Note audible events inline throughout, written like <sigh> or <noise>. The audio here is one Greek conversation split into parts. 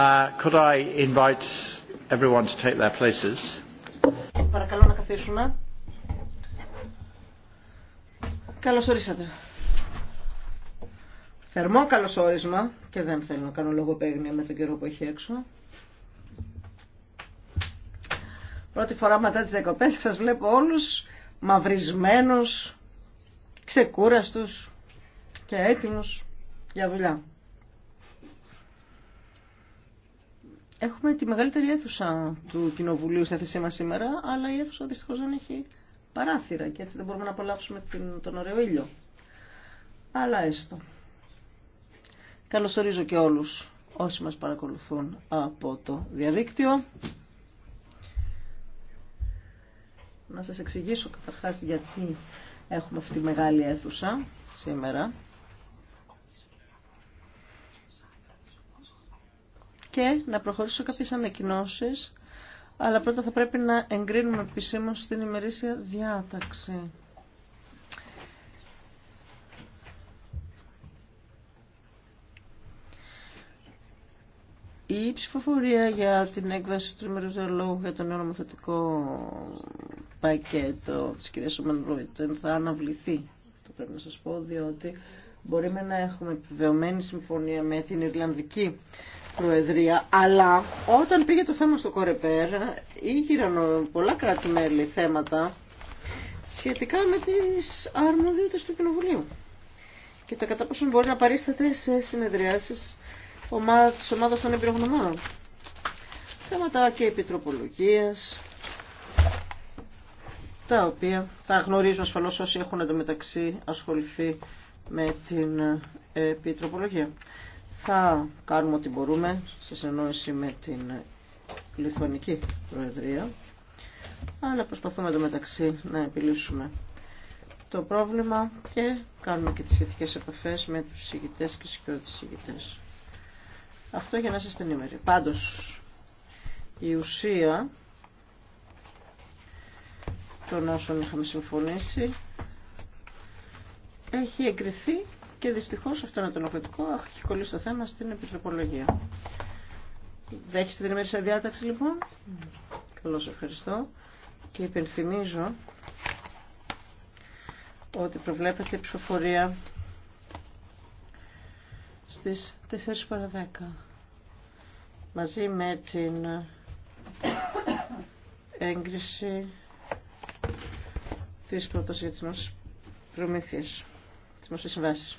Uh, Παρακαλώ να καθίσουμε. Καλώς ορίσατε. Θερμό καλώς όρισμα και δεν θέλω να κάνω λογοπαίγνια με τον καιρό που έχει έξω. Πρώτη φορά μετά τις δεκοπές σας βλέπω όλους μαυρισμένους, ξεκούραστους και έτοιμους για δουλειά. Έχουμε τη μεγαλύτερη αίθουσα του Κοινοβουλίου στη θέση μα σήμερα, αλλά η αίθουσα δυστυχώ δεν έχει παράθυρα και έτσι δεν μπορούμε να απολαύσουμε τον ωραίο ήλιο. Αλλά έστω. Καλωσορίζω και όλους όσοι μας παρακολουθούν από το διαδίκτυο. Να σας εξηγήσω καταρχάς γιατί έχουμε αυτή τη μεγάλη αίθουσα σήμερα. και να προχωρήσω κάποιες ανακοινώσεις, αλλά πρώτα θα πρέπει να εγκρίνουμε επισήμω στην ημερήσια διάταξη. Η ψηφοφορία για την έκβαση του τριμερούς διαλόγου για το νέο νομοθετικό πακέτο της κυρίας Ομανρούιτσεν θα αναβληθεί. Το πρέπει να σας πω, διότι μπορούμε να έχουμε επιβεβαιωμένη συμφωνία με την Ιρλανδική Προεδρία, αλλά όταν πήγε το θέμα στο Κορεπέρ, ήγηραν πολλά κράτη-μέλη θέματα σχετικά με τις αρμοδιότητες του Κοινοβουλίου και τα κατά πόσο μπορεί να παρίσταται σε συνεδριάσεις ομάδα, της ομάδας των εμπειρογνωμόνων. Θέματα και επιτροπολογίας, τα οποία θα γνωρίζουν ασφαλώς όσοι έχουν εντωμεταξύ ασχοληθεί με την ε, επιτροπολογία. Θα κάνουμε ό,τι μπορούμε σε συνεννόηση με την Λιθουανική Προεδρία, αλλά προσπαθούμε το μεταξύ να επιλύσουμε το πρόβλημα και κάνουμε και τις σχετικές επαφές με τους συγητές και συγκρότες συγητές. Αυτό για να είστε ενήμεροι. Πάντως, η ουσία των όσων είχαμε συμφωνήσει έχει εγκριθεί και δυστυχώ αυτό είναι το Αχ, έχει κολλήσει το θέμα στην επιτροπολογία. Δέχεστε την ημερήσια διάταξη λοιπόν. Καλώ ευχαριστώ. Και υπενθυμίζω ότι προβλέπεται ψηφοφορία στις 4 παρα 10 μαζί με την έγκριση της πρότασης για τις νόσες προμήθειες, τις συμβάσεις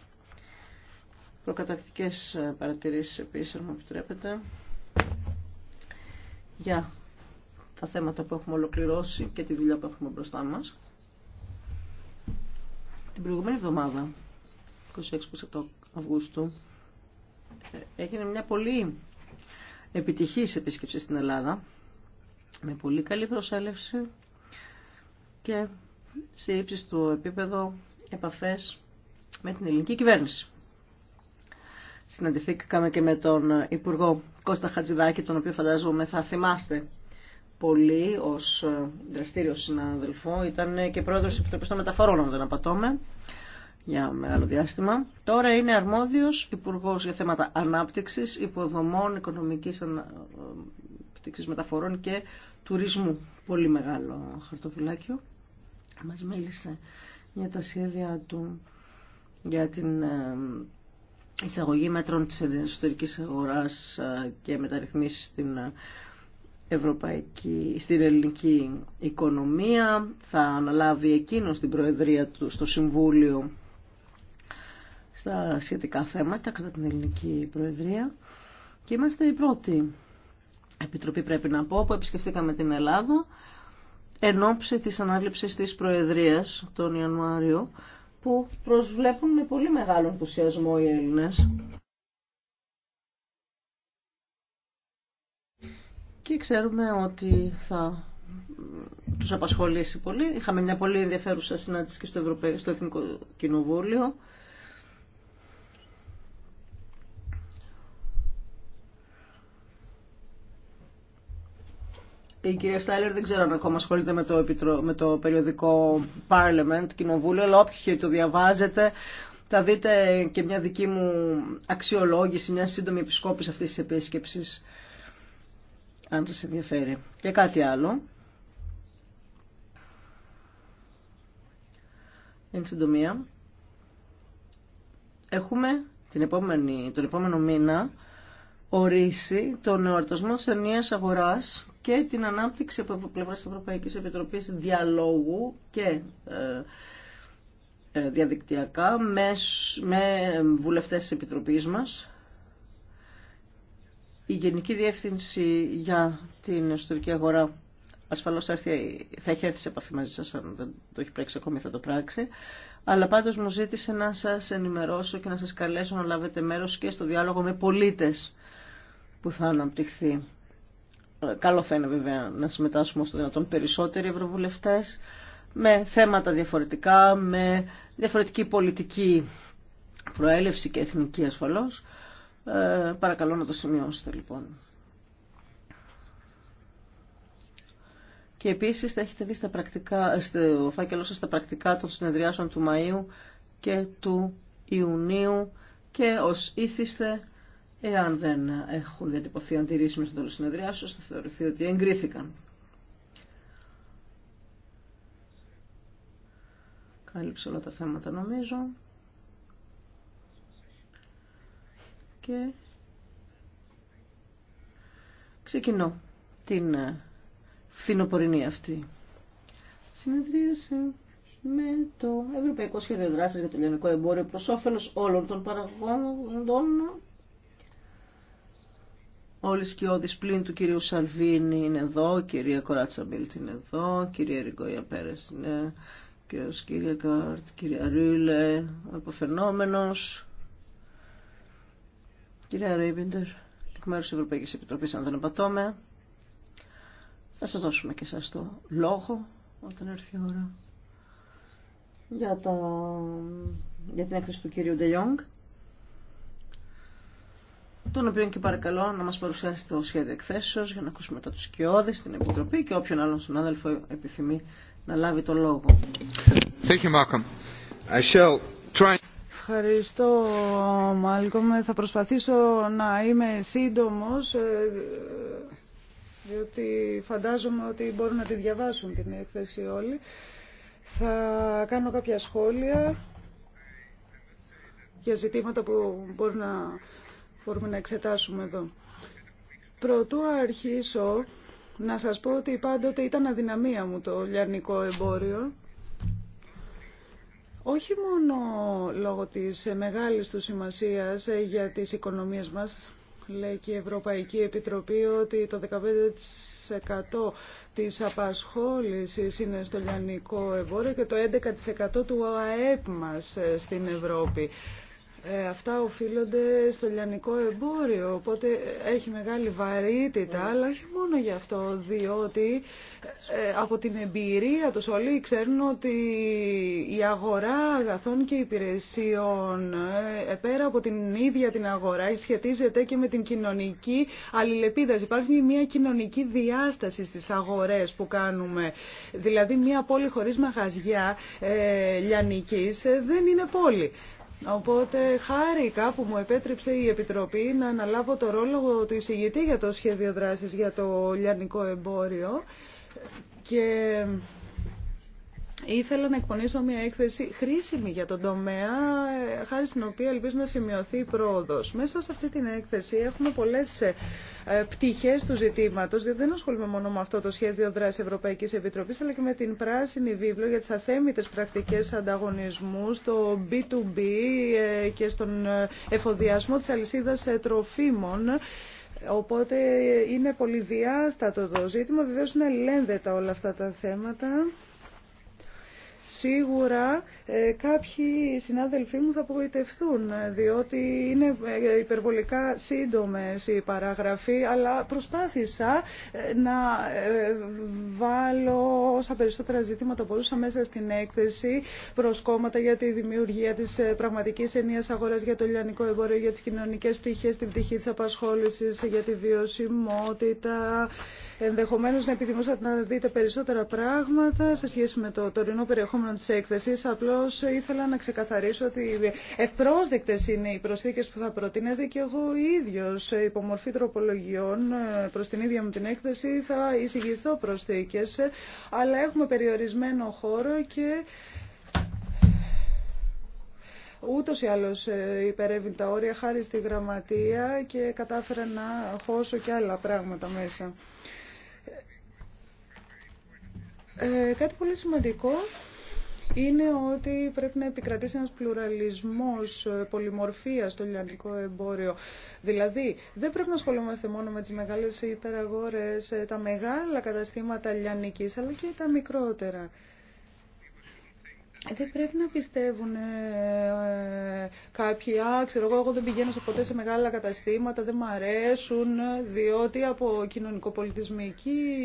προκατακτικές ε, παρατηρήσεις επίσης, αν μου επιτρέπετε, για τα θέματα που έχουμε ολοκληρώσει και τη δουλειά που έχουμε μπροστά μας. Την προηγούμενη εβδομάδα, 26 Αυγούστου, ε, έγινε μια πολύ επιτυχής επίσκεψη στην Ελλάδα, με πολύ καλή προσέλευση και σε του επίπεδο επαφές με την ελληνική κυβέρνηση. Συναντηθήκαμε και με τον Υπουργό Κώστα Χατζηδάκη, τον οποίο φαντάζομαι θα θυμάστε πολύ ως ε, δραστήριο συνάδελφο. Ήταν και πρόεδρος της Επιτροπής των Μεταφορών, αν δεν απατώμε, για μεγάλο διάστημα. Τώρα είναι αρμόδιος Υπουργός για θέματα ανάπτυξης, υποδομών, οικονομικής ανάπτυξης μεταφορών και τουρισμού. Πολύ μεγάλο χαρτοφυλάκιο. Μας μίλησε για τα σχέδια του για την ε, εισαγωγή μέτρων της εσωτερικής αγοράς και μεταρρυθμίσεις στην ευρωπαϊκή, στην ελληνική οικονομία. Θα αναλάβει εκείνο την Προεδρία του στο Συμβούλιο στα σχετικά θέματα κατά την ελληνική Προεδρία. Και είμαστε η πρώτη επιτροπή πρέπει να πω που επισκεφθήκαμε την Ελλάδα εν ώψη της ανάληψης της Προεδρίας τον Ιανουάριο που προσβλέπουν με πολύ μεγάλο ενθουσιασμό οι Έλληνες. Και ξέρουμε ότι θα τους απασχολήσει πολύ. Είχαμε μια πολύ ενδιαφέρουσα συνάντηση και στο, Ευρωπαϊκό, στο Εθνικό Κοινοβούλιο. Η κυρία Στάιλερ δεν ξέρω αν ακόμα ασχολείται με το, επιτρο... με το περιοδικό Parliament, κοινοβούλιο, αλλά όποιοι το διαβάζετε θα δείτε και μια δική μου αξιολόγηση, μια σύντομη επισκόπηση αυτής της επίσκεψης, αν σας ενδιαφέρει. Και κάτι άλλο. Εν συντομία, έχουμε την επόμενη, τον επόμενο μήνα ορίσει τον εορτασμό της ενίας αγοράς και την ανάπτυξη από πλευρά της Ευρωπαϊκής Επιτροπής διαλόγου και ε, ε, διαδικτυακά με, με βουλευτές της Επιτροπής μας. Η Γενική Διεύθυνση για την εσωτερική Αγορά ασφαλώς θα, θα έχει έρθει σε επαφή μαζί σας, αν δεν το έχει πράξει ακόμη θα το πράξει. Αλλά πάντως μου ζήτησε να σας ενημερώσω και να σας καλέσω να λάβετε μέρος και στο διάλογο με πολίτες που θα αναπτυχθεί ε, καλό θα βέβαια να συμμετάσχουμε στο δυνατόν περισσότεροι ευρωβουλευτές με θέματα διαφορετικά, με διαφορετική πολιτική προέλευση και εθνική ασφαλώς. Ε, παρακαλώ να το σημειώσετε λοιπόν. Και επίσης θα έχετε δει στα πρακτικά, ε, στο φάκελό σας τα πρακτικά των συνεδριάσεων του Μαΐου και του Ιουνίου και ως ήθιστε Εάν δεν έχουν διατυπωθεί αντιρρήσεις μέχρι το συνεδρία σα θα θεωρηθεί ότι εγκρίθηκαν. Κάλυψε όλα τα θέματα νομίζω. Και ξεκινώ την ε, φθινοπορεινή αυτή συνεδρίαση με το Ευρωπαϊκό Σχέδιο Δράσης για το Λιανικό Εμπόριο προς όφελος όλων των παραγόντων Όλοι οι σκιώδεις πλήν του κυρίου Σαλβίνη είναι εδώ, η κυρία Κοράτσα Μπίλτ είναι εδώ, η κυρία Ριγκόια Πέρες είναι, ο κύριος Κύριε η κυρία Ρίλε, αποφαινόμενος, η κυρία Ρίμπιντερ, εκ μέρους Ευρωπαϊκής Επιτροπής, αν δεν απατώμε. Θα σας δώσουμε και σας το λόγο όταν έρθει η ώρα για, για την έκθεση του κυρίου Ντελιόγκ τον οποίο και παρακαλώ να μας παρουσιάσει το σχέδιο εκθέσεως για να ακούσουμε μετά τους οικειώδες, στην Επιτροπή και όποιον άλλον συνάδελφο επιθυμεί να λάβει το λόγο. Ευχαριστώ, Μάλκομ. Θα προσπαθήσω να είμαι σύντομος, ε, διότι φαντάζομαι ότι μπορούν να τη διαβάσουν την έκθεση όλοι. Θα κάνω κάποια σχόλια για ζητήματα που μπορούν να μπορούμε να εξετάσουμε εδώ. Πρωτού αρχίσω να σας πω ότι πάντοτε ήταν αδυναμία μου το λιανικό εμπόριο. Όχι μόνο λόγω της μεγάλης του σημασίας ε, για τις οικονομίες μας, λέει και η Ευρωπαϊκή Επιτροπή ότι το 15% της απασχόλησης είναι στο λιανικό εμπόριο και το 11% του ΑΕΠ μας ε, στην Ευρώπη. Ε, αυτά οφείλονται στο λιανικό εμπόριο, οπότε έχει μεγάλη βαρύτητα, αλλά όχι μόνο γι' αυτό, διότι ε, από την εμπειρία τους όλοι ξέρουν ότι η αγορά αγαθών και υπηρεσιών, ε, πέρα από την ίδια την αγορά, σχετίζεται και με την κοινωνική αλληλεπίδραση. Υπάρχει μια κοινωνική διάσταση στις αγορές που κάνουμε. Δηλαδή μια πόλη χωρίς μαγαζιά λιανικής δεν είναι πόλη. Οπότε χάρηκα που μου επέτρεψε η Επιτροπή να αναλάβω το ρόλο του εισηγητή για το σχέδιο δράσης για το λιανικό εμπόριο Ήθελα να εκπονήσω μια έκθεση χρήσιμη για τον τομέα, ε, χάρη στην οποία ελπίζω να σημειωθεί η πρόοδος. Μέσα σε αυτή την έκθεση έχουμε πολλές ε, ε, πτυχές του ζητήματος, διότι δεν ασχολούμαι μόνο με αυτό το σχέδιο δράση Ευρωπαϊκής Επιτροπής, αλλά και με την πράσινη βίβλο για τις αθέμητες πρακτικές ανταγωνισμού στο B2B και στον εφοδιασμό της αλυσίδας τροφίμων. Οπότε είναι πολυδιάστατο το ζήτημα, βεβαίως είναι ελένδετα όλα αυτά τα θέματα. Σίγουρα ε, κάποιοι συνάδελφοί μου θα απογοητευτούν, ε, διότι είναι ε, υπερβολικά σύντομες οι παράγραφοι, αλλά προσπάθησα να βάλω όσα περισσότερα ζητήματα μπορούσα μέσα στην έκθεση, κόμματα για τη δημιουργία της πραγματικής ενίας αγοράς για το λιανικό εμπόριο, για τις κοινωνικές πτυχές, την πτυχή της απασχόλησης, για τη βιωσιμότητα, ενδεχομένως να επιθυμούσατε να δείτε περισσότερα πράγματα σε σχέση με το τωρινό περιεχόμενο της έκθεσης. Απλώς ήθελα να ξεκαθαρίσω ότι ευπρόσδεκτες είναι οι προσθήκες που θα προτείνετε και εγώ ίδιος υπομορφή τροπολογιών προς την ίδια μου την έκθεση θα εισηγηθώ προσθήκες, αλλά έχουμε περιορισμένο χώρο και ούτω ή άλλως ε, υπερεύει τα όρια χάρη στη γραμματεία και κατάφερα να χώσω και άλλα πράγματα μέσα. Ε, κάτι πολύ σημαντικό είναι ότι πρέπει να επικρατήσει ένας πλουραλισμός ε, πολυμορφίας στο λιανικό εμπόριο. Δηλαδή, δεν πρέπει να ασχολούμαστε μόνο με τις μεγάλες υπεραγορές, ε, τα μεγάλα καταστήματα λιανικής, αλλά και τα μικρότερα. Δεν πρέπει να πιστεύουν ε, ε, κάποιοι, α, ξέρω εγώ, εγώ δεν πηγαίνω ποτέ σε μεγάλα καταστήματα, δεν μ' αρέσουν, διότι από κοινωνικοπολιτισμική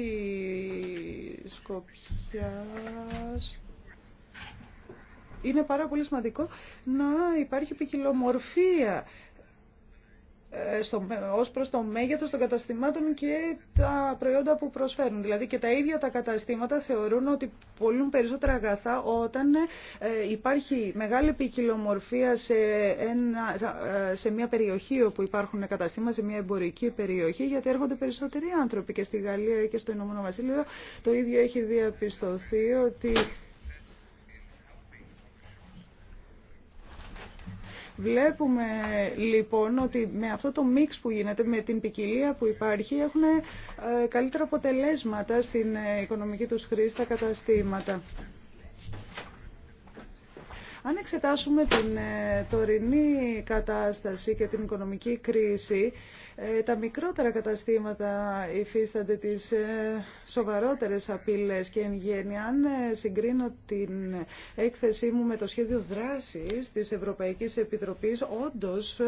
σκοπιά είναι πάρα πολύ σημαντικό να υπάρχει ποικιλομορφία ε, στο, ως προς το μέγεθος των καταστημάτων και τα προϊόντα που προσφέρουν. Δηλαδή και τα ίδια τα καταστήματα θεωρούν ότι πολλούν περισσότερα αγαθά όταν ε, υπάρχει μεγάλη ποικιλομορφία σε, ένα, ε, σε μια περιοχή όπου υπάρχουν καταστήματα, σε μια εμπορική περιοχή, γιατί έρχονται περισσότεροι άνθρωποι και στη Γαλλία και στο Ηνωμένο Βασίλειο. Το ίδιο έχει διαπιστωθεί ότι Βλέπουμε λοιπόν ότι με αυτό το μίξ που γίνεται, με την ποικιλία που υπάρχει, έχουν ε, καλύτερα αποτελέσματα στην ε, οικονομική τους χρήση στα καταστήματα. Αν εξετάσουμε την ε, τωρινή κατάσταση και την οικονομική κρίση, ε, τα μικρότερα καταστήματα υφίστανται τις ε, σοβαρότερες απειλές και εν γένει. Αν συγκρίνω την έκθεσή μου με το σχέδιο δράσης της Ευρωπαϊκής Επιτροπής, όντως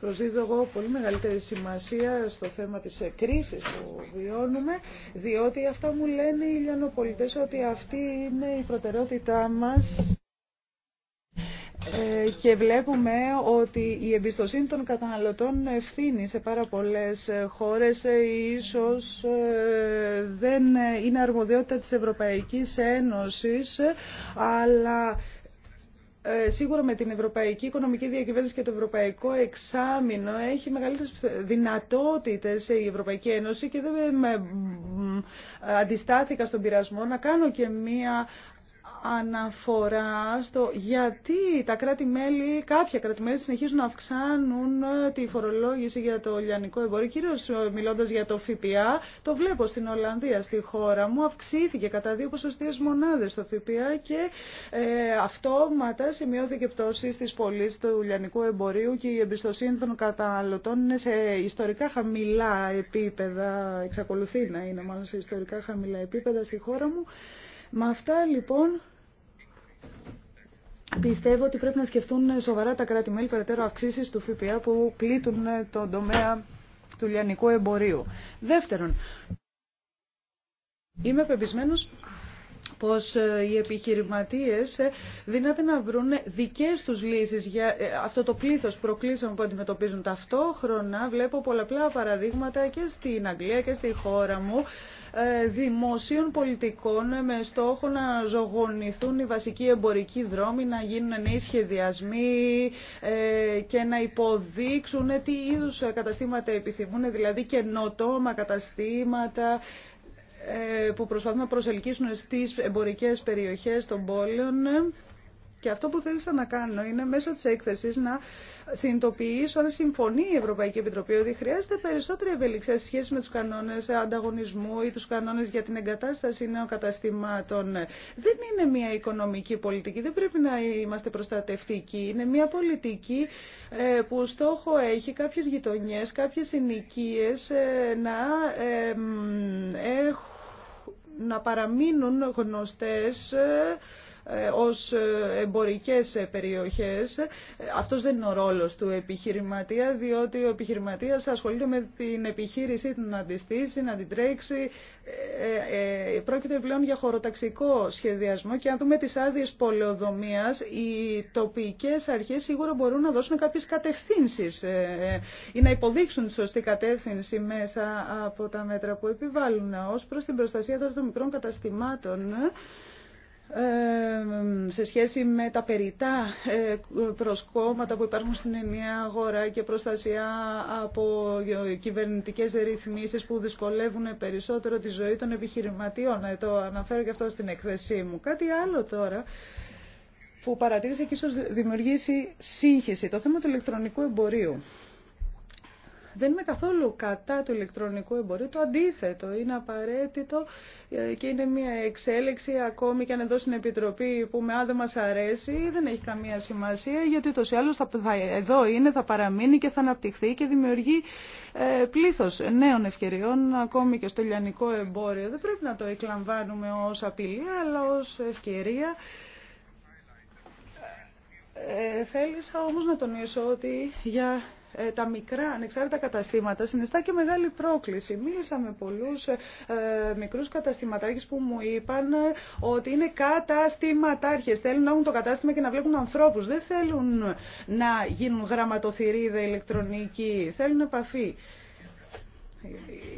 προσδίδω εγώ πολύ μεγαλύτερη σημασία στο θέμα της κρίσης που βιώνουμε, διότι αυτά μου λένε οι ότι αυτή είναι η προτεραιότητά μας. Ε, και βλέπουμε ότι η εμπιστοσύνη των καταναλωτών ευθύνει σε πάρα πολλές χώρες ε, ίσως ε, δεν είναι αρμοδιότητα της Ευρωπαϊκής Ένωσης αλλά σίγουρα με την Ευρωπαϊκή Οικονομική Διακυβέρνηση και το Ευρωπαϊκό Εξάμεινο έχει μεγαλύτερες δυνατότητες η Ευρωπαϊκή Ένωση και δεν με αντιστάθηκα στον πειρασμό να κάνω και μία αναφορά στο γιατί τα κράτη-μέλη, κάποια κράτη-μέλη συνεχίζουν να αυξάνουν ε, τη φορολόγηση για το λιανικό εμπόριο, κυρίω ε, μιλώντα για το ΦΠΑ. Το βλέπω στην Ολλανδία, στη χώρα μου, αυξήθηκε κατά δύο ποσοστίε μονάδε το ΦΠΑ και ε, αυτόματα σημειώθηκε πτώση στι πωλήσει του λιανικού εμπορίου και η εμπιστοσύνη των καταναλωτών είναι σε ιστορικά χαμηλά επίπεδα, εξακολουθεί να είναι μάλλον σε ιστορικά χαμηλά επίπεδα στη χώρα μου. Με αυτά λοιπόν πιστεύω ότι πρέπει να σκεφτούν σοβαρά τα κράτη-μέλη περαιτέρω αυξήσει του ΦΠΑ που πλήττουν ε, τον τομέα του λιανικού εμπορίου. Δεύτερον, είμαι πεπισμένο πως ε, οι επιχειρηματίες ε, δύναται να βρουν δικές τους λύσεις για αυτό το πλήθος προκλήσεων που αντιμετωπίζουν ταυτόχρονα. Βλέπω πολλαπλά παραδείγματα και στην Αγγλία και στη χώρα μου ε, δημοσίων πολιτικών με στόχο να ζωγονηθούν οι βασικοί εμπορικοί δρόμοι, να γίνουν νέοι σχεδιασμοί ε, και να υποδείξουν τι είδους καταστήματα επιθυμούν, δηλαδή καινοτόμα καταστήματα, ε, που προσπαθούν να προσελκύσουν στις εμπορικές περιοχές των πόλεων. Και αυτό που θέλησα να κάνω είναι μέσω της έκθεσης να συνειδητοποιήσω αν συμφωνεί η Ευρωπαϊκή Επιτροπή ότι χρειάζεται περισσότερη ευελιξία σε σχέση με του κανόνε ανταγωνισμού ή του κανόνε για την εγκατάσταση νέων καταστημάτων. Δεν είναι μια οικονομική πολιτική, δεν πρέπει να είμαστε προστατευτικοί. Είναι μια πολιτική ε, που στόχο έχει κάποιε γειτονιέ, κάποιε συνοικίε ε, να να παραμείνουν γνωστές ε, ως ε, εμπορικές ε, περιοχές. Ε, αυτός δεν είναι ο ρόλος του επιχειρηματία, διότι ο επιχειρηματίας ασχολείται με την επιχείρησή του να αντιστήσει να την Πρόκειται πλέον για χωροταξικό σχεδιασμό και αν δούμε τις άδειε πολεοδομίας, οι τοπικές αρχές σίγουρα μπορούν να δώσουν κάποιες κατευθύνσεις ή να υποδείξουν τη σωστή κατεύθυνση μέσα από τα μέτρα που επιβάλλουν. Ως προς την προστασία των μικρών καταστημάτων, ε, σε σχέση με τα περιτά ε, προσκόμματα που υπάρχουν στην ενιαία αγορά και προστασία από κυβερνητικές ρυθμίσεις που δυσκολεύουν περισσότερο τη ζωή των επιχειρηματίων. Ε, το αναφέρω και αυτό στην εκθεσή μου. Κάτι άλλο τώρα που παρατήρησε και ίσως δημιουργήσει σύγχυση. Το θέμα του ηλεκτρονικού εμπορίου. Δεν είμαι καθόλου κατά του ηλεκτρονικού εμπορίου. Το αντίθετο είναι απαραίτητο ε, και είναι μια εξέλιξη ακόμη και αν εδώ στην Επιτροπή που με δεν μας αρέσει δεν έχει καμία σημασία γιατί το ή άλλως θα, εδώ είναι, θα παραμείνει και θα αναπτυχθεί και δημιουργεί πλήθο ε, πλήθος νέων ευκαιριών ακόμη και στο λιανικό εμπόριο. Δεν πρέπει να το εκλαμβάνουμε ως απειλή αλλά ως ευκαιρία. Ε, θέλησα όμως να τονίσω ότι για ε, τα μικρά ανεξάρτητα καταστήματα συνιστά και μεγάλη πρόκληση. Μίλησα με πολλούς ε, μικρού καταστηματάρχε που μου είπαν ε, ότι είναι κατάστηματάρχε. Θέλουν να έχουν το κατάστημα και να βλέπουν ανθρώπου. Δεν θέλουν να γίνουν γραμματοθυρίδα ηλεκτρονική. Θέλουν επαφή.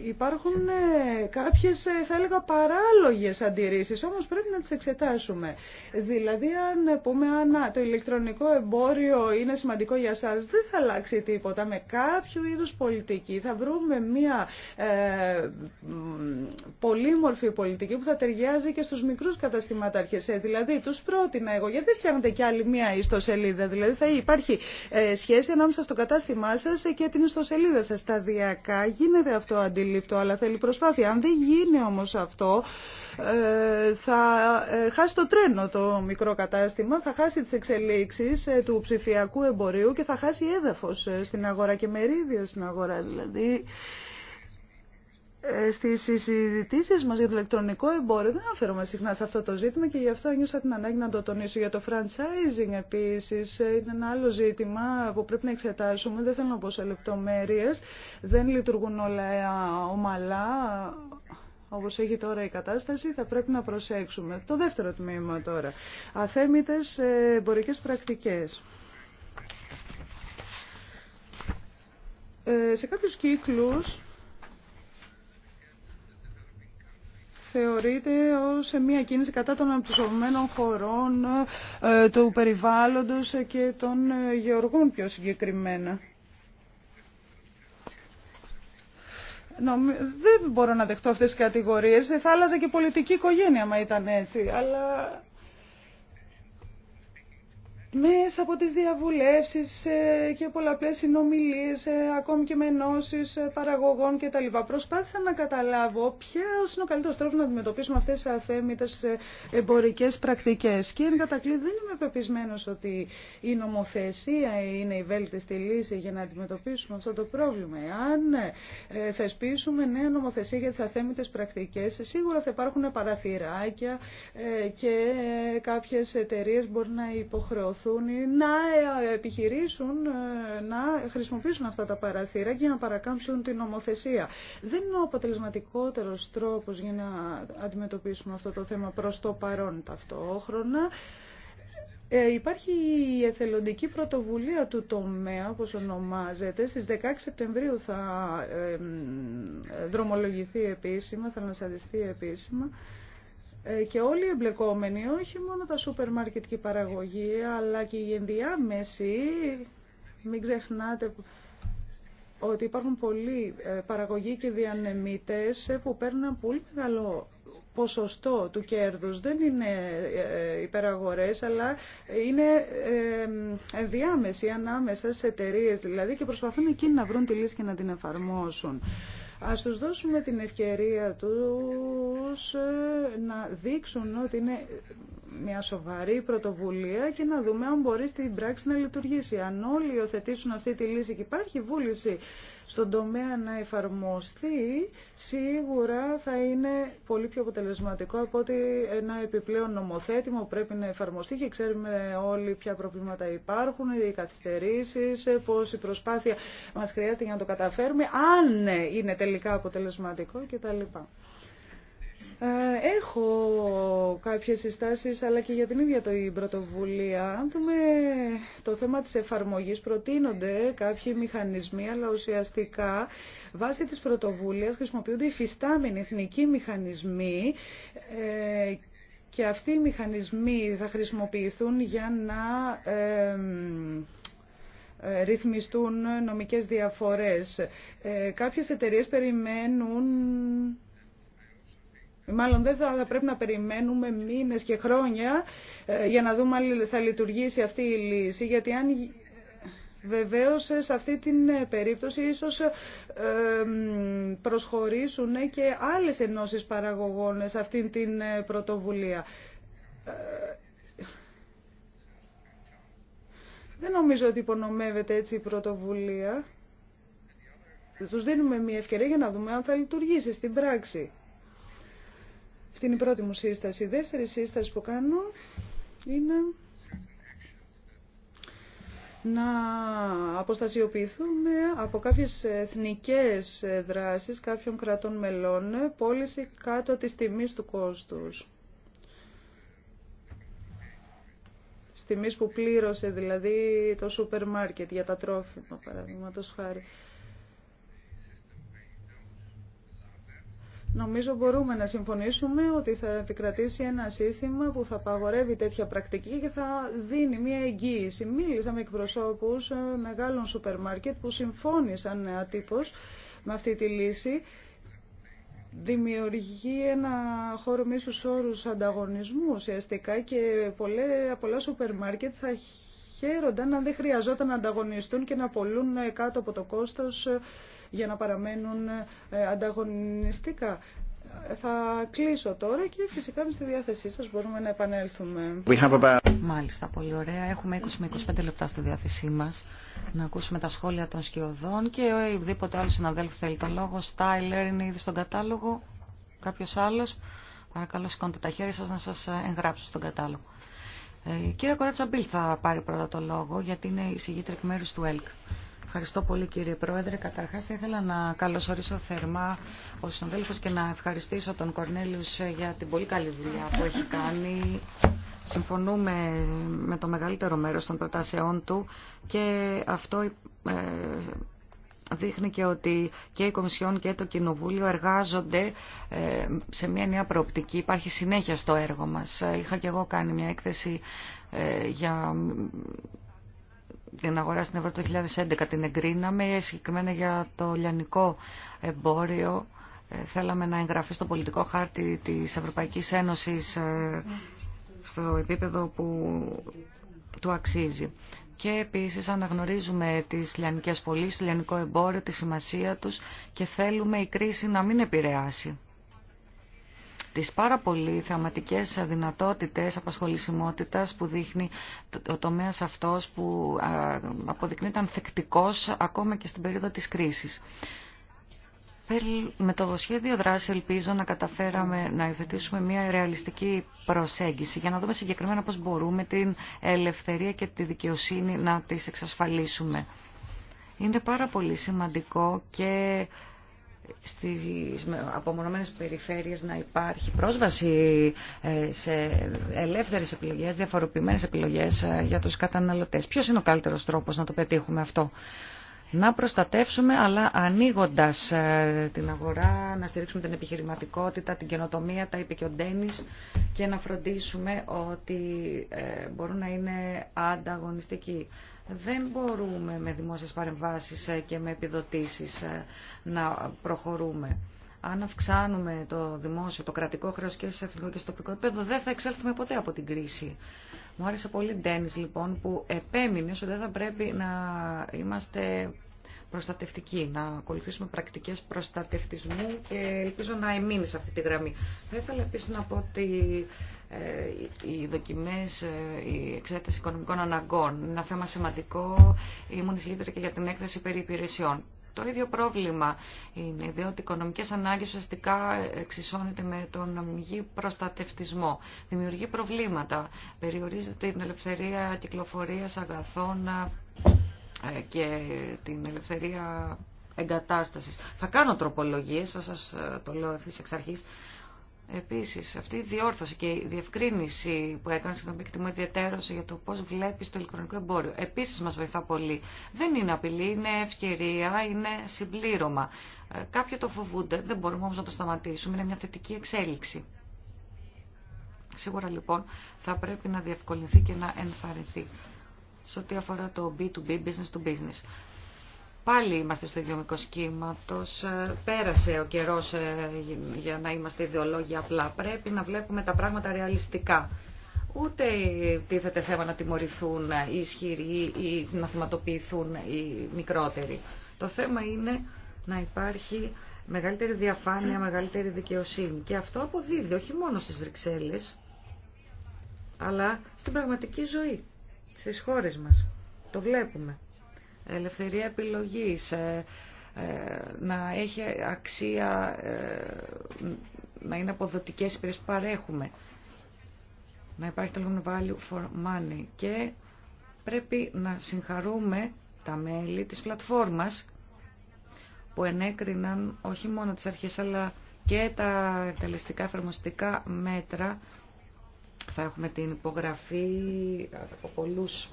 Υπάρχουν ε, κάποιες, ε, θα έλεγα, παράλογες αντιρρήσεις, όμως πρέπει να τις εξετάσουμε. Δηλαδή, αν πούμε, αν το ηλεκτρονικό εμπόριο είναι σημαντικό για σας, δεν θα αλλάξει τίποτα. Με κάποιο είδους πολιτική θα βρούμε μια ε, πολύμορφη πολιτική που θα ταιριάζει και στους μικρούς καταστηματάρχες. Ε, δηλαδή, τους πρότεινα εγώ, γιατί δεν φτιάχνετε κι άλλη μια ιστοσελίδα. Δηλαδή, θα υπάρχει σχέση ανάμεσα στο κατάστημά σας και την ιστοσελίδα σας. Σταδιακά γίνεται αυτό αντιλήπτο, αλλά θέλει προσπάθεια. Αν δεν γίνει όμως αυτό, ε, θα ε, χάσει το τρένο το μικρό κατάστημα, θα χάσει τις εξελίξεις ε, του ψηφιακού εμπορίου και θα χάσει έδαφος στην αγορά και μερίδιο στην αγορά. Δηλαδή, ε, Στι συζητήσει μας για το ηλεκτρονικό εμπόριο δεν αναφέρομαι συχνά σε αυτό το ζήτημα και γι' αυτό νιώσα την ανάγκη να το τονίσω. Για το franchising επίση ε, είναι ένα άλλο ζήτημα που πρέπει να εξετάσουμε. Δεν θέλω να πω σε λεπτομέρειες. Δεν λειτουργούν όλα ε, ομαλά Όπω έχει τώρα η κατάσταση, θα πρέπει να προσέξουμε. Το δεύτερο τμήμα τώρα. Αθέμητε εμπορικέ πρακτικέ. σε κάποιους κύκλους θεωρείται ως μια κίνηση κατά των αναπτυσσομένων χωρών, ε, του περιβάλλοντος και των ε, γεωργών πιο συγκεκριμένα. Δεν μπορώ να δεχτώ αυτές τις κατηγορίες. Ε, Θα άλλαζε και πολιτική οικογένεια, μα ήταν έτσι. Αλλά μέσα από τις διαβουλεύσεις ε, και πολλαπλές συνομιλίες, ε, ακόμη και με ενώσεις ε, παραγωγών κτλ. Προσπάθησα να καταλάβω ποιο είναι ο καλύτερος τρόπος να αντιμετωπίσουμε αυτές τις αθέμητες εμπορικές πρακτικές. Και εν κατακλείδη δεν είμαι πεπισμένος ότι η νομοθεσία είναι η βέλτιστη λύση για να αντιμετωπίσουμε αυτό το πρόβλημα. Αν θεσπίσουμε νέα νομοθεσία για τις αθέμητες πρακτικές, σίγουρα θα υπάρχουν παραθυράκια και κάποιες εταιρείε μπορεί να υποχρεωθούν να ε, επιχειρήσουν ε, να χρησιμοποιήσουν αυτά τα παραθύρα και να παρακάμψουν την ομοθεσία Δεν είναι ο αποτελεσματικότερος τρόπος για να αντιμετωπίσουμε αυτό το θέμα προς το παρόν ταυτόχρονα. Ε, υπάρχει η εθελοντική πρωτοβουλία του τομέα, όπως ονομάζεται. Στις 16 Σεπτεμβρίου θα ε, δρομολογηθεί επίσημα, θα ανασαριστεί επίσημα. Ε, και όλοι οι εμπλεκόμενοι, όχι μόνο τα σούπερ μάρκετ και η παραγωγή, αλλά και οι ενδιάμεση, μην ξεχνάτε ότι υπάρχουν πολλοί ε, παραγωγοί και διανεμητές ε, που παίρνουν πολύ μεγάλο ποσοστό του κέρδους. Δεν είναι υπεραγορές, αλλά είναι διάμεση ανάμεσα σε εταιρείε δηλαδή και προσπαθούν εκείνοι να βρουν τη λύση και να την εφαρμόσουν. Ας τους δώσουμε την ευκαιρία τους ε, να δείξουν ότι είναι μια σοβαρή πρωτοβουλία και να δούμε αν μπορεί στην πράξη να λειτουργήσει. Αν όλοι υιοθετήσουν αυτή τη λύση και υπάρχει βούληση στον τομέα να εφαρμοστεί, σίγουρα θα είναι πολύ πιο αποτελεσματικό από ότι ένα επιπλέον νομοθέτημα πρέπει να εφαρμοστεί και ξέρουμε όλοι ποια προβλήματα υπάρχουν, οι καθυστερήσει, πόση προσπάθεια μα χρειάζεται για να το καταφέρουμε, αν είναι τελικά αποτελεσματικό κτλ. Ε, έχω κάποιες συστάσεις, αλλά και για την ίδια το, η πρωτοβουλία. Αν το θέμα της εφαρμογής, προτείνονται κάποιοι μηχανισμοί, αλλά ουσιαστικά βάσει της πρωτοβουλίας χρησιμοποιούνται οι φυστάμενοι εθνικοί μηχανισμοί ε, και αυτοί οι μηχανισμοί θα χρησιμοποιηθούν για να ε, ρυθμιστούν νομικές διαφορές. Κάποιες εταιρείες περιμένουν Μάλλον δεν θα, πρέπει να περιμένουμε μήνες και χρόνια ε, για να δούμε αν θα λειτουργήσει αυτή η λύση, γιατί αν Βεβαίως ε, σε αυτή την ε, περίπτωση ίσως προσχωρήσουν και άλλες ενώσεις παραγωγών σε αυτή την πρωτοβουλία. Δεν νομίζω ότι υπονομεύεται έτσι η πρωτοβουλία. Τους δίνουμε μια ευκαιρία για να δούμε αν θα λειτουργήσει στην πράξη. Αυτή είναι η πρώτη μου σύσταση. Η δεύτερη σύσταση που κάνω είναι να αποστασιοποιηθούμε από κάποιες εθνικές δράσεις κάποιων κρατών μελών πώληση κάτω της τιμής του κόστους. Τιμής που πλήρωσε δηλαδή το σούπερ μάρκετ για τα τρόφιμα παραδείγματος χάρη. Νομίζω μπορούμε να συμφωνήσουμε ότι θα επικρατήσει ένα σύστημα που θα απαγορεύει τέτοια πρακτική και θα δίνει μια εγγύηση. Μίλησα με εκπροσώπους ε, μεγάλων σούπερ μάρκετ που συμφώνησαν ε, ατύπως με αυτή τη λύση. Δημιουργεί ένα χώρο μίσου όρου ανταγωνισμού ουσιαστικά και πολλά σούπερ μάρκετ θα χαίρονταν αν δεν χρειαζόταν να ανταγωνιστούν και να πολλούν ε, κάτω από το κόστος για να παραμένουν ε, ανταγωνιστικά. Θα κλείσω τώρα και φυσικά με στη διάθεσή σας, μπορούμε να επανέλθουμε. Μάλιστα, πολύ ωραία. Έχουμε 20 με 25 λεπτά στη διάθεσή μας να ακούσουμε τα σχόλια των σκιωδών και οποιοδήποτε άλλο συναδέλφου θέλει τον λόγο. Στάιλερ είναι ήδη στον κατάλογο, κάποιος άλλος. Παρακαλώ σηκώντε τα χέρια σας να σας ε, εγγράψω στον κατάλογο. Ε, κύριε Κοράτσα Μπίλ θα πάρει πρώτα το λόγο γιατί είναι η συγγήτρια εκ μέρους του ΕΛΚ. Ευχαριστώ πολύ κύριε Πρόεδρε. Καταρχάς θα ήθελα να καλωσορίσω θερμά ο συναδέλφος και να ευχαριστήσω τον Κορνέλιους για την πολύ καλή δουλειά που έχει κάνει. Συμφωνούμε με το μεγαλύτερο μέρος των προτάσεών του και αυτό ε, δείχνει και ότι και η Κομισιόν και το Κοινοβούλιο εργάζονται ε, σε μια νέα προοπτική. Υπάρχει συνέχεια στο έργο μας. Είχα και εγώ κάνει μια έκθεση ε, για την αγορά στην Ευρώπη το 2011 την εγκρίναμε, συγκεκριμένα για το λιανικό εμπόριο. Ε, θέλαμε να εγγραφεί στο πολιτικό χάρτη της Ευρωπαϊκής Ένωσης ε, στο επίπεδο που του αξίζει. Και επίσης αναγνωρίζουμε τις λιανικές πωλήσεις, το λιανικό εμπόριο, τη σημασία τους και θέλουμε η κρίση να μην επηρεάσει τις πάρα πολύ θεαματικές δυνατότητες απασχολησιμότητας που δείχνει ο τομέας αυτός που αποδεικνύεται ανθεκτικός ακόμα και στην περίοδο της κρίσης. Με το σχέδιο δράση ελπίζω να καταφέραμε να υιοθετήσουμε μια ρεαλιστική προσέγγιση για να δούμε συγκεκριμένα πώς μπορούμε την ελευθερία και τη δικαιοσύνη να τις εξασφαλίσουμε. Είναι πάρα πολύ σημαντικό και στις απομονωμένες περιφέρειες να υπάρχει πρόσβαση ε, σε ελεύθερες επιλογές, διαφοροποιημένες επιλογές ε, για τους καταναλωτές. Ποιος είναι ο καλύτερος τρόπος να το πετύχουμε αυτό να προστατεύσουμε, αλλά ανοίγοντας ε, την αγορά, να στηρίξουμε την επιχειρηματικότητα, την καινοτομία, τα είπε και ο Ντένις, και να φροντίσουμε ότι ε, μπορούν να είναι ανταγωνιστικοί. Δεν μπορούμε με δημόσιες παρεμβάσεις ε, και με επιδοτήσεις να προχωρούμε. Αν αυξάνουμε το δημόσιο, το κρατικό χρέος και σε εθνικό και στοπικό επίπεδο, δεν θα εξέλθουμε ποτέ από την κρίση. Μου άρεσε πολύ Ντένις λοιπόν που επέμεινε ότι δεν θα πρέπει να είμαστε προστατευτικοί, να ακολουθήσουμε πρακτικές προστατευτισμού και ελπίζω να εμείνει σε αυτή τη γραμμή. Θα ήθελα επίσης να πω ότι ε, οι δοκιμές, ε, η εξέταση οικονομικών αναγκών είναι ένα θέμα σημαντικό. Ήμουν εισηγήτρια και για την έκθεση περί υπηρεσιών. Το ίδιο πρόβλημα είναι, διότι οι οικονομικές ανάγκες ουσιαστικά εξισώνεται με τον αμυγή προστατευτισμό. Δημιουργεί προβλήματα, περιορίζεται την ελευθερία κυκλοφορία αγαθών ε, και την ελευθερία εγκατάστασης. Θα κάνω τροπολογίες, σας ε, το λέω ευθύς εξ αρχής, Επίσης, αυτή η διόρθωση και η διευκρίνηση που έκανε στην οποία εκτιμώ ιδιαίτερο για το πώς βλέπεις το ηλεκτρονικό εμπόριο, επίσης μας βοηθά πολύ. Δεν είναι απειλή, είναι ευκαιρία, είναι συμπλήρωμα. Ε, κάποιοι το φοβούνται, δεν μπορούμε όμως να το σταματήσουμε, είναι μια θετική εξέλιξη. Σίγουρα λοιπόν θα πρέπει να διευκολυνθεί και να ενθαρρυνθεί σε ό,τι αφορά το B2B, business to business. Πάλι είμαστε στο μικρό σχήμα. Ε, πέρασε ο καιρό ε, για να είμαστε ιδεολόγοι απλά. Πρέπει να βλέπουμε τα πράγματα ρεαλιστικά. Ούτε τίθεται θέμα να τιμωρηθούν οι ισχυροί ή να θυματοποιηθούν οι μικρότεροι. Το θέμα είναι να υπάρχει μεγαλύτερη διαφάνεια, μεγαλύτερη δικαιοσύνη. Και αυτό αποδίδει όχι μόνο στις Βρυξέλλες, αλλά στην πραγματική ζωή, στις χώρες μας. Το βλέπουμε ελευθερία επιλογής, ε, ε, να έχει αξία, ε, να είναι αποδοτικές υπηρεσίες που παρέχουμε, να υπάρχει το value for money και πρέπει να συγχαρούμε τα μέλη της πλατφόρμας που ενέκριναν όχι μόνο τις αρχές αλλά και τα εκτελεστικά εφαρμοστικά μέτρα. Θα έχουμε την υπογραφή από πολλούς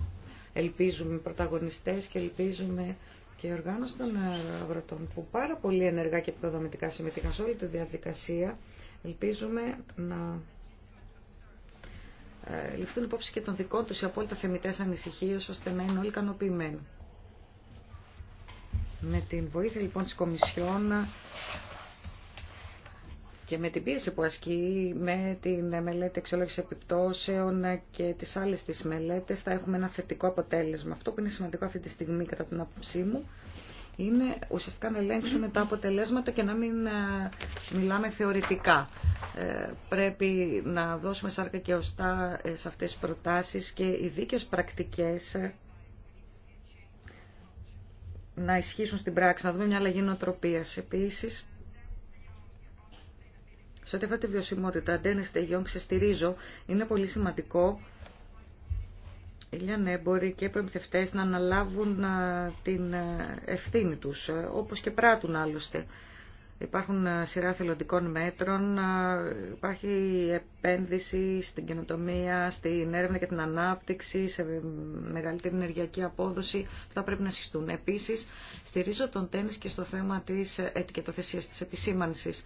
ελπίζουμε πρωταγωνιστές και ελπίζουμε και οργάνωση των αγροτών που πάρα πολύ ενεργά και επιδομητικά συμμετείχαν σε όλη τη διαδικασία. Ελπίζουμε να ε, ληφθούν υπόψη και των δικών τους οι απόλυτα θεμητές ανησυχίες ώστε να είναι όλοι ικανοποιημένοι. Με την βοήθεια λοιπόν της Κομισιόν και με την πίεση που ασκεί, με την μελέτη εξολόγηση επιπτώσεων και τις άλλες τις μελέτες θα έχουμε ένα θετικό αποτέλεσμα. Αυτό που είναι σημαντικό αυτή τη στιγμή κατά την άποψή μου είναι ουσιαστικά να ελέγξουμε τα αποτελέσματα και να μην ε, μιλάμε θεωρητικά. Ε, πρέπει να δώσουμε σάρκα και οστά ε, σε αυτές τις προτάσεις και οι δίκαιες πρακτικές να ισχύσουν στην πράξη, να δούμε μια αλλαγή νοοτροπίας. Επίσης, σε ό,τι αφορά τη βιωσιμότητα, Ντένι ξεστηρίζω, είναι πολύ σημαντικό οι λιανέμποροι και οι να αναλάβουν την ευθύνη τους, Όπω και πράττουν άλλωστε. Υπάρχουν σειρά θελοντικών μέτρων, υπάρχει επένδυση στην καινοτομία, στην έρευνα και την ανάπτυξη, σε μεγαλύτερη ενεργειακή απόδοση. Αυτά πρέπει να συστούν. Επίση, στηρίζω τον τέννις και στο θέμα τη ετικετοθεσία, της επισήμανσης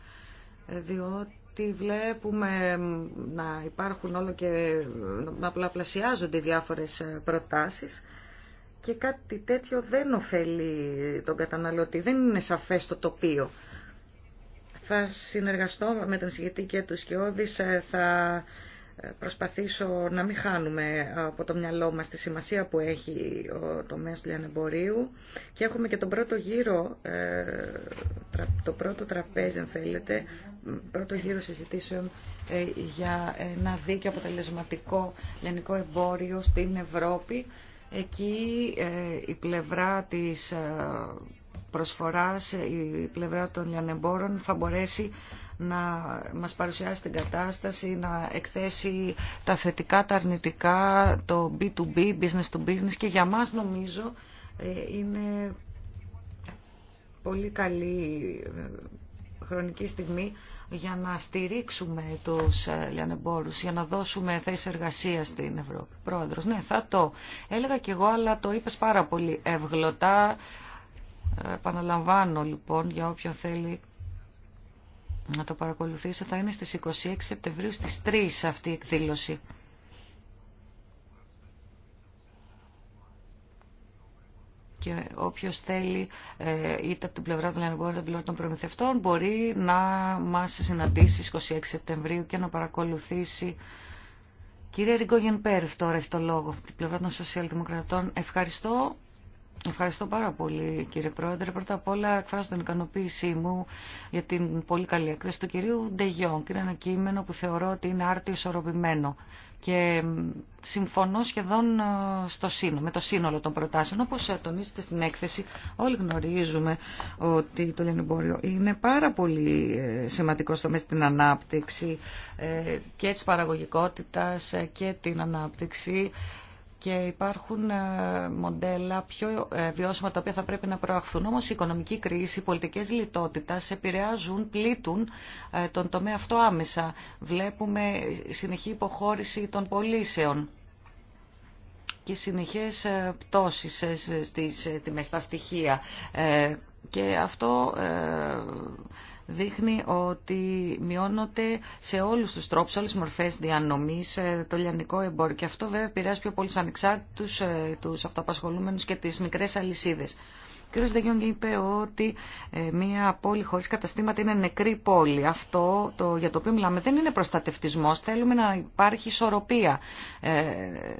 διότι βλέπουμε να υπάρχουν όλο και να πλαπλασιάζονται διάφορες προτάσεις και κάτι τέτοιο δεν ωφελεί τον καταναλωτή, δεν είναι σαφές το τοπίο. Θα συνεργαστώ με τον συγκεκριτή και του Σκιώδης, θα προσπαθήσω να μην χάνουμε ε, από το μυαλό μας τη σημασία που έχει το τομέας του λιανεμπορίου και έχουμε και τον πρώτο γύρο, ε, το πρώτο τραπέζι αν θέλετε, πρώτο γύρο συζητήσεων ε, για ένα δίκαιο αποτελεσματικό λιανικό εμπόριο στην Ευρώπη. Εκεί η πλευρά της προσφοράς, η πλευρά των λιανεμπόρων θα μπορέσει να μας παρουσιάσει την κατάσταση, να εκθέσει τα θετικά, τα αρνητικά, το B2B, business to business και για μας νομίζω ε, είναι πολύ καλή ε, χρονική στιγμή για να στηρίξουμε τους ε, λιανεμπόρους, για να δώσουμε θέσεις εργασίας στην Ευρώπη. Πρόεδρος, ναι, θα το έλεγα κι εγώ, αλλά το είπες πάρα πολύ εύγλωτα. Επαναλαμβάνω λοιπόν για όποιον θέλει να το παρακολουθήσετε. Θα είναι στις 26 Σεπτεμβρίου στις 3 αυτή η εκδήλωση. και όποιος θέλει ε, είτε από την πλευρά των ελληνικών είτε από την πλευρά των προμηθευτών μπορεί να μας συναντήσει στις 26 Σεπτεμβρίου και να παρακολουθήσει. Κύριε Ριγκόγεν Πέρφ, τώρα έχει το λόγο από την πλευρά των Σοσιαλδημοκρατών. Ευχαριστώ. Ευχαριστώ πάρα πολύ κύριε Πρόεδρε. Πρώτα απ' όλα εκφράζω την ικανοποίησή μου για την πολύ καλή έκθεση του κυρίου Ντεγιόν και είναι ένα κείμενο που θεωρώ ότι είναι άρτιο ισορροπημένο και συμφωνώ σχεδόν ε, στο σύνολο, με το σύνολο των προτάσεων. Όπως ε, τονίζεται στην έκθεση, όλοι γνωρίζουμε ότι το λιανεμπόριο είναι πάρα πολύ ε, σημαντικό στο μέσα στην ανάπτυξη και της παραγωγικότητας και την ανάπτυξη και υπάρχουν ε, μοντέλα πιο ε, βιώσιμα τα οποία θα πρέπει να προαχθούν. Όμως η οικονομική κρίση, οι πολιτικές λιτότητας επηρεάζουν, πλήττουν ε, τον τομέα αυτό άμεσα. Βλέπουμε συνεχή υποχώρηση των πωλήσεων και συνεχές πτώσεις στις τιμές στα στοιχεία. Και αυτό δείχνει ότι μειώνονται σε όλους τους τρόπους, σε όλες τις μορφές διανομής ε, το λιανικό εμπόριο. Και αυτό βέβαια επηρεάζει πιο πολύ τους ανεξάρτητους, ε, τους αυτοαπασχολούμενους και τις μικρές αλυσίδες. Ο κ. Δεγιόγκ είπε ότι ε, μια πόλη χωρί καταστήματα είναι νεκρή πόλη. Αυτό για το οποίο μιλάμε δεν είναι προστατευτισμός. Θέλουμε να υπάρχει ισορροπία. Ε,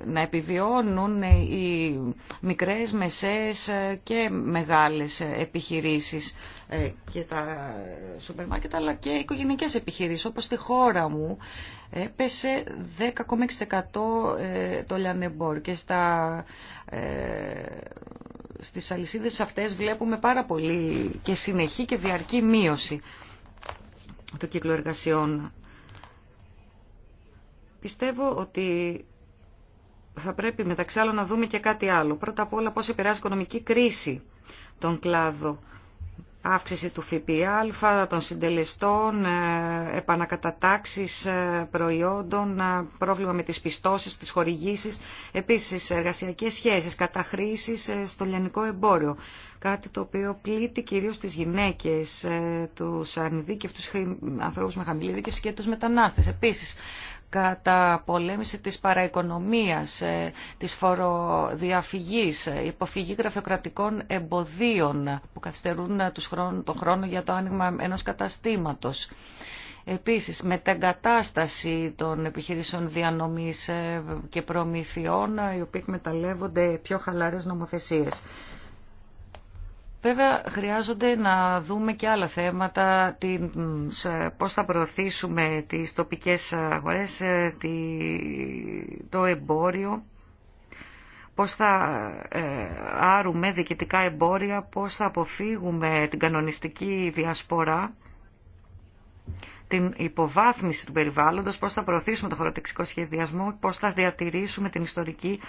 να επιβιώνουν ε, οι μικρές, μεσές και μεγάλες επιχειρήσεις και τα σούπερ μάρκετ αλλά και οι οικογενειακέ επιχειρήσει. Όπω στη χώρα μου έπεσε 10,6% το λιανεμπόρ και στα στις αλυσίδες αυτές βλέπουμε πάρα πολύ και συνεχή και διαρκή μείωση του κύκλου εργασιών. Πιστεύω ότι θα πρέπει μεταξύ άλλων να δούμε και κάτι άλλο. Πρώτα απ' όλα πώς επηρεάζει η οικονομική κρίση τον κλάδο αύξηση του ΦΠΑ, των συντελεστών, ε, επανακατατάξεις ε, προϊόντων, ε, πρόβλημα με τις πιστώσεις, τις χορηγήσεις, επίσης εργασιακές σχέσεις, καταχρήσεις στο λιανικό εμπόριο. Κάτι το οποίο πλήττει κυρίως τις γυναίκες, τους ανειδίκευτους ανθρώπους με χαμηλή δίκευση και τους μετανάστες. Επίσης, κατά πολέμηση της παραοικονομίας, ε, της φοροδιαφυγής, ε, υποφυγή γραφειοκρατικών εμποδίων που καθυστερούν ε, τον χρόνο για το άνοιγμα ενός καταστήματος. Επίσης, μεταγκατάσταση των επιχειρήσεων διανομής και προμηθειών, οι οποίοι εκμεταλλεύονται πιο χαλαρές νομοθεσίες. Βέβαια χρειάζονται να δούμε και άλλα θέματα, την, πώς θα προωθήσουμε τις τοπικές αγορές, ε, το εμπόριο, πώς θα ε, άρουμε διοικητικά εμπόρια, πώς θα αποφύγουμε την κανονιστική διασπορά, την υποβάθμιση του περιβάλλοντος, πώς θα προωθήσουμε το χωροτεξικό σχεδιασμό, πώς θα διατηρήσουμε την ιστορική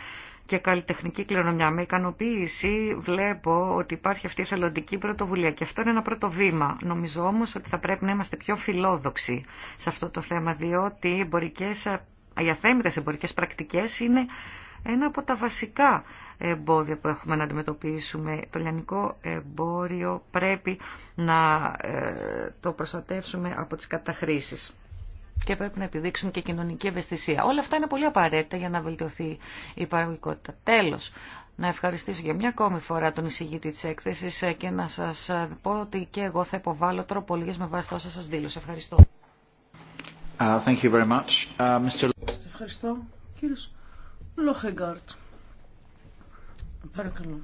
και καλλιτεχνική κληρονομιά. Με ικανοποίηση βλέπω ότι υπάρχει αυτή η θελοντική πρωτοβουλία και αυτό είναι ένα πρώτο βήμα. Νομίζω όμως ότι θα πρέπει να είμαστε πιο φιλόδοξοι σε αυτό το θέμα, διότι οι, εμπορικές, οι αθέμητες εμπορικές πρακτικές είναι ένα από τα βασικά εμπόδια που έχουμε να αντιμετωπίσουμε. Το λιανικό εμπόριο πρέπει να ε, το προστατεύσουμε από τις καταχρήσεις και πρέπει να επιδείξουν και κοινωνική ευαισθησία. Όλα αυτά είναι πολύ απαραίτητα για να βελτιωθεί η παραγωγικότητα. Τέλος, να ευχαριστήσω για μια ακόμη φορά τον εισηγητή της έκθεση ε, και να σας ε, πω ότι και εγώ θα υποβάλω τροπολογίες με βάση όσα σας δήλωσα. Ευχαριστώ. Uh, thank you very much. Uh, Mr. Ευχαριστώ. κύριε Λόχεγκάρτ. Παρακαλώ.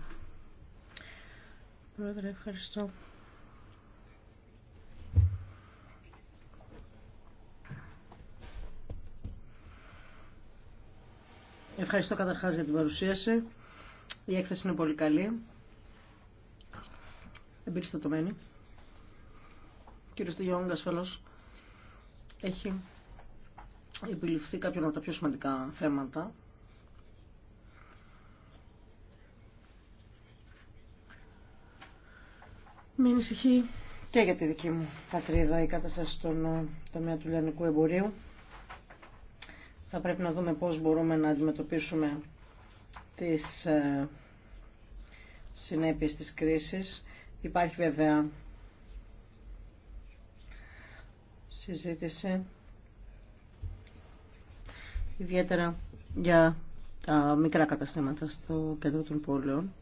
Πρόεδρε, ευχαριστώ. Ευχαριστώ καταρχάς για την παρουσίαση. Η έκθεση είναι πολύ καλή. Εμπεριστατωμένη. Κύριος Τεγιόγκ, ασφαλώς, έχει επιληφθεί κάποιον από τα πιο σημαντικά θέματα. Με ανησυχεί και για τη δική μου πατρίδα η κατάσταση στον τομέα του λιανικού εμπορίου. Θα πρέπει να δούμε πώς μπορούμε να αντιμετωπίσουμε τις ε, συνέπειες της κρίσης. Υπάρχει βέβαια συζήτηση ιδιαίτερα για τα μικρά καταστήματα στο κέντρο των πόλεων.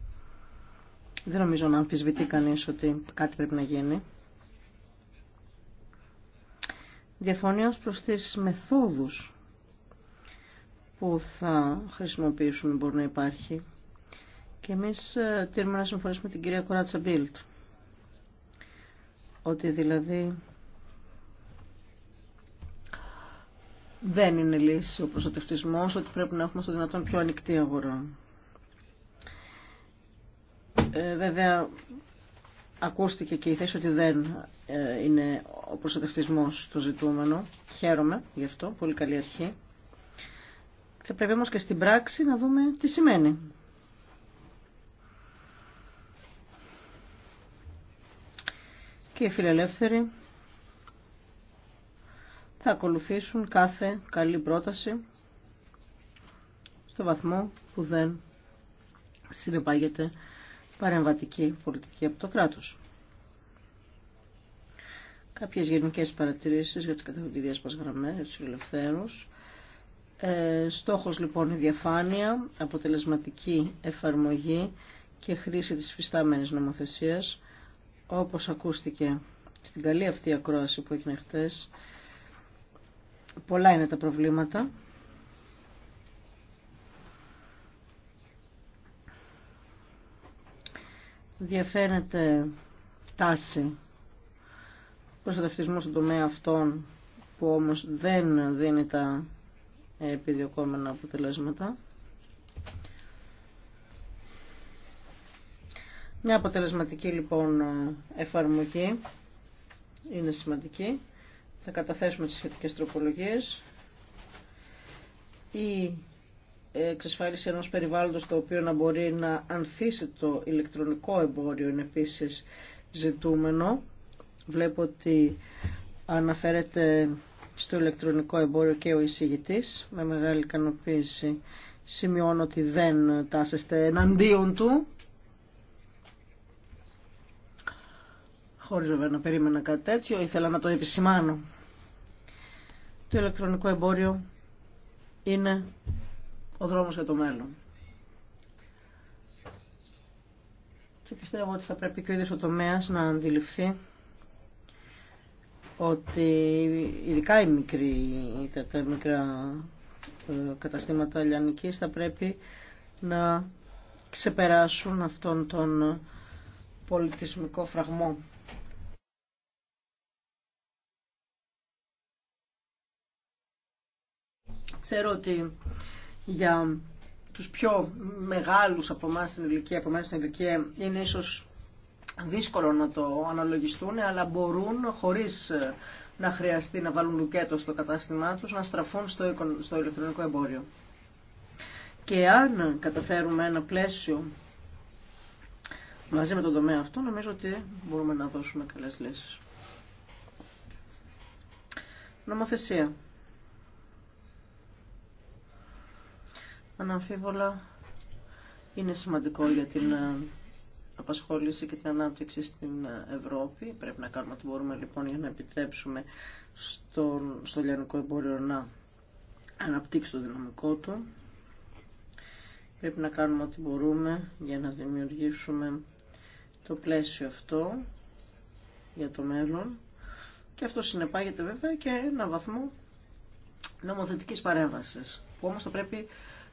Δεν νομίζω να αμφισβητεί κανείς ότι κάτι πρέπει να γίνει. Διαφωνία προς τις μεθόδους που θα χρησιμοποιήσουμε μπορεί να υπάρχει. Και εμείς ε, τήρουμε να συμφωνήσουμε την κυρία Κοράτσα Μπίλτ. Ότι δηλαδή δεν είναι λύση ο προστατευτισμός, ότι πρέπει να έχουμε στο δυνατόν πιο ανοιχτή αγορά. Ε, βέβαια, ακούστηκε και η θέση ότι δεν ε, είναι ο προστατευτισμός το ζητούμενο. Χαίρομαι γι' αυτό, πολύ καλή αρχή. Θα πρέπει όμως και στην πράξη να δούμε τι σημαίνει. Και οι φιλελεύθεροι θα ακολουθήσουν κάθε καλή πρόταση στο βαθμό που δεν συνεπάγεται παρεμβατική πολιτική από το κράτος. Κάποιες γενικές παρατηρήσεις για τις κατευθυντικές μας γραμμές, τους φιλελευθέρους. Ε, στόχος λοιπόν η διαφάνεια, αποτελεσματική εφαρμογή και χρήση της φυστάμενης νομοθεσίας, όπως ακούστηκε στην καλή αυτή ακρόαση που έγινε χτες, πολλά είναι τα προβλήματα. Διαφαίνεται τάση προστατευτισμού στον τομέα αυτών που όμως δεν δίνει τα επιδιωκόμενα αποτελέσματα. Μια αποτελεσματική λοιπόν εφαρμογή είναι σημαντική. Θα καταθέσουμε τις σχετικές τροπολογίες. Η εξασφάλιση ενός περιβάλλοντος το οποίο να μπορεί να ανθίσει το ηλεκτρονικό εμπόριο είναι επίσης ζητούμενο. Βλέπω ότι αναφέρεται στο ηλεκτρονικό εμπόριο και ο εισηγητής. Με μεγάλη ικανοποίηση σημειώνω ότι δεν τάσεστε εναντίον του. Χωρίς βέβαια να περίμενα κάτι τέτοιο, ήθελα να το επισημάνω. Το ηλεκτρονικό εμπόριο είναι ο δρόμος για το μέλλον. Και πιστεύω ότι θα πρέπει και ο ίδιος ο τομέας να αντιληφθεί ότι ειδικά οι μικροί, τα μικρά ε, καταστήματα λιανικής θα πρέπει να ξεπεράσουν αυτόν τον πολιτισμικό φραγμό. Ξέρω ότι για τους πιο μεγάλους από εμάς στην ηλικία, από εμάς στην ηλικία είναι ίσως δύσκολο να το αναλογιστούν, αλλά μπορούν χωρίς ε, να χρειαστεί να βάλουν λουκέτο στο κατάστημά τους, να στραφούν στο, ηλεκτρονικό εμπόριο. Και αν καταφέρουμε ένα πλαίσιο μαζί με τον τομέα αυτό, νομίζω ότι μπορούμε να δώσουμε καλές λύσεις. Νομοθεσία. Αναμφίβολα είναι σημαντικό για την ε, απασχόληση και την ανάπτυξη στην Ευρώπη. Πρέπει να κάνουμε ό,τι μπορούμε λοιπόν για να επιτρέψουμε στον, στο λιανικό εμπόριο να αναπτύξει το δυναμικό του. Πρέπει να κάνουμε ό,τι μπορούμε για να δημιουργήσουμε το πλαίσιο αυτό για το μέλλον και αυτό συνεπάγεται βέβαια και ένα βαθμό νομοθετικής παρέμβασης που όμως θα πρέπει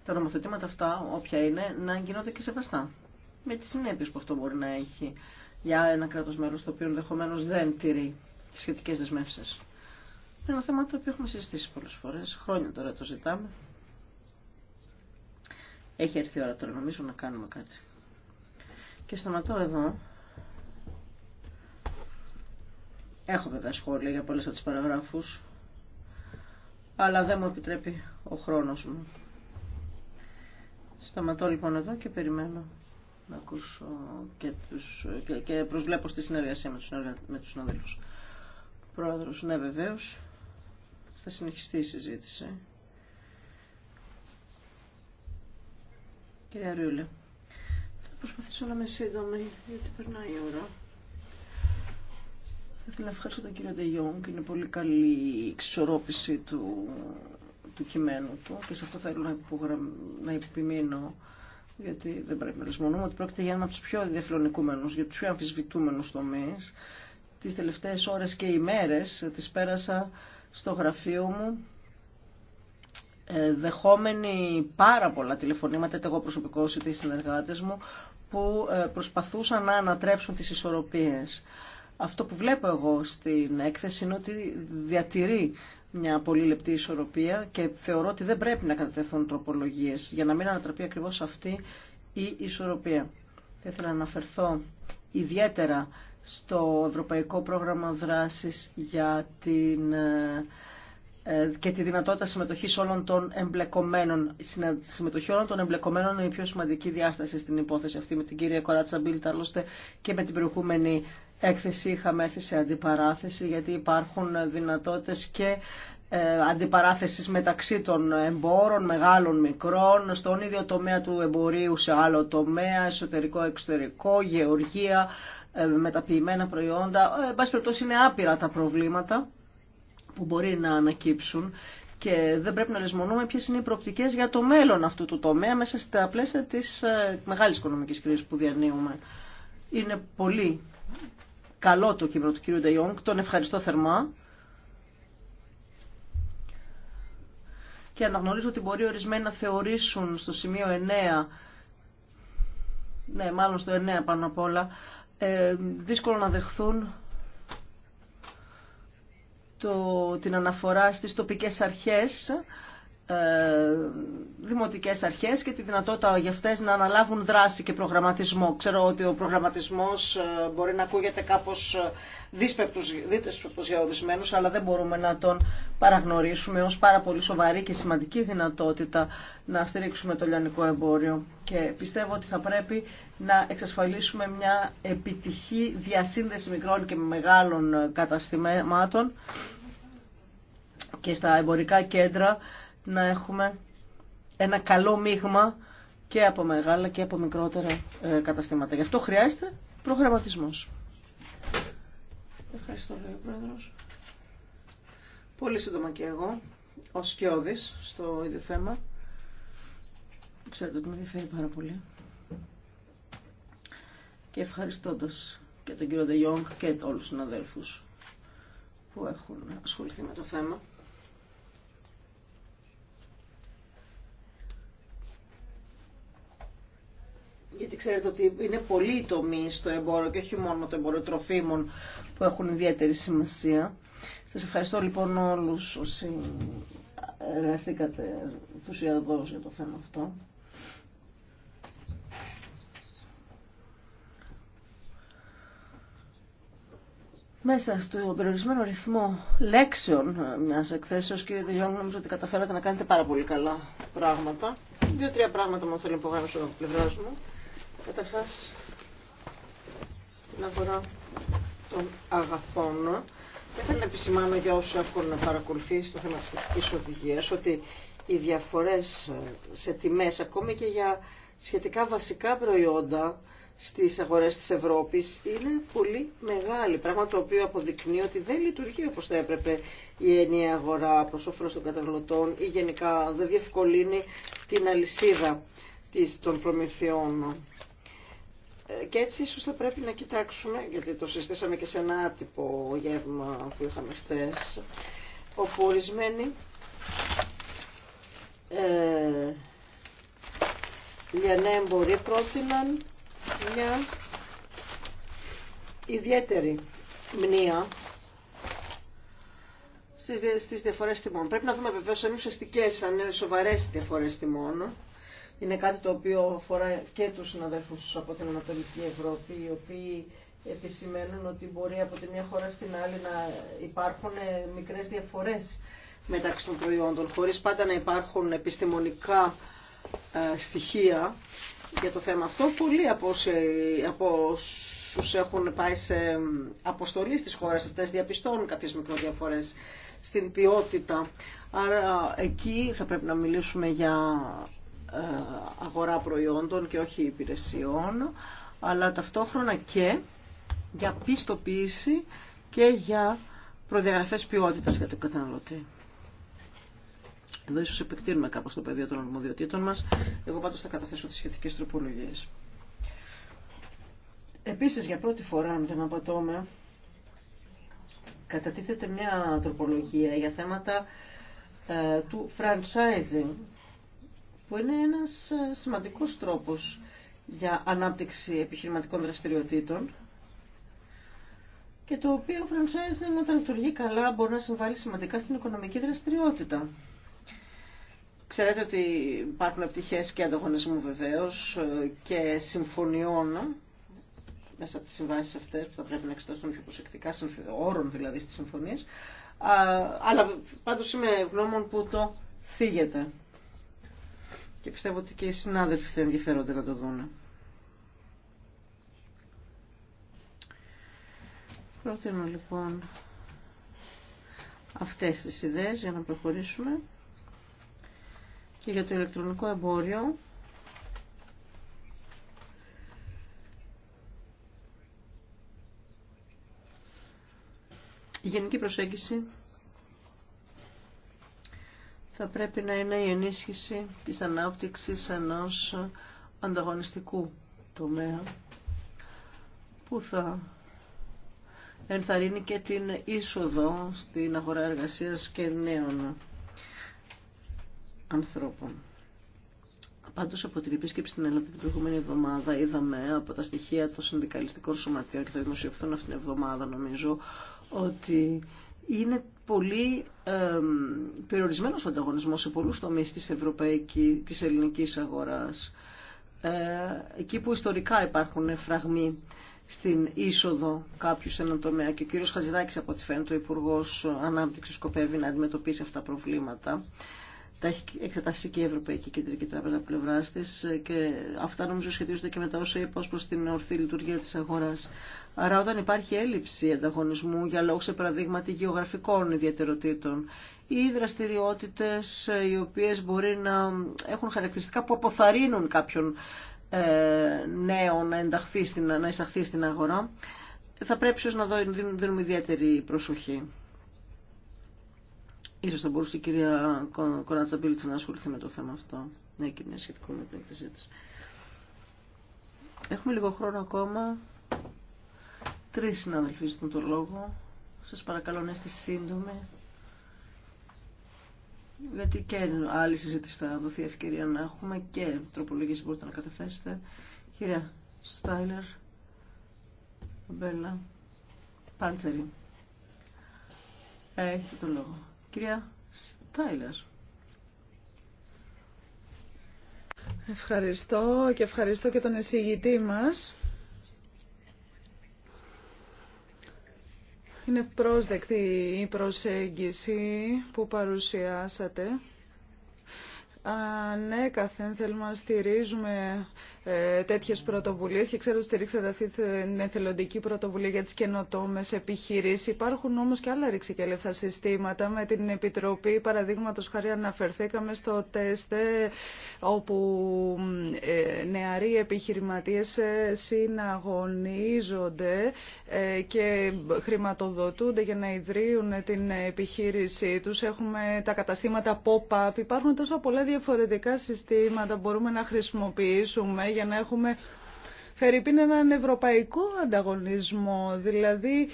τα νομοθετήματα αυτά, όποια είναι, να γίνονται και σεβαστά με τις συνέπειες που αυτό μπορεί να έχει για ένα κράτος μέλος το οποίο ενδεχομένω δεν τηρεί τις σχετικές δεσμεύσεις. Είναι ένα θέμα το οποίο έχουμε συζητήσει πολλές φορές, χρόνια τώρα το ζητάμε. Έχει έρθει η ώρα τώρα νομίζω να κάνουμε κάτι. Και σταματώ εδώ. Έχω βέβαια σχόλια για πολλές από τις παραγράφους, αλλά δεν μου επιτρέπει ο χρόνος μου. Σταματώ λοιπόν εδώ και περιμένω να ακούσω και, προσβλέπω στη συνεργασία με τους, με τους συναδέλφους. Πρόεδρος, ναι βεβαίω. θα συνεχιστεί η συζήτηση. Κυρία Ρούλε, θα προσπαθήσω να είμαι σύντομη, γιατί περνάει η ώρα. Θα ήθελα να ευχαριστώ τον κύριο και είναι πολύ καλή η εξισορρόπηση του, του κειμένου του και σε αυτό θέλω να, υπογραμ... να επιμείνω γιατί δεν πρέπει να λησμονούμε ότι πρόκειται για ένα από του πιο διαφιλονικούμενους, για του πιο αμφισβητούμενου τομεί. Τις τελευταίες ώρες και ημέρες τις πέρασα στο γραφείο μου ε, δεχόμενοι πάρα πολλά τηλεφωνήματα, είτε εγώ προσωπικό είτε οι συνεργάτε μου, που ε, προσπαθούσαν να ανατρέψουν τις ισορροπίες. Αυτό που βλέπω εγώ στην έκθεση είναι ότι διατηρεί μια πολύ λεπτή ισορροπία και θεωρώ ότι δεν πρέπει να κατατεθούν τροπολογίες για να μην ανατραπεί ακριβώς αυτή η ισορροπία. Θα ήθελα να αναφερθώ ιδιαίτερα στο Ευρωπαϊκό Πρόγραμμα Δράσης για την ε, ε, και τη δυνατότητα συμμετοχή όλων των εμπλεκομένων. συμμετοχή όλων των εμπλεκομένων είναι η πιο σημαντική διάσταση στην υπόθεση αυτή με την κυρία Κοράτσα Μπίλτα και με την προηγούμενη έκθεση είχαμε έρθει σε αντιπαράθεση γιατί υπάρχουν δυνατότητες και ε, αντιπαράθεσης μεταξύ των εμπόρων, μεγάλων, μικρών, στον ίδιο τομέα του εμπορίου, σε άλλο τομέα, εσωτερικό, εξωτερικό, γεωργία, ε, μεταποιημένα προϊόντα. Ε, εν πάση περιπτώσει είναι άπειρα τα προβλήματα που μπορεί να ανακύψουν και δεν πρέπει να λησμονούμε ποιες είναι οι προοπτικές για το μέλλον αυτού του τομέα μέσα στα πλαίσια της μεγάλης οικονομικής κρίσης που διανύουμε. Είναι πολύ καλό το κείμενο του κυρίου Ντεϊόγκ. τον ευχαριστώ θερμά. Και αναγνωρίζω ότι μπορεί ορισμένοι να θεωρήσουν στο σημείο 9, ναι μάλλον στο 9 πάνω απ' όλα, ε, δύσκολο να δεχθούν το, την αναφορά στις τοπικές αρχές ε, δημοτικές αρχές και τη δυνατότητα για αυτές να αναλάβουν δράση και προγραμματισμό. Ξέρω ότι ο προγραμματισμός ε, μπορεί να ακούγεται κάπως ε, δίσπεπτος για ορισμένους, αλλά δεν μπορούμε να τον παραγνωρίσουμε ως πάρα πολύ σοβαρή και σημαντική δυνατότητα να στηρίξουμε το λιανικό εμπόριο. Και πιστεύω ότι θα πρέπει να εξασφαλίσουμε μια επιτυχή διασύνδεση μικρών και μεγάλων καταστημάτων και στα εμπορικά κέντρα να έχουμε ένα καλό μείγμα και από μεγάλα και από μικρότερα ε, καταστήματα. Γι' αυτό χρειάζεται προγραμματισμός. Ευχαριστώ, λέει Πρόεδρος. Πολύ σύντομα και εγώ, ως Σκιώδης, στο ίδιο θέμα. Ξέρετε ότι με ενδιαφέρει πάρα πολύ. Και ευχαριστώντας και τον κύριο Ιόγκ και όλους τους συναδέλφους που έχουν ασχοληθεί με το θέμα. γιατί ξέρετε ότι είναι πολλοί οι τομεί στο εμπόριο και όχι μόνο το εμπόριο τροφίμων που έχουν ιδιαίτερη σημασία. Σα ευχαριστώ λοιπόν όλου όσοι εργαστήκατε ενθουσιαδό για το θέμα αυτό. Μέσα στο περιορισμένο ρυθμό λέξεων μια εκθέσεω, κύριε Τελειώνη, νομίζω ότι καταφέρατε να κάνετε πάρα πολύ καλά πράγματα. Δύο-τρία πράγματα μου θέλω να υπογράψω από πλευρά μου. Καταρχάς, στην αγορά των αγαθών, δεν θέλω να επισημάνω για όσοι έχουν παρακολουθήσει το θέμα της σχετικής οδηγίας, ότι οι διαφορές ε, σε τιμές, ακόμη και για σχετικά βασικά προϊόντα, στις αγορές της Ευρώπης είναι πολύ μεγάλη, πράγμα το οποίο αποδεικνύει ότι δεν λειτουργεί όπως θα έπρεπε η ενιαία αγορά προς όφελος των καταναλωτών ή γενικά δεν διευκολύνει την αλυσίδα των προμηθειών και έτσι ίσως θα πρέπει να κοιτάξουμε, γιατί το συστήσαμε και σε ένα άτυπο γεύμα που είχαμε χθε. όπου ορισμένοι ε, λιανέμποροι πρότειναν μια ιδιαίτερη μνήα στις, στις διαφορές τιμών. Πρέπει να δούμε βεβαίως αν είναι ουσιαστικές, αν είναι σοβαρές διαφορές τιμών είναι κάτι το οποίο αφορά και τους συναδέλφους από την Ανατολική Ευρώπη, οι οποίοι επισημαίνουν ότι μπορεί από τη μια χώρα στην άλλη να υπάρχουν μικρές διαφορές μεταξύ των προϊόντων, χωρίς πάντα να υπάρχουν επιστημονικά ε, στοιχεία για το θέμα αυτό. Πολλοί από, όσοι, από όσους έχουν πάει σε αποστολή στις χώρες αυτές διαπιστώνουν κάποιες μικροδιαφορές στην ποιότητα. Άρα εκεί θα πρέπει να μιλήσουμε για ε, αγορά προϊόντων και όχι υπηρεσιών, αλλά ταυτόχρονα και για πιστοποίηση και για προδιαγραφές ποιότητας για τον καταναλωτή. Εδώ ίσως επεκτείνουμε κάπως το πεδίο των αρμοδιοτήτων μας. Εγώ πάντως θα καταθέσω τις σχετικές τροπολογίες. Επίσης για πρώτη φορά, αν δεν απατώμε, κατατίθεται μια τροπολογία για θέματα ε, του franchising που είναι ένας ε, σημαντικός τρόπος για ανάπτυξη επιχειρηματικών δραστηριοτήτων και το οποίο franchising όταν λειτουργεί καλά μπορεί να συμβάλλει σημαντικά στην οικονομική δραστηριότητα. Ξέρετε ότι υπάρχουν πτυχές και ανταγωνισμού βεβαίως ε, και συμφωνιών μέσα από τις συμβάσεις αυτές που θα πρέπει να εξετάσουν πιο προσεκτικά, όρων δηλαδή στις συμφωνίες. Αλλά πάντως είμαι γνώμων που το θίγεται και πιστεύω ότι και οι συνάδελφοι θα ενδιαφέρονται να το δουν. Πρότεινω λοιπόν αυτές τις ιδέες για να προχωρήσουμε και για το ηλεκτρονικό εμπόριο η γενική προσέγγιση θα πρέπει να είναι η ενίσχυση της ανάπτυξης ενός ανταγωνιστικού τομέα που θα ενθαρρύνει και την είσοδο στην αγορά εργασίας και νέων ανθρώπων. Πάντως από την επίσκεψη στην Ελλάδα την προηγούμενη εβδομάδα είδαμε από τα στοιχεία των συνδικαλιστικών σωματείων και θα δημοσιευθούν αυτήν την εβδομάδα νομίζω ότι είναι πολύ ε, περιορισμένος ο ανταγωνισμός σε πολλούς τομείς της, ευρωπαϊκής, της ελληνικής αγοράς. Ε, εκεί που ιστορικά υπάρχουν φραγμοί στην είσοδο κάποιου σε έναν τομέα και ο κύριος Χαζηδάκης από ό,τι φαίνεται ο Υπουργός Ανάπτυξης σκοπεύει να αντιμετωπίσει αυτά τα προβλήματα. Τα έχει εξετάσει και η Ευρωπαϊκή Κεντρική Τράπεζα από πλευρά τη και αυτά νομίζω σχετίζονται και με τα όσα είπα ω προ την ορθή λειτουργία τη αγορά. Άρα, όταν υπάρχει έλλειψη ανταγωνισμού για λόγου, σε παραδείγματι, γεωγραφικών ιδιαιτεροτήτων ή δραστηριότητε οι οποίε μπορεί να έχουν χαρακτηριστικά που αποθαρρύνουν κάποιον ε, νέο να, εισαχθεί στην αγορά, θα πρέπει ίσω να δίνουμε ιδιαίτερη προσοχή. Ίσως θα μπορούσε η κυρία Κοράτσα να ασχοληθεί με το θέμα αυτό. Ναι, και μια σχετικό με την έκθεσή της. Έχουμε λίγο χρόνο ακόμα. Τρεις συνάδελφοι ζητούν το λόγο. Σας παρακαλώ να είστε σύντομοι. Γιατί και άλλη συζήτηση θα δοθεί ευκαιρία να έχουμε και τροπολογίες μπορείτε να καταθέσετε. Κυρία Στάιλερ, Μπέλα, Πάντσερη. Έχετε το λόγο. Κυρία Στάιλερ. Ευχαριστώ και ευχαριστώ και τον εισηγητή μας. Είναι πρόσδεκτη η προσέγγιση που παρουσιάσατε. Ναι, καθένα θέλουμε να στηρίζουμε ε, τέτοιες πρωτοβουλίες και ξέρω ότι στηρίξατε αυτή την εθελοντική πρωτοβουλία για τις καινοτόμες επιχειρήσεις. Υπάρχουν όμως και άλλα λεφτά συστήματα. Με την Επιτροπή, παραδείγματο χάρη αναφερθήκαμε στο τεστ ε, όπου ε, νεαροί επιχειρηματίες ε, συναγωνίζονται και χρηματοδοτούνται για να ιδρύουν την επιχείρησή τους. Έχουμε τα καταστήματα pop-up. Υπάρχουν τόσο πολλά διαφορετικά συστήματα μπορούμε να χρησιμοποιήσουμε για να έχουμε Φερρυπίν έναν ευρωπαϊκό ανταγωνισμό, δηλαδή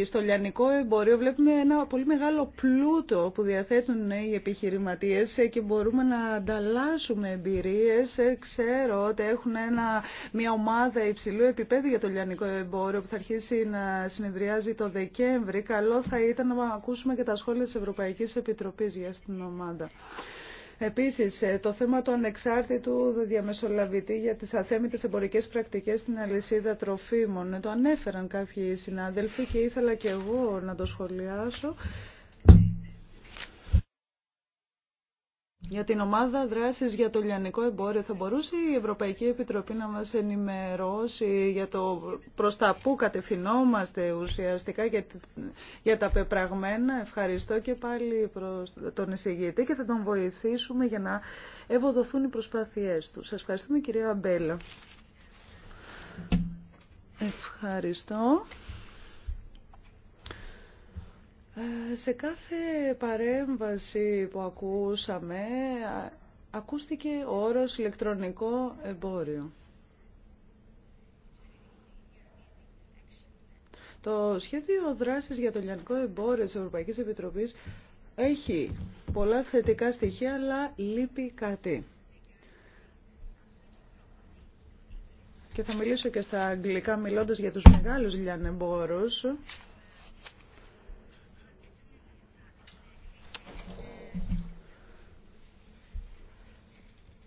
ε, στο λιανικό εμπόριο βλέπουμε ένα πολύ μεγάλο πλούτο που διαθέτουν οι επιχειρηματίες και μπορούμε να ανταλλάσσουμε εμπειρίες. Ε, ξέρω ότι έχουν ένα, μια ομάδα υψηλού επίπεδου για το λιανικό εμπόριο που θα αρχίσει να συνεδριάζει το Δεκέμβρη. Καλό θα ήταν να ακούσουμε και τα σχόλια της Ευρωπαϊκής Επιτροπής για αυτήν την ομάδα. Επίσης, ε, το θέμα του ανεξάρτητου διαμεσολαβητή για τις αθέμητες εμπορικές πρακτικές στην αλυσίδα τροφίμων. Ε, το ανέφεραν κάποιοι συνάδελφοι και ήθελα και εγώ να το σχολιάσω. Για την ομάδα δράση για το λιανικό εμπόριο θα μπορούσε η Ευρωπαϊκή Επιτροπή να μα ενημερώσει για το προς τα που κατευθυνόμαστε ουσιαστικά για τα πεπραγμένα. Ευχαριστώ και πάλι προς τον εισηγητή και θα τον βοηθήσουμε για να ευοδοθούν οι προσπάθειές του. Σας ευχαριστούμε κυρία Αμπέλα. Ευχαριστώ. Σε κάθε παρέμβαση που ακούσαμε, ακούστηκε ο όρος ηλεκτρονικό εμπόριο. Το σχέδιο δράσης για το λιανικό εμπόριο της Ευρωπαϊκής Επιτροπής έχει πολλά θετικά στοιχεία, αλλά λείπει κάτι. Και θα μιλήσω και στα αγγλικά μιλώντας για τους μεγάλους λιανεμπόρους.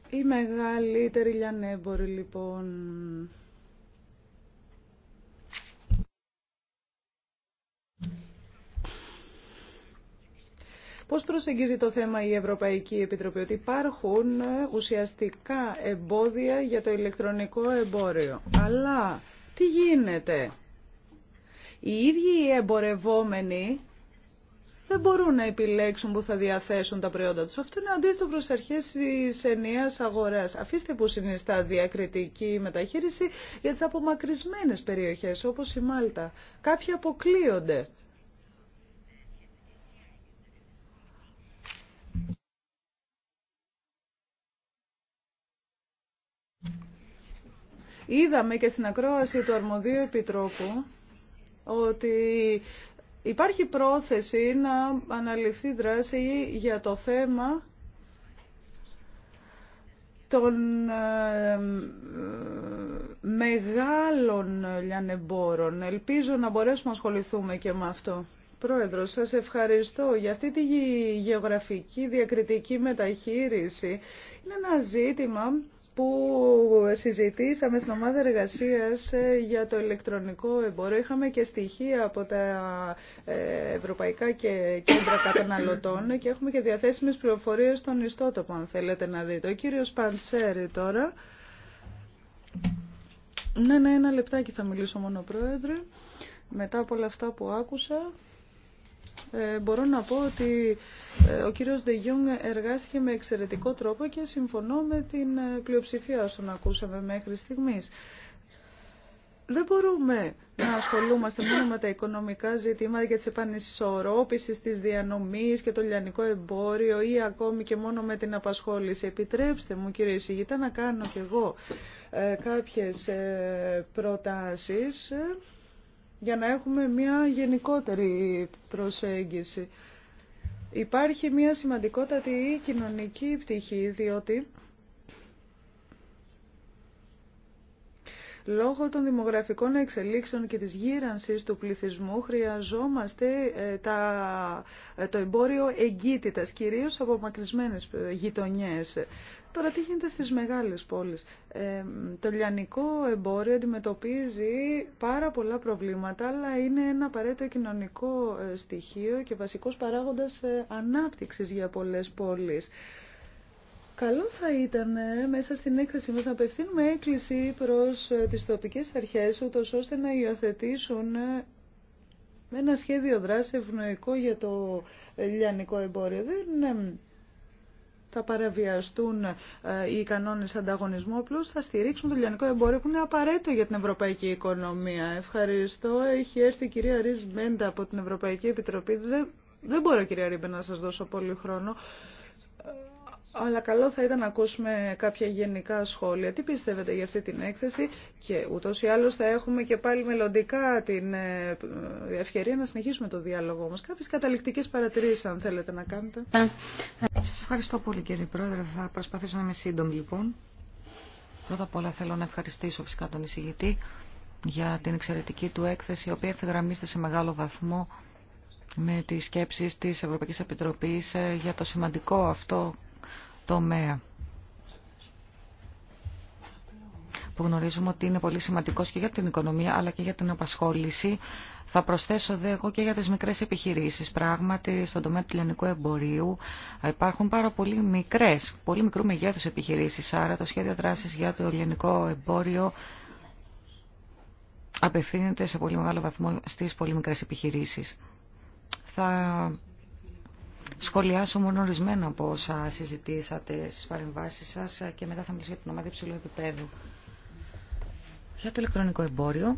Η μεγαλύτερη λιανέμπορη λοιπόν Πώς προσεγγίζει το θέμα η Ευρωπαϊκή Επιτροπή, ότι υπάρχουν ε, ουσιαστικά εμπόδια για το ηλεκτρονικό εμπόριο. Αλλά τι γίνεται. Οι ίδιοι οι εμπορευόμενοι δεν μπορούν να επιλέξουν που θα διαθέσουν τα προϊόντα τους. Αυτό είναι αντίστοιχο προς αρχές της ενιαίας αγοράς. Αφήστε που συνιστά διακριτική μεταχείριση για τις απομακρυσμένες περιοχές όπως η Μάλτα. Κάποιοι αποκλείονται. Είδαμε και στην ακρόαση του Αρμοδίου Επιτρόπου ότι Υπάρχει πρόθεση να αναλυφθεί δράση για το θέμα των ε, μεγάλων λιανεμπόρων. Ελπίζω να μπορέσουμε να ασχοληθούμε και με αυτό. Πρόεδρο, σας ευχαριστώ για αυτή τη γεωγραφική διακριτική μεταχείριση. Είναι ένα ζήτημα που συζητήσαμε στην ομάδα εργασίας ε, για το ηλεκτρονικό εμπόριο. Είχαμε και στοιχεία από τα ε, ευρωπαϊκά και κέντρα καταναλωτών και έχουμε και διαθέσιμες πληροφορίες στον ιστότοπο, αν θέλετε να δείτε. Ο κύριο Παντσέρη τώρα. Ναι, ναι, ένα λεπτάκι θα μιλήσω μόνο, Πρόεδρε. Μετά από όλα αυτά που άκουσα, ε, μπορώ να πω ότι ε, ο κύριος De Jong εργάστηκε με εξαιρετικό τρόπο και συμφωνώ με την ε, πλειοψηφία όσων ακούσαμε μέχρι στιγμής. Δεν μπορούμε να ασχολούμαστε μόνο με τα οικονομικά ζητήματα και τις επανισορρόπησης της διανομής και το λιανικό εμπόριο ή ακόμη και μόνο με την απασχόληση. Επιτρέψτε μου κύριε Σιγητά να κάνω κι εγώ κάποιες προτάσεις για να έχουμε μια γενικότερη προσέγγιση. Υπάρχει μια σημαντικότατη κοινωνική πτυχή, διότι Λόγω των δημογραφικών εξελίξεων και της γύρανσης του πληθυσμού χρειαζόμαστε ε, τα, ε, το εμπόριο εγκύτητας, κυρίως από μακρισμένες ε, γειτονιές. Τώρα τι γίνεται στις μεγάλες πόλεις. το λιανικό εμπόριο αντιμετωπίζει πάρα πολλά προβλήματα, αλλά είναι ένα απαραίτητο κοινωνικό στοιχείο και βασικός παράγοντας ανάπτυξης για πολλές πόλεις. Καλό θα ήταν ε, μέσα στην έκθεση μας να απευθύνουμε έκκληση προς ε, τις τοπικές αρχές, ούτως ώστε να υιοθετήσουν ε, ένα σχέδιο δράση ευνοϊκό για το λιανικό εμπόριο. Δεν θα παραβιαστούν οι κανόνες ανταγωνισμού, απλώ θα στηρίξουν το λιανικό εμπόριο που είναι απαραίτητο για την ευρωπαϊκή οικονομία. Ευχαριστώ. Έχει έρθει η κυρία Ρίζ Μέντα από την Ευρωπαϊκή Επιτροπή. Δεν, δεν μπορώ κυρία Ρίμπε να σας δώσω πολύ χρόνο αλλά καλό θα ήταν να ακούσουμε κάποια γενικά σχόλια. Τι πιστεύετε για αυτή την έκθεση και ούτως ή άλλως θα έχουμε και πάλι μελλοντικά την ε, ε, ευκαιρία να συνεχίσουμε το διάλογο μας. Κάποιες καταληκτικές παρατηρήσεις αν θέλετε να κάνετε. Σας ευχαριστώ πολύ κύριε Πρόεδρε. Θα προσπαθήσω να είμαι σύντομη λοιπόν. Πρώτα απ' όλα θέλω να ευχαριστήσω φυσικά τον εισηγητή για την εξαιρετική του έκθεση, η οποία ευθυγραμμίζεται σε μεγάλο βαθμό με τις σκέψεις της Ευρωπαϊκής Επιτροπής ε, για το σημαντικό αυτό τομέα που γνωρίζουμε ότι είναι πολύ σημαντικός και για την οικονομία αλλά και για την απασχόληση. Θα προσθέσω δε εγώ και για τις μικρές επιχειρήσεις. Πράγματι, στον τομέα του λιανικού εμπορίου υπάρχουν πάρα πολύ μικρές, πολύ μικρού μεγέθους επιχειρήσεις. Άρα το σχέδιο δράσης για το λιανικό εμπόριο απευθύνεται σε πολύ μεγάλο βαθμό στις πολύ μικρές επιχειρήσεις. Θα σχολιάσω μόνο ορισμένα από όσα συζητήσατε στις παρεμβάσεις σας και μετά θα μιλήσω για την ομάδα υψηλού επίπεδου. Για το ηλεκτρονικό εμπόριο.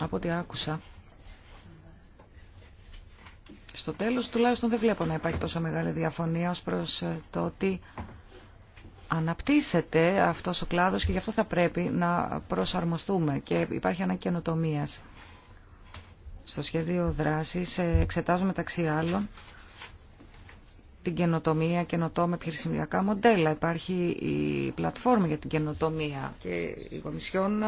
Από ό,τι άκουσα, στο τέλος τουλάχιστον δεν βλέπω να υπάρχει τόσο μεγάλη διαφωνία ως προς ε, το ότι αναπτύσσεται αυτός ο κλάδος και γι' αυτό θα πρέπει να προσαρμοστούμε και υπάρχει ανάγκη στο σχέδιο δράσης ε, εξετάζουμε μεταξύ άλλων την καινοτομία, με επιχειρησιακά μοντέλα. Υπάρχει η πλατφόρμα για την καινοτομία και η Κομισιόν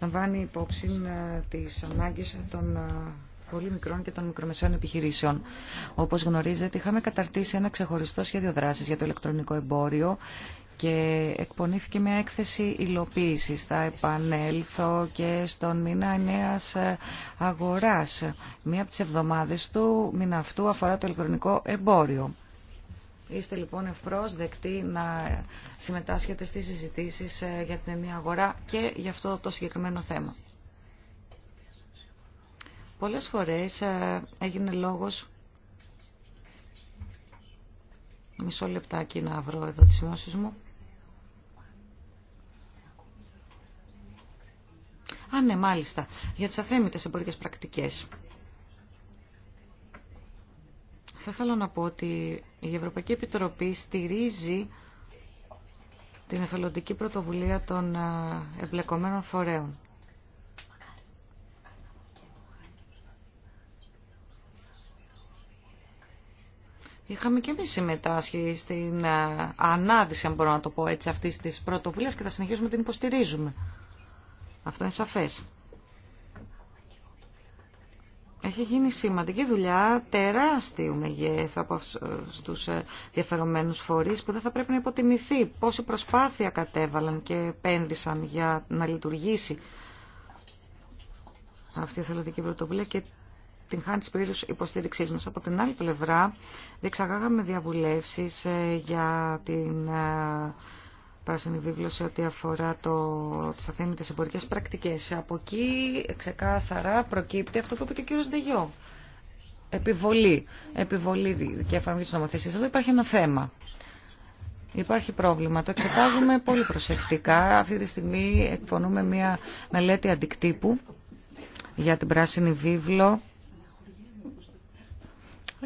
λαμβάνει υπόψη ε, τις ανάγκες των ε, πολύ μικρών και των μικρομεσαίων επιχειρήσεων. Όπως γνωρίζετε, είχαμε καταρτήσει ένα ξεχωριστό σχέδιο δράσης για το ηλεκτρονικό εμπόριο και εκπονήθηκε μια έκθεση υλοποίησης. Θα επανέλθω και στον μήνα νέας αγοράς. Μία από τις εβδομάδες του μήνα αυτού αφορά το ηλεκτρονικό εμπόριο. Είστε λοιπόν ευπρόσδεκτοι να συμμετάσχετε στις συζητήσεις ε, για την ενιαία αγορά και για αυτό το συγκεκριμένο θέμα. Πολλές φορές ε, έγινε λόγος... Μισό λεπτάκι να βρω εδώ τις σημειώσεις μου. Α, ναι, μάλιστα. Για τις αθέμητες εμπορικές πρακτικές. Θα ήθελα να πω ότι η Ευρωπαϊκή Επιτροπή στηρίζει την εθελοντική πρωτοβουλία των εμπλεκομένων φορέων. Είχαμε και εμεί συμμετάσχει στην ανάδυση, αν μπορώ να το πω έτσι, αυτής της πρωτοβουλίας και θα συνεχίσουμε να την υποστηρίζουμε. Αυτό είναι σαφές. Έχει γίνει σημαντική δουλειά τεράστιου μεγέθου από ε, τους ε, διαφερομένους φορείς που δεν θα πρέπει να υποτιμηθεί πόση προσπάθεια κατέβαλαν και επένδυσαν για να λειτουργήσει αυτή η θελοντική πρωτοβουλία και την χάνει τη περίπτωσης υποστήριξή μα. Από την άλλη πλευρά, διεξαγάγαμε διαβουλεύσεις ε, για την πράσινη βίβλο σε ό,τι αφορά το, τις αθέμητες εμπορικές πρακτικές. Από εκεί ξεκάθαρα προκύπτει αυτό που είπε και ο κύριο Ντεγιό. Επιβολή. Επιβολή και εφαρμογή της νομοθεσίας. Εδώ υπάρχει ένα θέμα. Υπάρχει πρόβλημα. Το εξετάζουμε πολύ προσεκτικά. Αυτή τη στιγμή εκπονούμε μια μελέτη αντικτύπου για την πράσινη βίβλο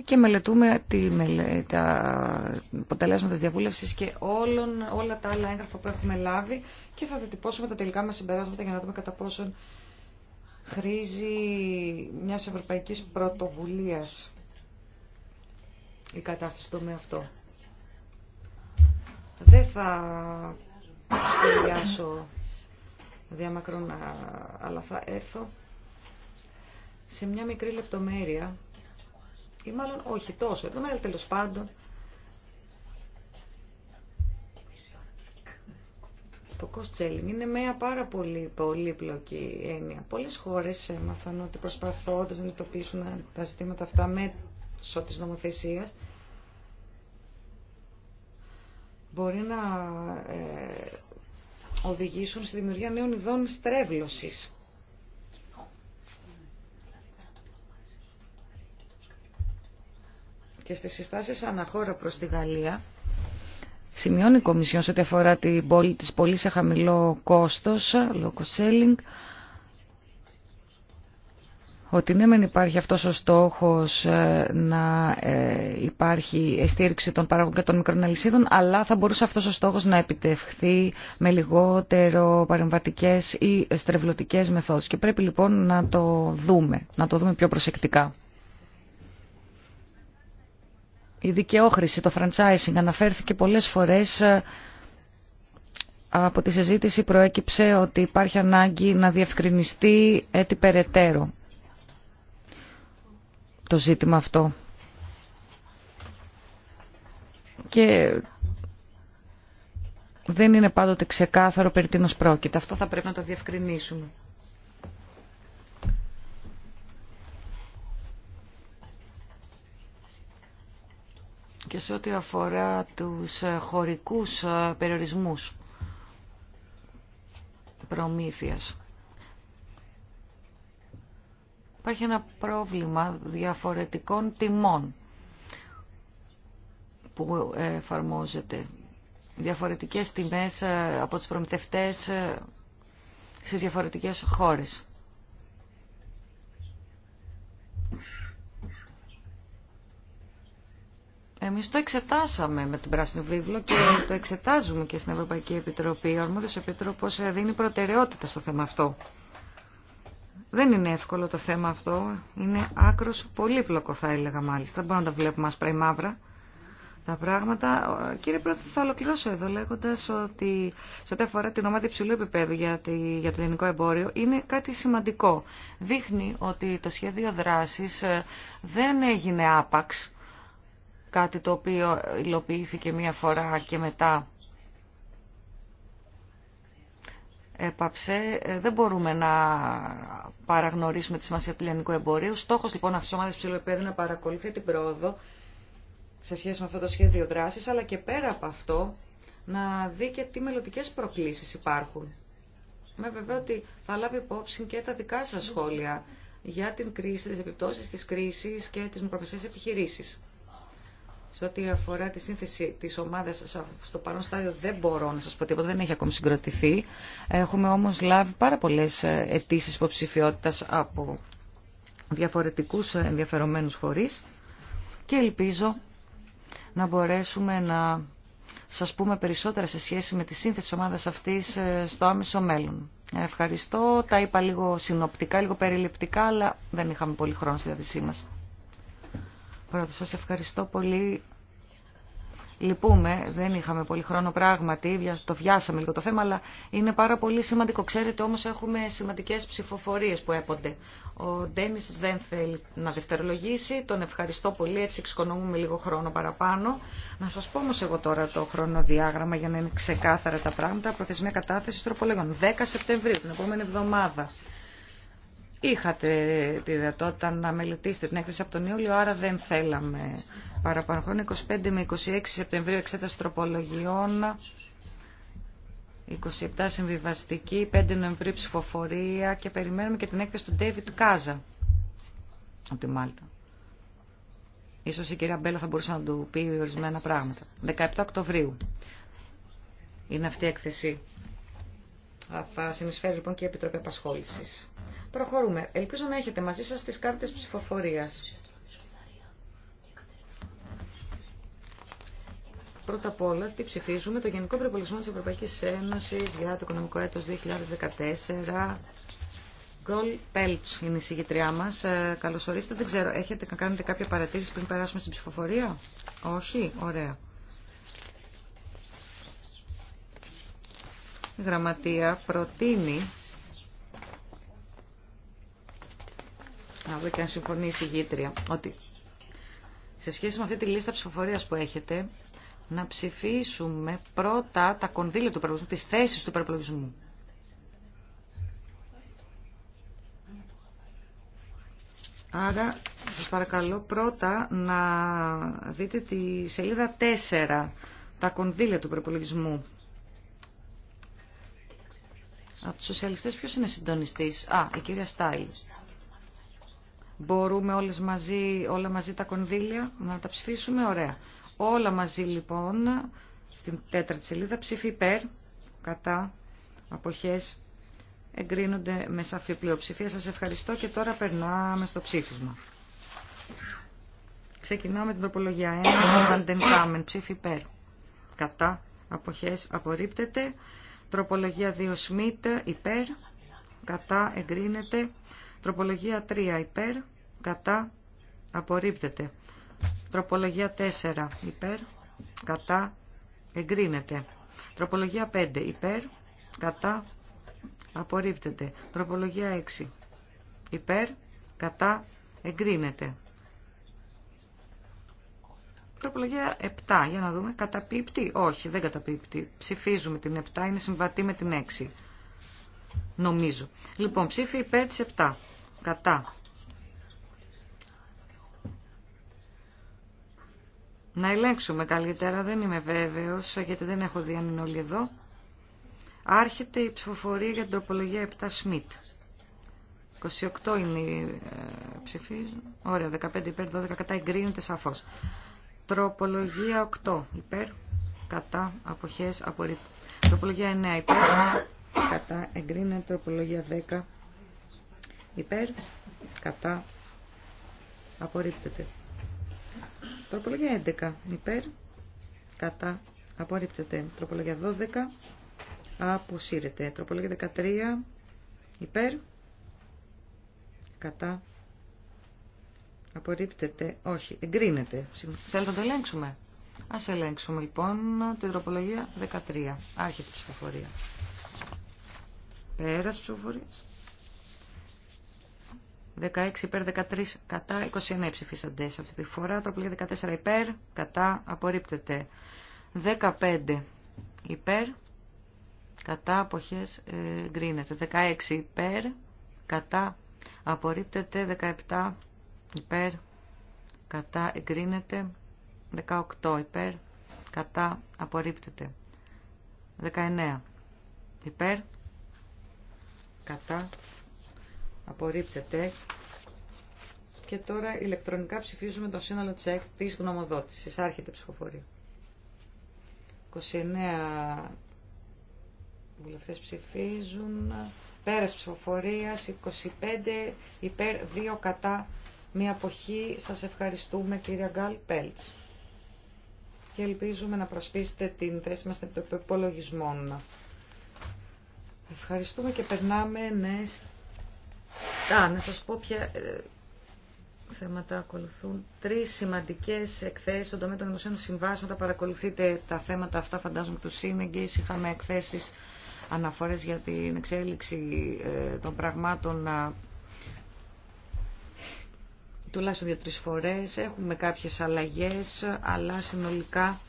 και μελετούμε τη, τα αποτελέσματα της διαβούλευσης και όλων, όλα τα άλλα έγγραφα που έχουμε λάβει και θα διατυπώσουμε τα τελικά μας συμπεράσματα για να δούμε κατά πόσον χρήζει μιας ευρωπαϊκής πρωτοβουλίας η κατάσταση στο με αυτό. Δεν θα σχολιάσω διαμακρόν, αλλά θα έρθω σε μια μικρή λεπτομέρεια ή μάλλον όχι τόσο εδώ αλλά τέλος πάντων το cost selling είναι μια πάρα πολύ πολύπλοκη έννοια. Πολλές χώρες έμαθαν ότι προσπαθώντας να αντιμετωπίσουν τα ζητήματα αυτά μέσω της νομοθεσίας μπορεί να ε, οδηγήσουν στη δημιουργία νέων ειδών στρέβλωσης και στις συστάσεις αναχώρα προς τη Γαλλία σημειώνει η Κομισιόν σε ό,τι αφορά την πόλη της πολύ σε χαμηλό κόστος, λόγω selling, ότι ναι μεν υπάρχει αυτός ο στόχος ε, να ε, υπάρχει στήριξη των παραγωγών και των μικρών αλυσίδων, αλλά θα μπορούσε αυτός ο στόχος να επιτευχθεί με λιγότερο παρεμβατικές ή στρεβλωτικές μεθόδους. Και πρέπει λοιπόν να το δούμε, να το δούμε πιο προσεκτικά. Η δικαιόχρηση, το franchising αναφέρθηκε πολλές φορές ε, από τη συζήτηση προέκυψε ότι υπάρχει ανάγκη να διευκρινιστεί έτσι περαιτέρω το ζήτημα αυτό. Και δεν είναι πάντοτε ξεκάθαρο περί τίνος πρόκειται. Αυτό θα πρέπει να το διευκρινίσουμε. και σε ό,τι αφορά τους ε, χωρικούς ε, περιορισμούς προμήθειας. Υπάρχει ένα πρόβλημα διαφορετικών τιμών που εφαρμόζεται. Διαφορετικές τιμές ε, από τους προμηθευτές στις διαφορετικές χώρες. Εμείς το εξετάσαμε με την Πράσινη Βίβλο και το εξετάζουμε και στην Ευρωπαϊκή Επιτροπή. Ο Αρμόδιος Επιτρόπος ε, δίνει προτεραιότητα στο θέμα αυτό. Δεν είναι εύκολο το θέμα αυτό. Είναι άκρος πολύπλοκο θα έλεγα μάλιστα. Δεν μπορούμε να τα βλέπουμε άσπρα ή μαύρα τα πράγματα. Κύριε Πρόεδρε, θα ολοκληρώσω εδώ λέγοντα ότι σε ό,τι αφορά την ομάδα υψηλού επίπεδου για, για το ελληνικό εμπόριο, είναι κάτι σημαντικό. Δείχνει ότι το σχέδιο δράση ε, δεν έγινε άπαξ κάτι το οποίο υλοποιήθηκε μία φορά και μετά έπαψε. Ε, δεν μπορούμε να παραγνωρίσουμε τη σημασία του λιανικού εμπορίου. Στόχος λοιπόν αυτής της ομάδας ψηλοεπέδου να παρακολουθεί την πρόοδο σε σχέση με αυτό το σχέδιο δράσης, αλλά και πέρα από αυτό να δει και τι μελλοντικές προκλήσεις υπάρχουν. Με βέβαια ότι θα λάβει υπόψη και τα δικά σας σχόλια για την κρίση, τις επιπτώσεις της κρίσης και τις μικροπιστές επιχειρήσεις. Σε ό,τι αφορά τη σύνθεση τη ομάδα, στο παρόν στάδιο δεν μπορώ να σα πω τίποτα, δεν έχει ακόμη συγκροτηθεί. Έχουμε όμω λάβει πάρα πολλέ ε, αιτήσει υποψηφιότητα από διαφορετικού ε, ενδιαφερομένου φορεί και ελπίζω να μπορέσουμε να σας πούμε περισσότερα σε σχέση με τη σύνθεση τη ομάδας αυτής ε, στο άμεσο μέλλον. Ευχαριστώ. Τα είπα λίγο συνοπτικά, λίγο περιληπτικά, αλλά δεν είχαμε πολύ χρόνο στη διάθεσή μα. Πρώτα, σας ευχαριστώ πολύ. Λυπούμε, δεν είχαμε πολύ χρόνο πράγματι, το βιάσαμε λίγο το θέμα, αλλά είναι πάρα πολύ σημαντικό. Ξέρετε όμως έχουμε σημαντικές ψηφοφορίες που έπονται. Ο Ντένις δεν θέλει να δευτερολογήσει, τον ευχαριστώ πολύ, έτσι εξοικονομούμε λίγο χρόνο παραπάνω. Να σας πω όμως εγώ τώρα το χρονοδιάγραμμα για να είναι ξεκάθαρα τα πράγματα. Προθεσμία κατάθεση τροπολέγων 10 Σεπτεμβρίου, την επόμενη εβδομάδα. Είχατε τη δυνατότητα να μελετήσετε την έκθεση από τον Ιούλιο, άρα δεν θέλαμε παραπάνω χρόνο. 25 με 26 Σεπτεμβρίου εξέταση τροπολογιών, 27 συμβιβαστική, 5 Νοεμβρίου ψηφοφορία και περιμένουμε και την έκθεση του Ντέιβιτ Κάζα από τη Μάλτα. Ίσως η κυρία Μπέλα θα μπορούσε να του πει ορισμένα πράγματα. 17 Οκτωβρίου είναι αυτή η έκθεση θα συνεισφέρει λοιπόν και η Επιτροπή Απασχόληση. Προχωρούμε. Ελπίζω να έχετε μαζί σα τις κάρτες ψηφοφορίας. Πρώτα απ' όλα, τι ψηφίζουμε, το Γενικό Προπολογισμό τη Ευρωπαϊκή Ένωση για το οικονομικό έτος 2014. Γκολ Πέλτς είναι η συγκητριά μας. Ε, δεν ξέρω, έχετε να κάνετε κάποια παρατήρηση πριν περάσουμε στην ψηφοφορία. Όχι, ωραία. Γραμματεία προτείνει να δω και αν συμφωνεί η Συγγήτρια ότι σε σχέση με αυτή τη λίστα ψηφοφορίας που έχετε, να ψηφίσουμε πρώτα τα κονδύλια του υπερπλογισμού, τις θέσεις του υπερπλογισμού. Άρα, σας παρακαλώ πρώτα να δείτε τη σελίδα 4, τα κονδύλια του προπολογισμού. Από τους σοσιαλιστές ποιος είναι συντονιστής. Α, η κυρία Στάιλ. Μπορούμε όλες μαζί, όλα μαζί τα κονδύλια να τα ψηφίσουμε. Ωραία. Όλα μαζί λοιπόν στην τέταρτη σελίδα ψήφι υπέρ, κατά, αποχές εγκρίνονται με σαφή πλειοψηφία. Σας ευχαριστώ και τώρα περνάμε στο ψήφισμα. Ξεκινάμε με την τροπολογία 1, κάμεν, ψήφι υπέρ. Κατά, αποχές απορρίπτεται. Τροπολογία 2 Σμιτ υπέρ, κατά εγκρίνεται. Τροπολογία 3 υπέρ, κατά απορρίπτεται. Τροπολογία 4 υπέρ, κατά εγκρίνεται. Τροπολογία 5 υπέρ, κατά απορρίπτεται. Τροπολογία 6 υπέρ, κατά εγκρίνεται. Τροπολογία 7, για να δούμε. Καταπίπτει. Όχι, δεν καταπίπτει. Ψηφίζουμε την 7, είναι συμβατή με την 6. Νομίζω. Λοιπόν, ψήφι υπέρ τη 7. Κατά. Να ελέγξουμε καλύτερα, δεν είμαι βέβαιος, γιατί δεν έχω δει αν είναι όλοι εδώ. Άρχεται η ψηφοφορία για την τροπολογία 7 Σμιτ. 28 είναι η ε, Ωραία, 15 υπέρ, 12 κατά εγκρίνεται σαφώς. Τροπολογία 8 υπέρ, κατά, αποχές, απορρίπτεται. Τροπολογία 9 υπέρ, κατά, εγκρίνεται. Τροπολογία 10 υπέρ, κατά, απορρίπτεται. Τροπολογία 11 υπέρ, κατά, απορρίπτεται. Τροπολογία 12 αποσύρεται. Τροπολογία 13 υπέρ, κατά, Απορρίπτεται. Όχι. Εγκρίνεται. Θέλετε να το ελέγξουμε. Ας ελέγξουμε λοιπόν την τροπολογία 13. Άρχεται η ψηφοφορία. Πέρας ψηφοφορία. 16 υπέρ, 13 κατά, 29 ψηφίσαντε. Αυτή τη φορά τροπολογία 14 υπέρ, κατά, απορρίπτεται. 15 υπέρ, κατά, αποχέ, ε, εγκρίνεται. 16 υπέρ, κατά, απορρίπτεται. 17 υπέρ, κατά, εγκρίνεται. 18 υπέρ, κατά, απορρίπτεται. 19 υπέρ, κατά, απορρίπτεται. Και τώρα ηλεκτρονικά ψηφίζουμε το σύνολο της ΕΚ της γνωμοδότησης. Άρχεται η ψηφοφορία. 29 βουλευτές ψηφίζουν. Πέρας ψηφοφορίας 25 υπέρ 2 κατά μια αποχή. Σας ευχαριστούμε κύριε Γκάλ Πέλτς. Και ελπίζουμε να προσπίσετε την θέση μας των υπολογισμών. Ευχαριστούμε και περνάμε, ναι, να σας πω ποια ε, θέματα ακολουθούν. Τρεις σημαντικές εκθέσεις στον τομέα των δημοσίων συμβάσεων. Τα παρακολουθείτε τα θέματα αυτά, φαντάζομαι, του σύνεγγυς. Είχαμε εκθέσεις αναφορές για την εξέλιξη ε, των πραγμάτων τουλάχιστον δύο-τρεις φορές, έχουμε κάποιες αλλαγές, αλλά συνολικά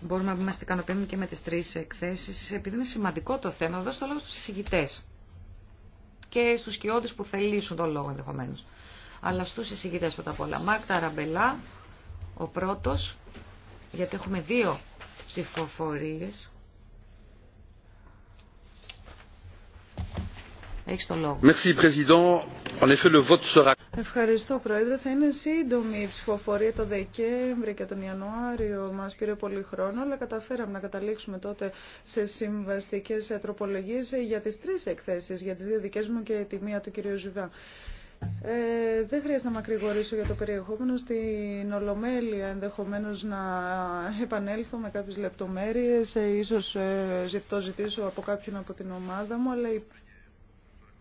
μπορούμε να είμαστε ικανοποιημένοι και με τις τρεις εκθέσεις, επειδή είναι σημαντικό το θέμα, θα δώσω το λόγο στους εισηγητές και στους σκιώδεις που θελήσουν τον λόγο ενδεχομένω. Αλλά στους εισηγητές πρώτα απ' όλα. Μάρκ Ταραμπελά, ο πρώτος, γιατί έχουμε δύο ψηφοφορίες. Έχεις τον λόγο. Merci, Président. En effet, Ευχαριστώ Πρόεδρε. Θα είναι σύντομη η ψηφοφορία το Δεκέμβρη και τον Ιανουάριο. Μας πήρε πολύ χρόνο, αλλά καταφέραμε να καταλήξουμε τότε σε συμβαστικέ τροπολογίε για τις τρεις εκθέσεις, για τις δύο δικέ μου και τη μία του κ. Ζουδά. Ε, δεν χρειάζεται να μακρηγορήσω για το περιεχόμενο. Στην Ολομέλεια ενδεχομένω να επανέλθω με κάποιε λεπτομέρειε. Ε, ίσως ε, ζητήσω από κάποιον από την ομάδα μου, αλλά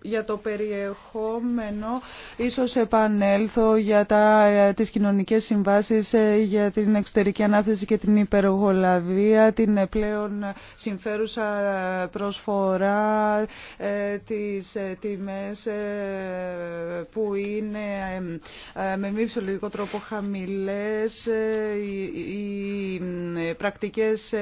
για το περιεχόμενο ίσως επανέλθω για τα, ε, τις κοινωνικές συμβάσεις ε, για την εξωτερική ανάθεση και την υπεργολαβία την πλέον συμφέρουσα προσφορά ε, τις τιμές που είναι με μη φυσιολογικό τρόπο χαμηλές οι πρακτικές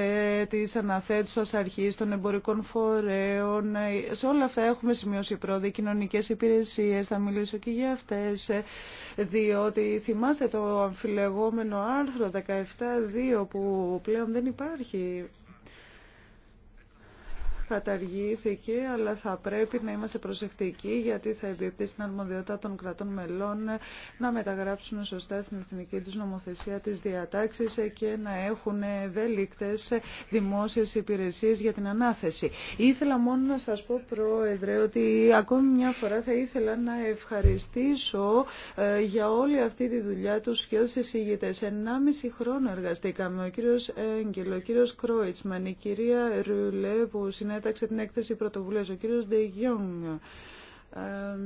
της αναθέτουσας αρχής των εμπορικών φορέων σε όλα αυτά έχουμε σημειώσει πρόοδοι, κοινωνικές υπηρεσίες, θα μιλήσω και για αυτές, ε, διότι θυμάστε το αμφιλεγόμενο άρθρο 17.2 που πλέον δεν υπάρχει καταργήθηκε, αλλά θα πρέπει να είμαστε προσεκτικοί γιατί θα επιπτύσει στην αρμοδιότητα των κρατών μελών να μεταγράψουν σωστά στην εθνική τους νομοθεσία τις διατάξεις και να έχουν ευελικτέ δημόσιες υπηρεσίες για την ανάθεση. Ήθελα μόνο να σας πω, Πρόεδρε, ότι ακόμη μια φορά θα ήθελα να ευχαριστήσω ε, για όλη αυτή τη δουλειά τους και όσες ηγητές. Ενάμιση χρόνο εργαστήκαμε. Ο κύριος Έγγελ, ο κύριος Κρόιτσμαν, η κυρία Ρουλέ που συνέδεσε συνέταξε την έκθεση πρωτοβουλία, ο κύριος Ντε ε,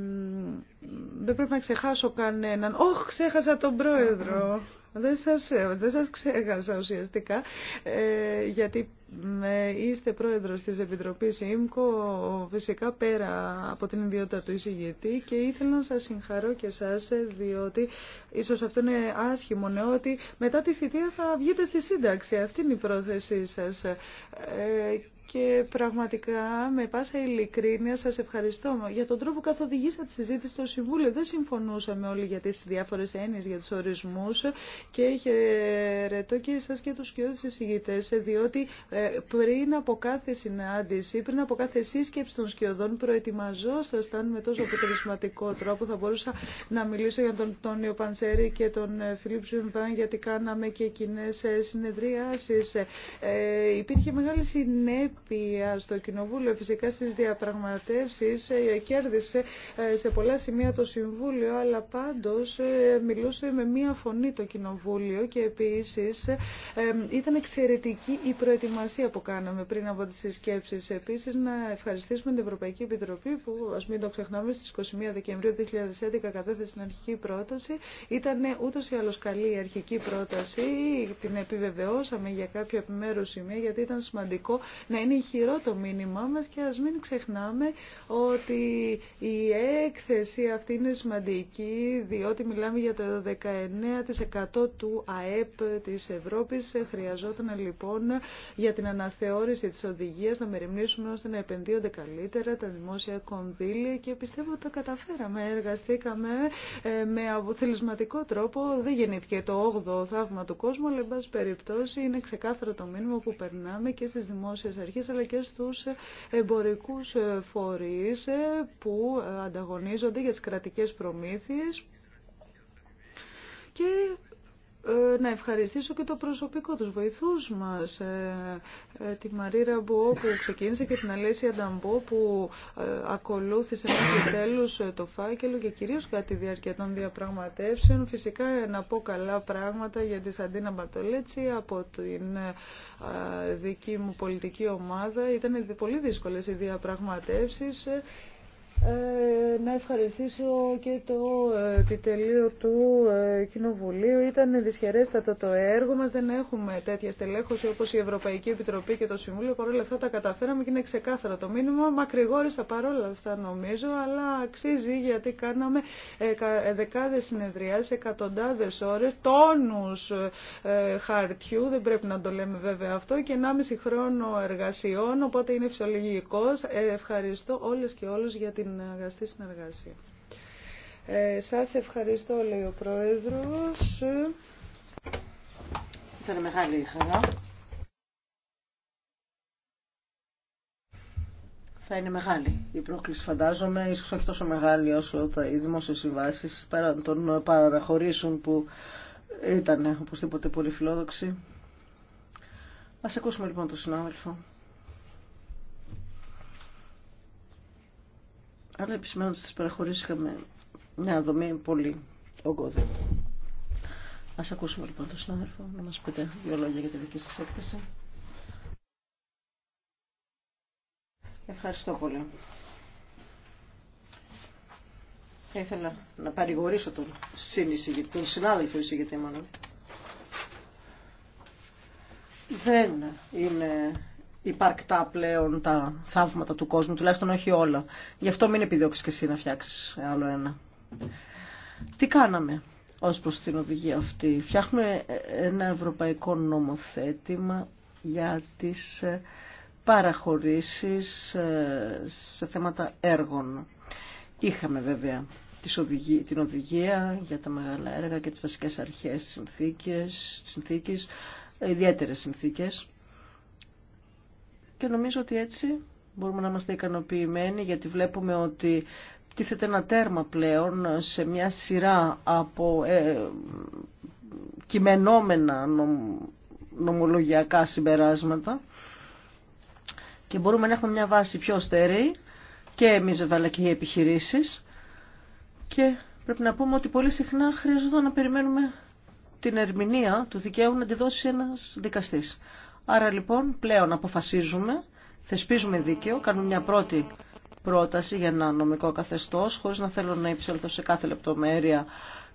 δεν πρέπει να ξεχάσω κανέναν. Όχι, ξέχασα τον πρόεδρο. Δεν σας, δεν σας ξέχασα ουσιαστικά, ε, γιατί με, είστε πρόεδρος της Επιτροπής ΙΜΚΟ, φυσικά πέρα από την ιδιότητα του εισηγητή και ήθελα να σας συγχαρώ και σας, διότι ίσως αυτό είναι άσχημο, ναι, ότι μετά τη θητεία θα βγείτε στη σύνταξη. Αυτή είναι η πρόθεσή σας. Ε, και πραγματικά με πάσα ειλικρίνεια σας ευχαριστώ για τον τρόπο που καθοδηγήσατε τη συζήτηση στο Συμβούλιο. Δεν συμφωνούσαμε όλοι για τις διάφορες έννοιες, για τους ορισμούς και χαιρετώ και εσάς και τους κοιόδους εισηγητές διότι ε, πριν από κάθε συνάντηση, πριν από κάθε σύσκεψη των σκιωδών προετοιμαζόσασταν με τόσο αποτελεσματικό τρόπο. Θα μπορούσα να μιλήσω για τον Τόνιο Πανσέρη και τον ε, Φιλίπ Σουμβάν γιατί κάναμε και κοινέ ε, συνεδριάσεις. Ε, υπήρχε μεγάλη συνέπεια στο Κοινοβούλιο φυσικά στι διαπραγματεύσει ε, κέρδισε ε, σε πολλά σημεία το Συμβούλιο, αλλά πάντως ε, μιλούσε με μία φωνή το Κοινοβούλιο και επίση ήταν εξαιρετική η προετοιμασία που κάναμε πριν από τι συσκέψει. Επίση, να ευχαριστήσουμε την Ευρωπαϊκή Επιτροπή που, α μην το ξεχνάμε, στι 21 Δεκεμβρίου 2011 κατέθεσε την αρχική πρόταση. Ήταν ούτως ή άλλω καλή η αλλω καλη η πρόταση, την επιβεβαιώσαμε για κάποια επιμέρου σημεία γιατί ήταν σημαντικό να είναι είναι ηχηρό το μήνυμά μας και ας μην ξεχνάμε ότι η έκθεση αυτή είναι σημαντική διότι μιλάμε για το 19% του ΑΕΠ της Ευρώπης. Χρειαζόταν λοιπόν για την αναθεώρηση της οδηγίας να μεριμνήσουμε ώστε να επενδύονται καλύτερα τα δημόσια κονδύλια και πιστεύω ότι τα καταφέραμε. Εργαστήκαμε ε, με αποθελισματικό τρόπο. Δεν γεννήθηκε το 8ο θαύμα του κόσμου, αλλά εν πάση περιπτώσει είναι ξεκάθαρο το μήνυμα που περνάμε και στις δημόσιες αρχές αλλά και στους εμπορικούς φορείς που ανταγωνίζονται για τις κρατικές προμήθειες και ε, να ευχαριστήσω και το προσωπικό τους βοηθούς μας, ε, ε, τη Μαρή Μπουό που ξεκίνησε και την Αλέσια Νταμπό που ακολούθησε μέχρι τέλους το φάκελο και κυρίως κατά τη διάρκεια των διαπραγματεύσεων. Φυσικά να πω καλά πράγματα για τη Σαντίνα Μπατολέτσι από την δική μου πολιτική ομάδα. Ήταν πολύ δύσκολες οι διαπραγματεύσεις. Ε, να ευχαριστήσω και το επιτελείο του ε, Κοινοβουλίου. Ήταν δυσχερέστατο το έργο μας, δεν έχουμε τέτοια στελέχωση όπως η Ευρωπαϊκή Επιτροπή και το Συμβούλιο. Παρ' όλα αυτά τα καταφέραμε και είναι ξεκάθαρο το μήνυμα. Μακρηγόρησα παρόλα αυτά νομίζω, αλλά αξίζει γιατί κάναμε ε, δεκάδες συνεδριάσεις, εκατοντάδες ώρες, τόνους χαρτιού, δεν πρέπει να το λέμε βέβαια αυτό, και 1,5 χρόνο εργασιών, οπότε είναι φυσιολογικός. Ευχαριστώ όλες και όλους για την την αγαστή συνεργασία. Ε, σας ευχαριστώ, λέει ο Πρόεδρος. Ήταν μεγάλη χαρά. Θα είναι μεγάλη η πρόκληση, φαντάζομαι, ίσως όχι τόσο μεγάλη όσο τα, οι δημόσιες συμβάσεις πέραν των παραχωρήσεων που ήταν οπωσδήποτε πολύ φιλόδοξη. Ας ακούσουμε λοιπόν τον συνάδελφο. αλλά επισημαίνω ότι τις παραχωρήσαμε μια δομή πολύ ογκώδη. Ας ακούσουμε λοιπόν τον συνάδελφο να μας πείτε δύο λόγια για τη δική σας έκθεση. Ευχαριστώ πολύ. Θα ήθελα να παρηγορήσω τον, τον συνάδελφο εισηγητή μόνο. Δεν είναι υπαρκτά πλέον τα θαύματα του κόσμου, τουλάχιστον όχι όλα. Γι' αυτό μην επιδιώξεις και εσύ να φτιάξεις άλλο ένα. Τι κάναμε ως προς την οδηγία αυτή. Φτιάχνουμε ένα ευρωπαϊκό νομοθέτημα για τις ε, παραχωρήσεις ε, σε θέματα έργων. Είχαμε βέβαια την οδηγία για τα μεγάλα έργα και τις βασικές αρχές συνθήκες συνθήκες, ιδιαίτερες συνθήκες και νομίζω ότι έτσι μπορούμε να είμαστε ικανοποιημένοι γιατί βλέπουμε ότι τίθεται ένα τέρμα πλέον σε μια σειρά από ε, κειμενόμενα νομολογιακά συμπεράσματα και μπορούμε να έχουμε μια βάση πιο στερεή και εμείς βέβαια αλλά και οι επιχειρήσεις και πρέπει να πούμε ότι πολύ συχνά χρειαζόταν να περιμένουμε την ερμηνεία του δικαίου να τη δώσει ένας δικαστής. Άρα λοιπόν πλέον αποφασίζουμε, θεσπίζουμε δίκαιο, κάνουμε μια πρώτη πρόταση για ένα νομικό καθεστώς, χωρίς να θέλω να υψέλθω σε κάθε λεπτομέρεια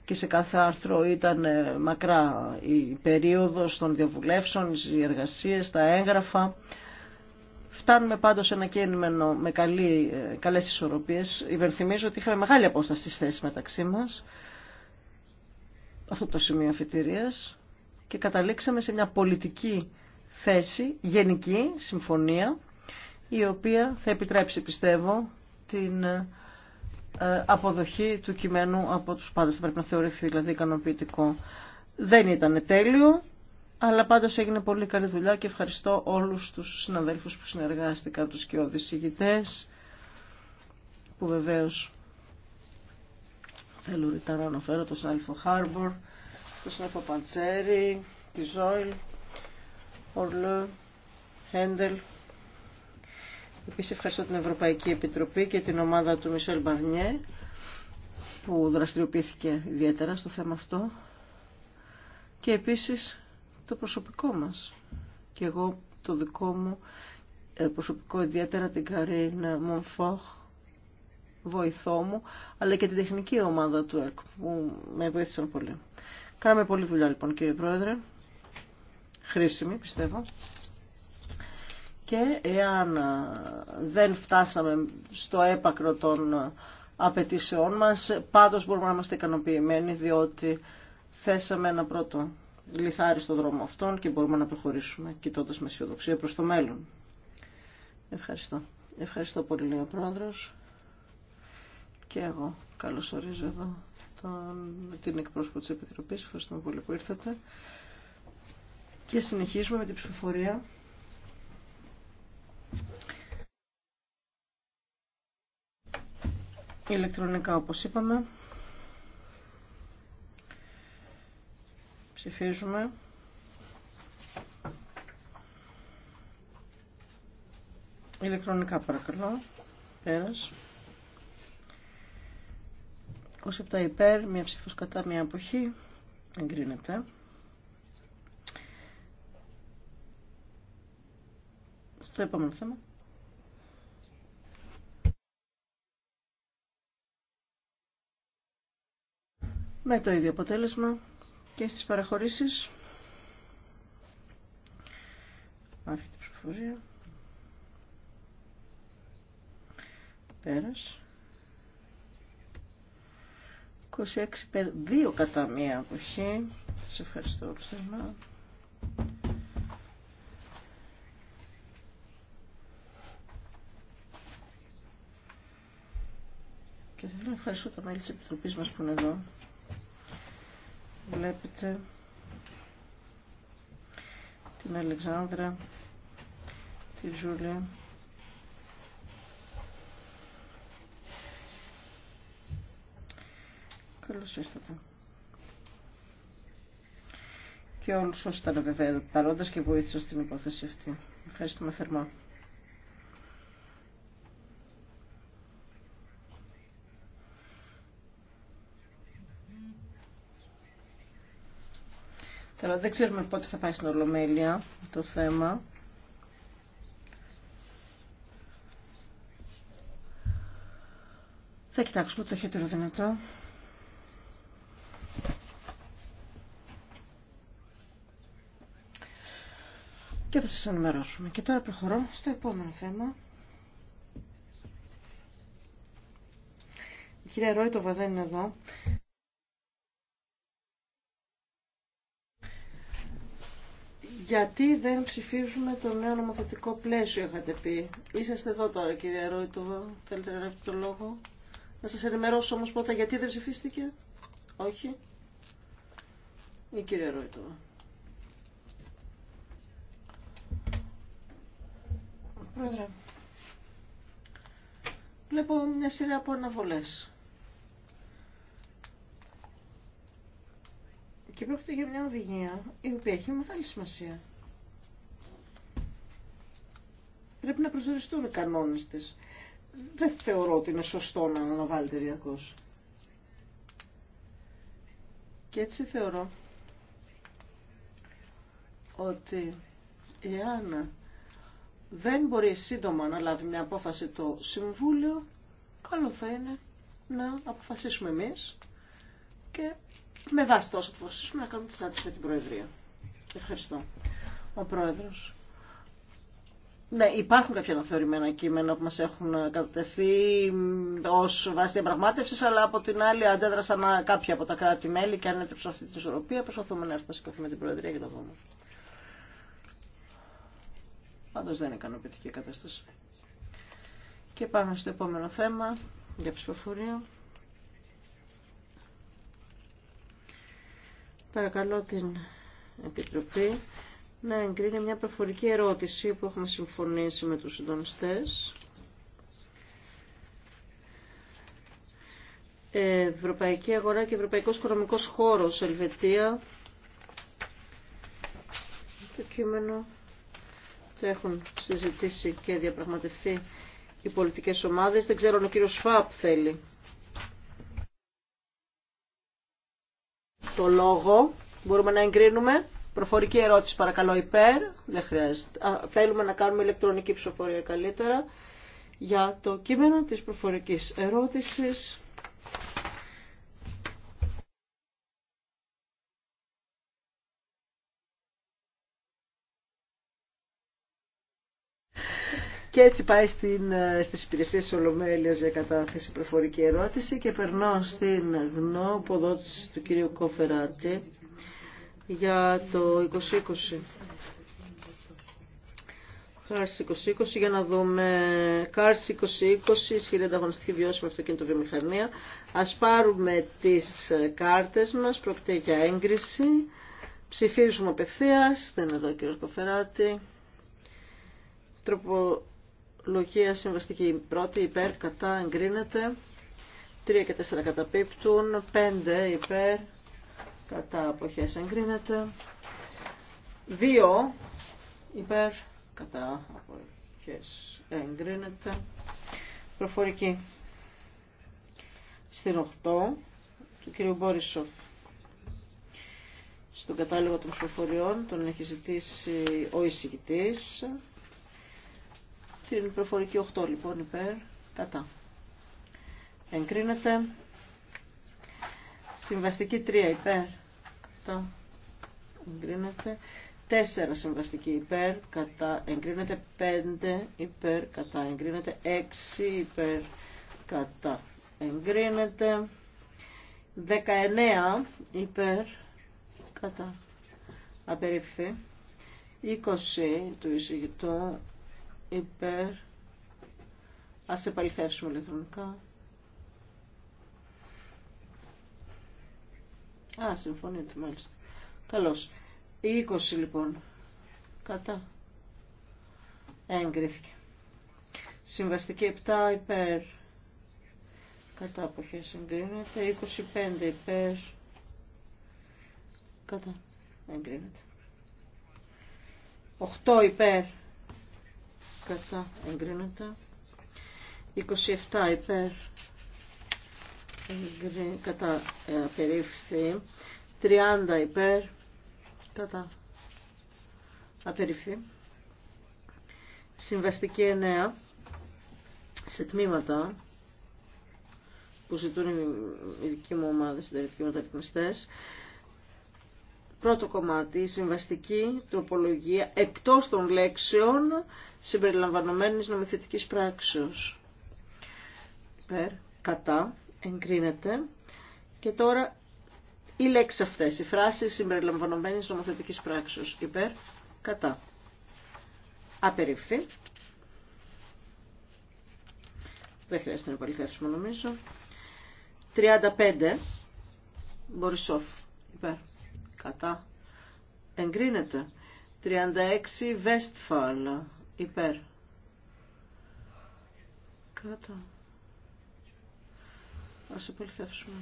και σε κάθε άρθρο ήταν ε, μακρά η περίοδος των διαβουλεύσεων, οι εργασίες, τα έγγραφα. Φτάνουμε πάντως σε ένα κείμενο με καλή, ε, καλές ισορροπίες. Υπενθυμίζω ότι είχαμε μεγάλη απόσταση στις θέσεις μεταξύ μας, αυτό το σημείο αφιτηρίας, και καταλήξαμε σε μια πολιτική θέση, γενική συμφωνία, η οποία θα επιτρέψει, πιστεύω, την ε, αποδοχή του κειμένου από τους πάντες. Θα πρέπει να θεωρηθεί δηλαδή ικανοποιητικό. Δεν ήταν τέλειο, αλλά πάντως έγινε πολύ καλή δουλειά και ευχαριστώ όλους τους συναδέλφους που συνεργάστηκαν, τους και ηγητές, που βεβαίως θέλω ρητά να αναφέρω, το Σνάλφο Χάρμπορ, τον συνάδελφο Παντσέρι, τη Ζόιλ, Ορλό, Χέντελ. Επίσης ευχαριστώ την Ευρωπαϊκή Επιτροπή και την ομάδα του Μισελ Μπαρνιέ που δραστηριοποιήθηκε ιδιαίτερα στο θέμα αυτό και επίσης το προσωπικό μας και εγώ το δικό μου ε, προσωπικό ιδιαίτερα την Καρίν Μονφόχ βοηθό μου αλλά και την τεχνική ομάδα του ΕΚ που με βοήθησαν πολύ. Κάναμε πολύ δουλειά λοιπόν κύριε Πρόεδρε χρήσιμη πιστεύω. Και εάν ε, δεν φτάσαμε στο έπακρο των απαιτήσεών μας, πάντως μπορούμε να είμαστε ικανοποιημένοι διότι θέσαμε ένα πρώτο λιθάρι στο δρόμο αυτόν και μπορούμε να προχωρήσουμε κοιτώντα με αισιοδοξία προς το μέλλον. Ευχαριστώ. Ευχαριστώ πολύ, ο Πρόεδρος. Και εγώ καλωσορίζω εδώ τον, την εκπρόσωπο της Επιτροπής. Ευχαριστούμε πολύ που ήρθατε. Και συνεχίζουμε με την ψηφοφορία. Ηλεκτρονικά όπως είπαμε. Ψηφίζουμε. Ηλεκτρονικά παρακαλώ. Πέρας. 27 υπέρ, μία ψήφος κατά, μία αποχή. Εγκρίνεται. Το επόμενο θέμα. Με το ίδιο αποτέλεσμα και στις παραχωρήσεις. Άρχεται η ψηφοφορία. Πέρας. 26 2 κατά μία αποχή. Σας ευχαριστώ όλους Και θα να ευχαριστώ τα μέλη της Επιτροπής μας που είναι εδώ. Βλέπετε την Αλεξάνδρα, τη Ζούλια. Καλώς ήρθατε. Και όλους όσοι ήταν βέβαια παρόντες και βοήθησαν στην υπόθεση αυτή. Ευχαριστούμε θερμά. δεν ξέρουμε πότε θα πάει στην Ολομέλεια το θέμα. Θα κοιτάξουμε το χέτερο δυνατό. Και θα σας ενημερώσουμε. Και τώρα προχωρώ στο επόμενο θέμα. Η κυρία Ρόιτοβα δεν είναι εδώ. Γιατί δεν ψηφίζουμε το νέο νομοθετικό πλαίσιο, είχατε πει. Είσαστε εδώ τώρα, κύριε Ρόιτοβα. Θέλετε να γράψετε το λόγο. Να σας ενημερώσω όμως πρώτα γιατί δεν ψηφίστηκε. Όχι. Η κυρία Ρόιτοβα. Πρόεδρε, βλέπω μια σειρά από αναβολές. Και πρόκειται για μια οδηγία η οποία έχει μεγάλη σημασία. Πρέπει να προσδιοριστούν οι κανόνες της. Δεν θεωρώ ότι είναι σωστό να αναβάλλεται διαρκώς. Και έτσι θεωρώ ότι η Άννα δεν μπορεί σύντομα να λάβει μια απόφαση το Συμβούλιο, καλό θα είναι να αποφασίσουμε εμείς και με βάση τόσο που αποφασίσουμε να κάνουμε τη συνάντηση με την Προεδρία. Ευχαριστώ. Ο Πρόεδρος. Ναι, υπάρχουν κάποια αναθεωρημένα κείμενα που μας έχουν ε, κατατεθεί ως βάση διαπραγμάτευση, αλλά από την άλλη αντέδρασαν ε, κάποια από τα κράτη-μέλη και αν έτρεψαν αυτή τη ισορροπία, προσπαθούμε να έρθουμε σε επαφή με την Προεδρία για το δούμε. Πάντως δεν είναι ικανοποιητική κατάσταση. Και πάμε στο επόμενο θέμα για ψηφοφορία. παρακαλώ την Επιτροπή να εγκρίνει μια προφορική ερώτηση που έχουμε συμφωνήσει με τους συντονιστές. Ευρωπαϊκή αγορά και Ευρωπαϊκός Οικονομικός Χώρος, Ελβετία. Το κείμενο το έχουν συζητήσει και διαπραγματευτεί οι πολιτικές ομάδες. Δεν ξέρω αν ο κύριος Φαπ θέλει το λόγο. Μπορούμε να εγκρίνουμε. Προφορική ερώτηση παρακαλώ υπέρ. Δεν χρειάζεται. θέλουμε να κάνουμε ηλεκτρονική ψηφοφορία καλύτερα για το κείμενο της προφορικής ερώτησης. Και έτσι πάει στην, ε, στις υπηρεσίες Ολομέλειας για κατάθεση προφορική ερώτηση και περνώ στην γνώποδότηση του κυρίου Κοφεράτη για το 2020. Κάρση 2020 για να δούμε. Cars 2020, ισχυρή ανταγωνιστική βιώσιμη βιομηχανία. Α πάρουμε τι ε, κάρτε μα. Πρόκειται για έγκριση. Ψηφίζουμε απευθείας. Δεν είναι εδώ ο κ. Κοφεράτη λογια συμβαστική πρώτη υπέρ κατά εγκρίνεται. 3 και 4 καταπίπτουν. 5 υπέρ κατά αποχές εγκρίνεται. 2 υπέρ κατά αποχές εγκρίνεται. Προφορική. Στην 8 του κ. Μπόρισοφ στον κατάλογο των ψηφοφοριών τον έχει ζητήσει ο εισηγητής την προφορική 8 λοιπόν υπέρ, κατά. Εγκρίνεται. Συμβαστική 3 υπέρ, κατά. Εγκρίνεται. 4 συμβαστική υπέρ, κατά. Εγκρίνεται. 5 υπέρ, κατά. Εγκρίνεται. 6 υπέρ, κατά. Εγκρίνεται. 19 υπέρ, κατά. Απερίφθη. 20 του εισηγητού υπέρ. Ας επαληθεύσουμε ηλεκτρονικά. Α, συμφωνείτε μάλιστα. Καλώς. 20 λοιπόν. Κατά. Έγκριθηκε. Συμβαστική 7 υπέρ. Κατά αποχές εγκρίνεται. 25 υπέρ. Κατά. Εγκρίνεται. 8 υπέρ κατά εγκρίνεται 27 υπέρ κατά ε, 30 υπέρ κατά απερίφθη συμβαστική 9 σε τμήματα που ζητούν η δική μου ομάδα συντηρητικοί μεταρρυθμιστές Πρώτο κομμάτι, η συμβαστική τροπολογία εκτός των λέξεων συμπεριλαμβανομένης νομοθετικής πράξεως. Υπέρ, κατά, εγκρίνεται. Και τώρα οι λέξεις αυτές, οι φράσεις συμπεριλαμβανομένης νομοθετικής πράξεως. Υπέρ, κατά. Απερίφθη. Δεν χρειάζεται να επαληθεύσουμε νομίζω. 35. Μπορισόφ. Υπέρ. Κατά. Εγκρίνεται. 36 Βέστφαλ. Υπέρ. Κατά. Ας επαληθεύσουμε.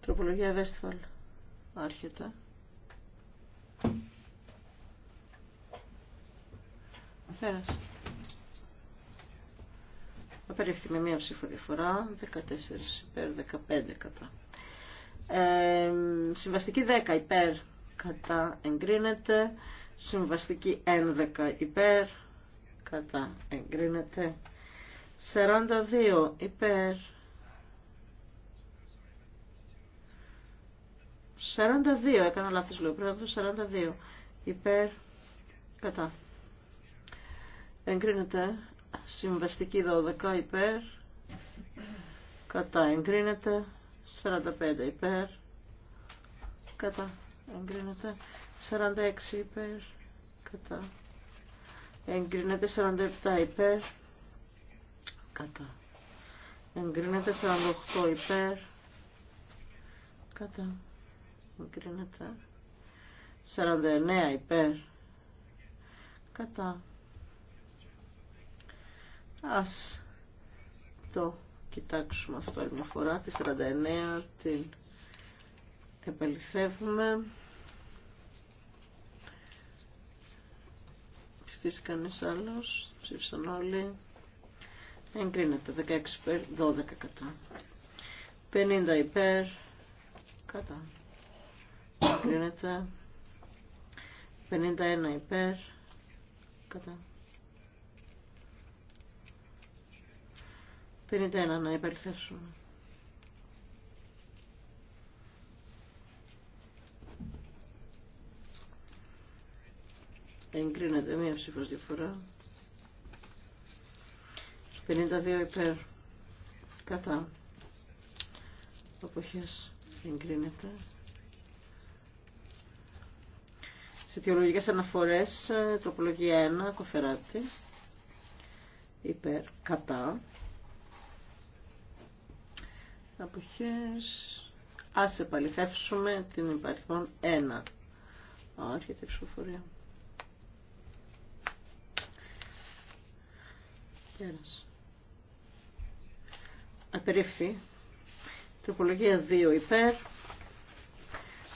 Τροπολογία Βέστφαλ. Άρχεται. Πέρασε. Απερίφθη με μία ψήφο διαφορά. 14 υπέρ 15 κατά συμβαστική 10 υπέρ κατά εγκρίνεται. Συμβαστική 11 υπέρ κατά εγκρίνεται. 42 υπέρ 42, έκανα λάθος λέω, πρέπει 42 υπέρ κατά εγκρίνεται συμβαστική 12 υπέρ κατά εγκρίνεται 45 υπέρ. Κατά. Εγκρίνεται. 46 υπέρ. Κατά. Εγκρίνεται 47 υπέρ. Κατά. Εγκρίνεται 48 υπέρ. Κατά. Εγκρίνεται 49 υπέρ. Κατά. Ας το κοιτάξουμε αυτό άλλη μια φορά. Τη 49 την επαληθεύουμε. Ψηφίσει κανεί άλλο. Ψήφισαν όλοι. Εγκρίνεται. 16 υπέρ, 12 κατά. 50 υπέρ, κατά. Εγκρίνεται. 51 υπέρ, κατά. 51 να υπερθέσουμε. Εγκρίνεται μία ψήφος διαφορά. 52 υπέρ. Κατά. Αποχές εγκρίνεται. Σε θεολογικές αναφορές, τροπολογία 1, κοφεράτη. Υπέρ. Κατά αποχές. Ας επαληθεύσουμε την υπαριθμόν 1. Άρχεται η ψηφοφορία. Πέρασε. Απερίφθη. Τροπολογία 2 υπέρ.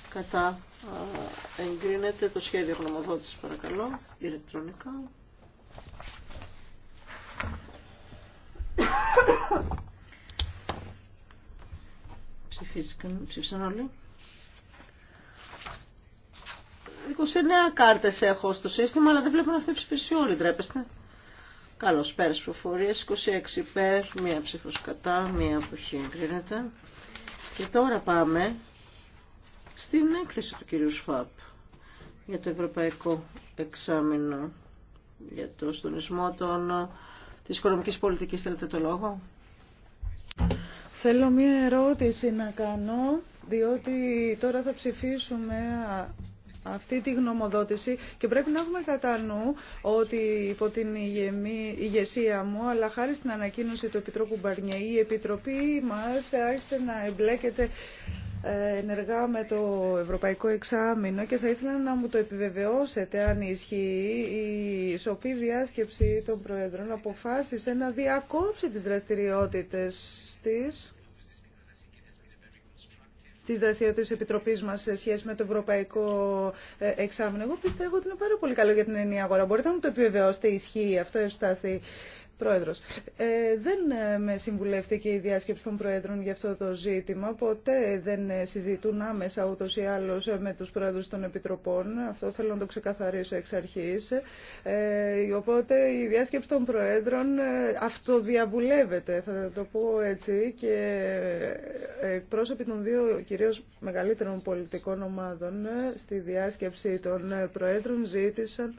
Κατά εγκρίνεται το σχέδιο γνωμοδότησης παρακαλώ ηλεκτρονικά ψηφίστηκαν, ψήφισαν όλοι. 29 κάρτε έχω στο σύστημα, αλλά δεν βλέπω να έχετε ψηφίσει όλοι, τρέπεστε. Καλώ πέρε προφορίε. 26 υπέρ, μία ψήφο κατά, μία αποχή εγκρίνεται. Και τώρα πάμε στην έκθεση του κυρίου Σφάπ για το Ευρωπαϊκό Εξάμεινο για το στονισμό των, της οικονομικής πολιτικής. Θέλετε το λόγο. Θέλω μία ερώτηση να κάνω, διότι τώρα θα ψηφίσουμε αυτή τη γνωμοδότηση και πρέπει να έχουμε κατά νου ότι υπό την ηγεσία μου, αλλά χάρη στην ανακοίνωση του Επιτρόπου Μπαρνιέ, η Επιτροπή μας άρχισε να εμπλέκεται ε, ενεργά με το Ευρωπαϊκό Εξάμεινο και θα ήθελα να μου το επιβεβαιώσετε αν ισχύει η σοφή διάσκεψη των Προέδρων αποφάσισε να διακόψει τις δραστηριότητες αυτής της δραστηριότητας της Επιτροπής μας σε σχέση με το Ευρωπαϊκό ε, Εξάμεινο. Εγώ πιστεύω ότι είναι πάρα πολύ καλό για την ενιαία αγορά. Μπορείτε να μου το επιβεβαιώσετε, ισχύει αυτό, ευσταθεί. Πρόεδρος. Ε, δεν ε, με συμβουλεύτηκε η διάσκεψη των Προέδρων για αυτό το ζήτημα. Ποτέ δεν ε, συζητούν άμεσα ούτως ή άλλως με τους Πρόεδρους των Επιτροπών. Αυτό θέλω να το ξεκαθαρίσω εξ αρχής. οπότε η διάσκεψη των Προέδρων αυτοδιαβουλεύεται, θα το πω έτσι, και εκπρόσωποι των δύο κυρίως μεγαλύτερων πολιτικών ομάδων στη διάσκεψη των Προέδρων ζήτησαν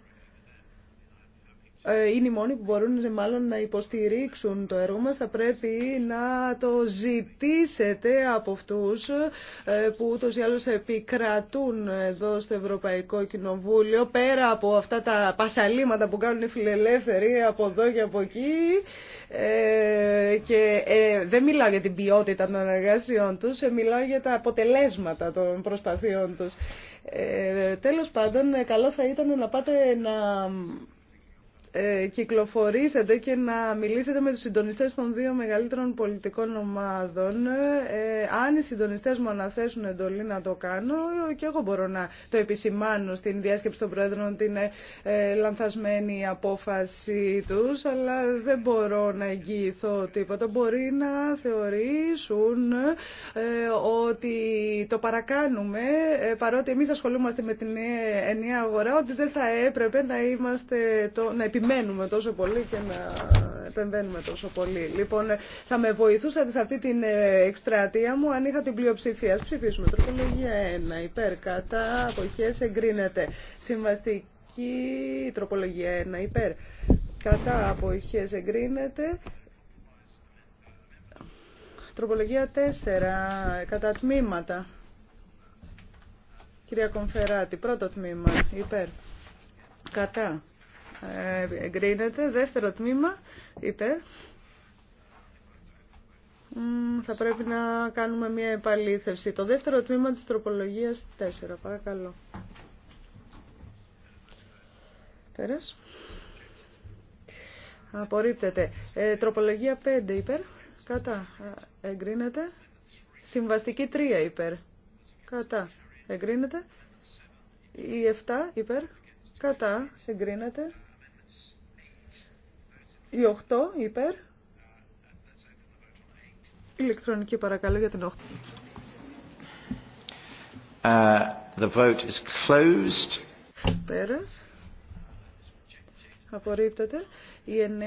ε, είναι οι μόνοι που μπορούν ε, μάλλον να υποστηρίξουν το έργο μας. Θα πρέπει να το ζητήσετε από αυτούς ε, που ούτως ή άλλως επικρατούν εδώ στο Ευρωπαϊκό Κοινοβούλιο πέρα από αυτά τα πασαλήματα που κάνουν οι φιλελεύθεροι από εδώ και από εκεί και δεν μιλάω για την ποιότητα των εργασιών τους, μιλάω για τα αποτελέσματα των προσπαθειών τους. Τέλος πάντων, καλό θα ήταν να πάτε να ε, κυκλοφορήσετε και να μιλήσετε με τους συντονιστές των δύο μεγαλύτερων πολιτικών ομάδων. Ε, αν οι συντονιστές μου αναθέσουν εντολή να το κάνω, και εγώ μπορώ να το επισημάνω στην διάσκεψη των Πρόεδρων την ε, λανθασμένη απόφαση τους, αλλά δεν μπορώ να εγγυηθώ τίποτα. Μπορεί να θεωρήσουν ε, ότι το παρακάνουμε, ε, παρότι εμείς ασχολούμαστε με την ενιαία αγορά, ότι δεν θα έπρεπε να είμαστε το, να μένουμε τόσο πολύ και να επεμβαίνουμε τόσο πολύ. Λοιπόν, θα με βοηθούσατε σε αυτή την ε, εκστρατεία μου αν είχα την πλειοψηφία. Ας ψηφίσουμε τροπολογία 1. Υπέρ, κατά, αποχές, εγκρίνεται. Συμβαστική τροπολογία 1. Υπέρ, κατά, αποχές, εγκρίνεται. Τροπολογία 4. Κατά τμήματα. Κυρία Κομφεράτη, πρώτο τμήμα. Υπέρ. Κατά εγκρίνεται. Δεύτερο τμήμα υπέρ. Θα πρέπει να κάνουμε μια επαλήθευση. Το δεύτερο τμήμα της τροπολογίας 4. Παρακαλώ. Πέρας. Απορρίπτεται. Ε, τροπολογία 5 υπέρ. Κατά. Εγκρίνεται. Συμβαστική 3 υπέρ. Κατά. Εγκρίνεται. Η 7 υπέρ. Κατά. Εγκρίνεται. Η 8 υπέρ. Ηλεκτρονική παρακαλώ για την 8. Uh, ε, the vote is closed. Πέρας. Απορρίπτεται. Η 9.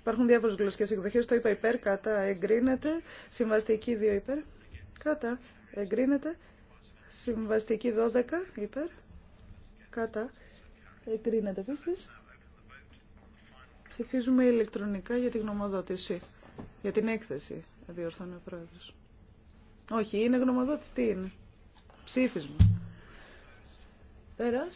Υπάρχουν διάφορε γλωσσικέ εκδοχέ. Το είπα υπέρ, κατά, εγκρίνεται. Συμβαστική 2 υπέρ, κατά, εγκρίνεται. Συμβαστική 12 υπέρ, κατά, Εγκρίνεται επίση. Ψηφίζουμε ηλεκτρονικά για την γνωμοδότηση. Για την έκθεση, διορθώνει ο πρόεδρο. Όχι, είναι γνωμοδότηση. Τι είναι. Ψήφισμα. Πέρα.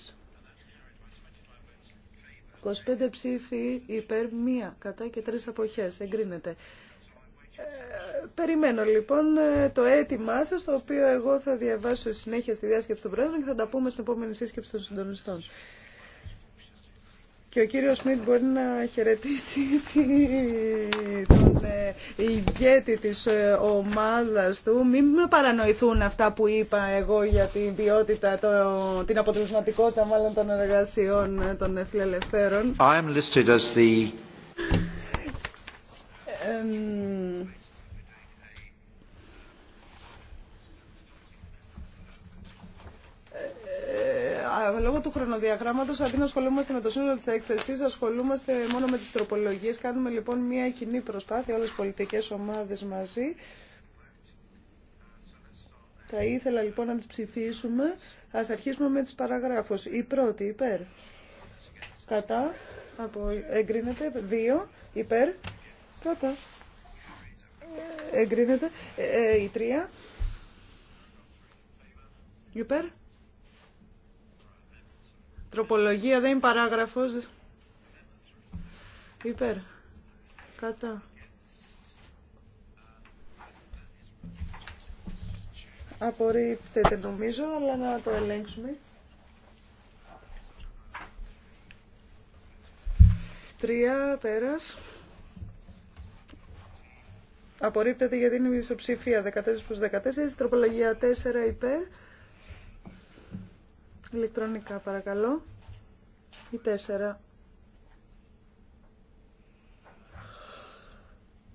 25 ψήφοι υπέρ μία κατά και τρεις αποχές. Εγκρίνεται. Ε, περιμένω λοιπόν το αίτημά σα, το οποίο εγώ θα διαβάσω συνέχεια στη διάσκεψη των Πρόεδρων και θα τα πούμε στην επόμενη σύσκεψη των συντονιστών. Και ο κύριος Σμιτ μπορεί να χαιρετήσει τον ε, ηγέτη της ε, ομάδας του. Μην με παρανοηθούν αυτά που είπα εγώ για την ποιότητα, το, την αποτελεσματικότητα μάλλον των εργασιών ε, των φιλελευθέρων. I am listed λόγω του χρονοδιαγράμματος, αντί να ασχολούμαστε με το σύνολο της έκθεση. ασχολούμαστε μόνο με τις τροπολογίες. Κάνουμε λοιπόν μια κοινή προσπάθεια, όλες τι πολιτικές ομάδες μαζί. Θα ήθελα λοιπόν να τις ψηφίσουμε. Ας αρχίσουμε με τις παραγράφου. Η πρώτη, υπέρ. Κατά. Από, εγκρίνεται. Δύο. Υπέρ. Κατά. Ε, εγκρίνεται. Ε, ε, η τρία. Υπέρ. Τροπολογία δεν είναι παράγραφος. Υπέρ. Κατά. Απορρίπτεται νομίζω, αλλά να το ελέγξουμε. Τρία πέρας. Απορρίπτεται γιατί είναι η 14 προς 14, τροπολογία 4 υπέρ. Ηλεκτρονικά παρακαλώ. Η τέσσερα.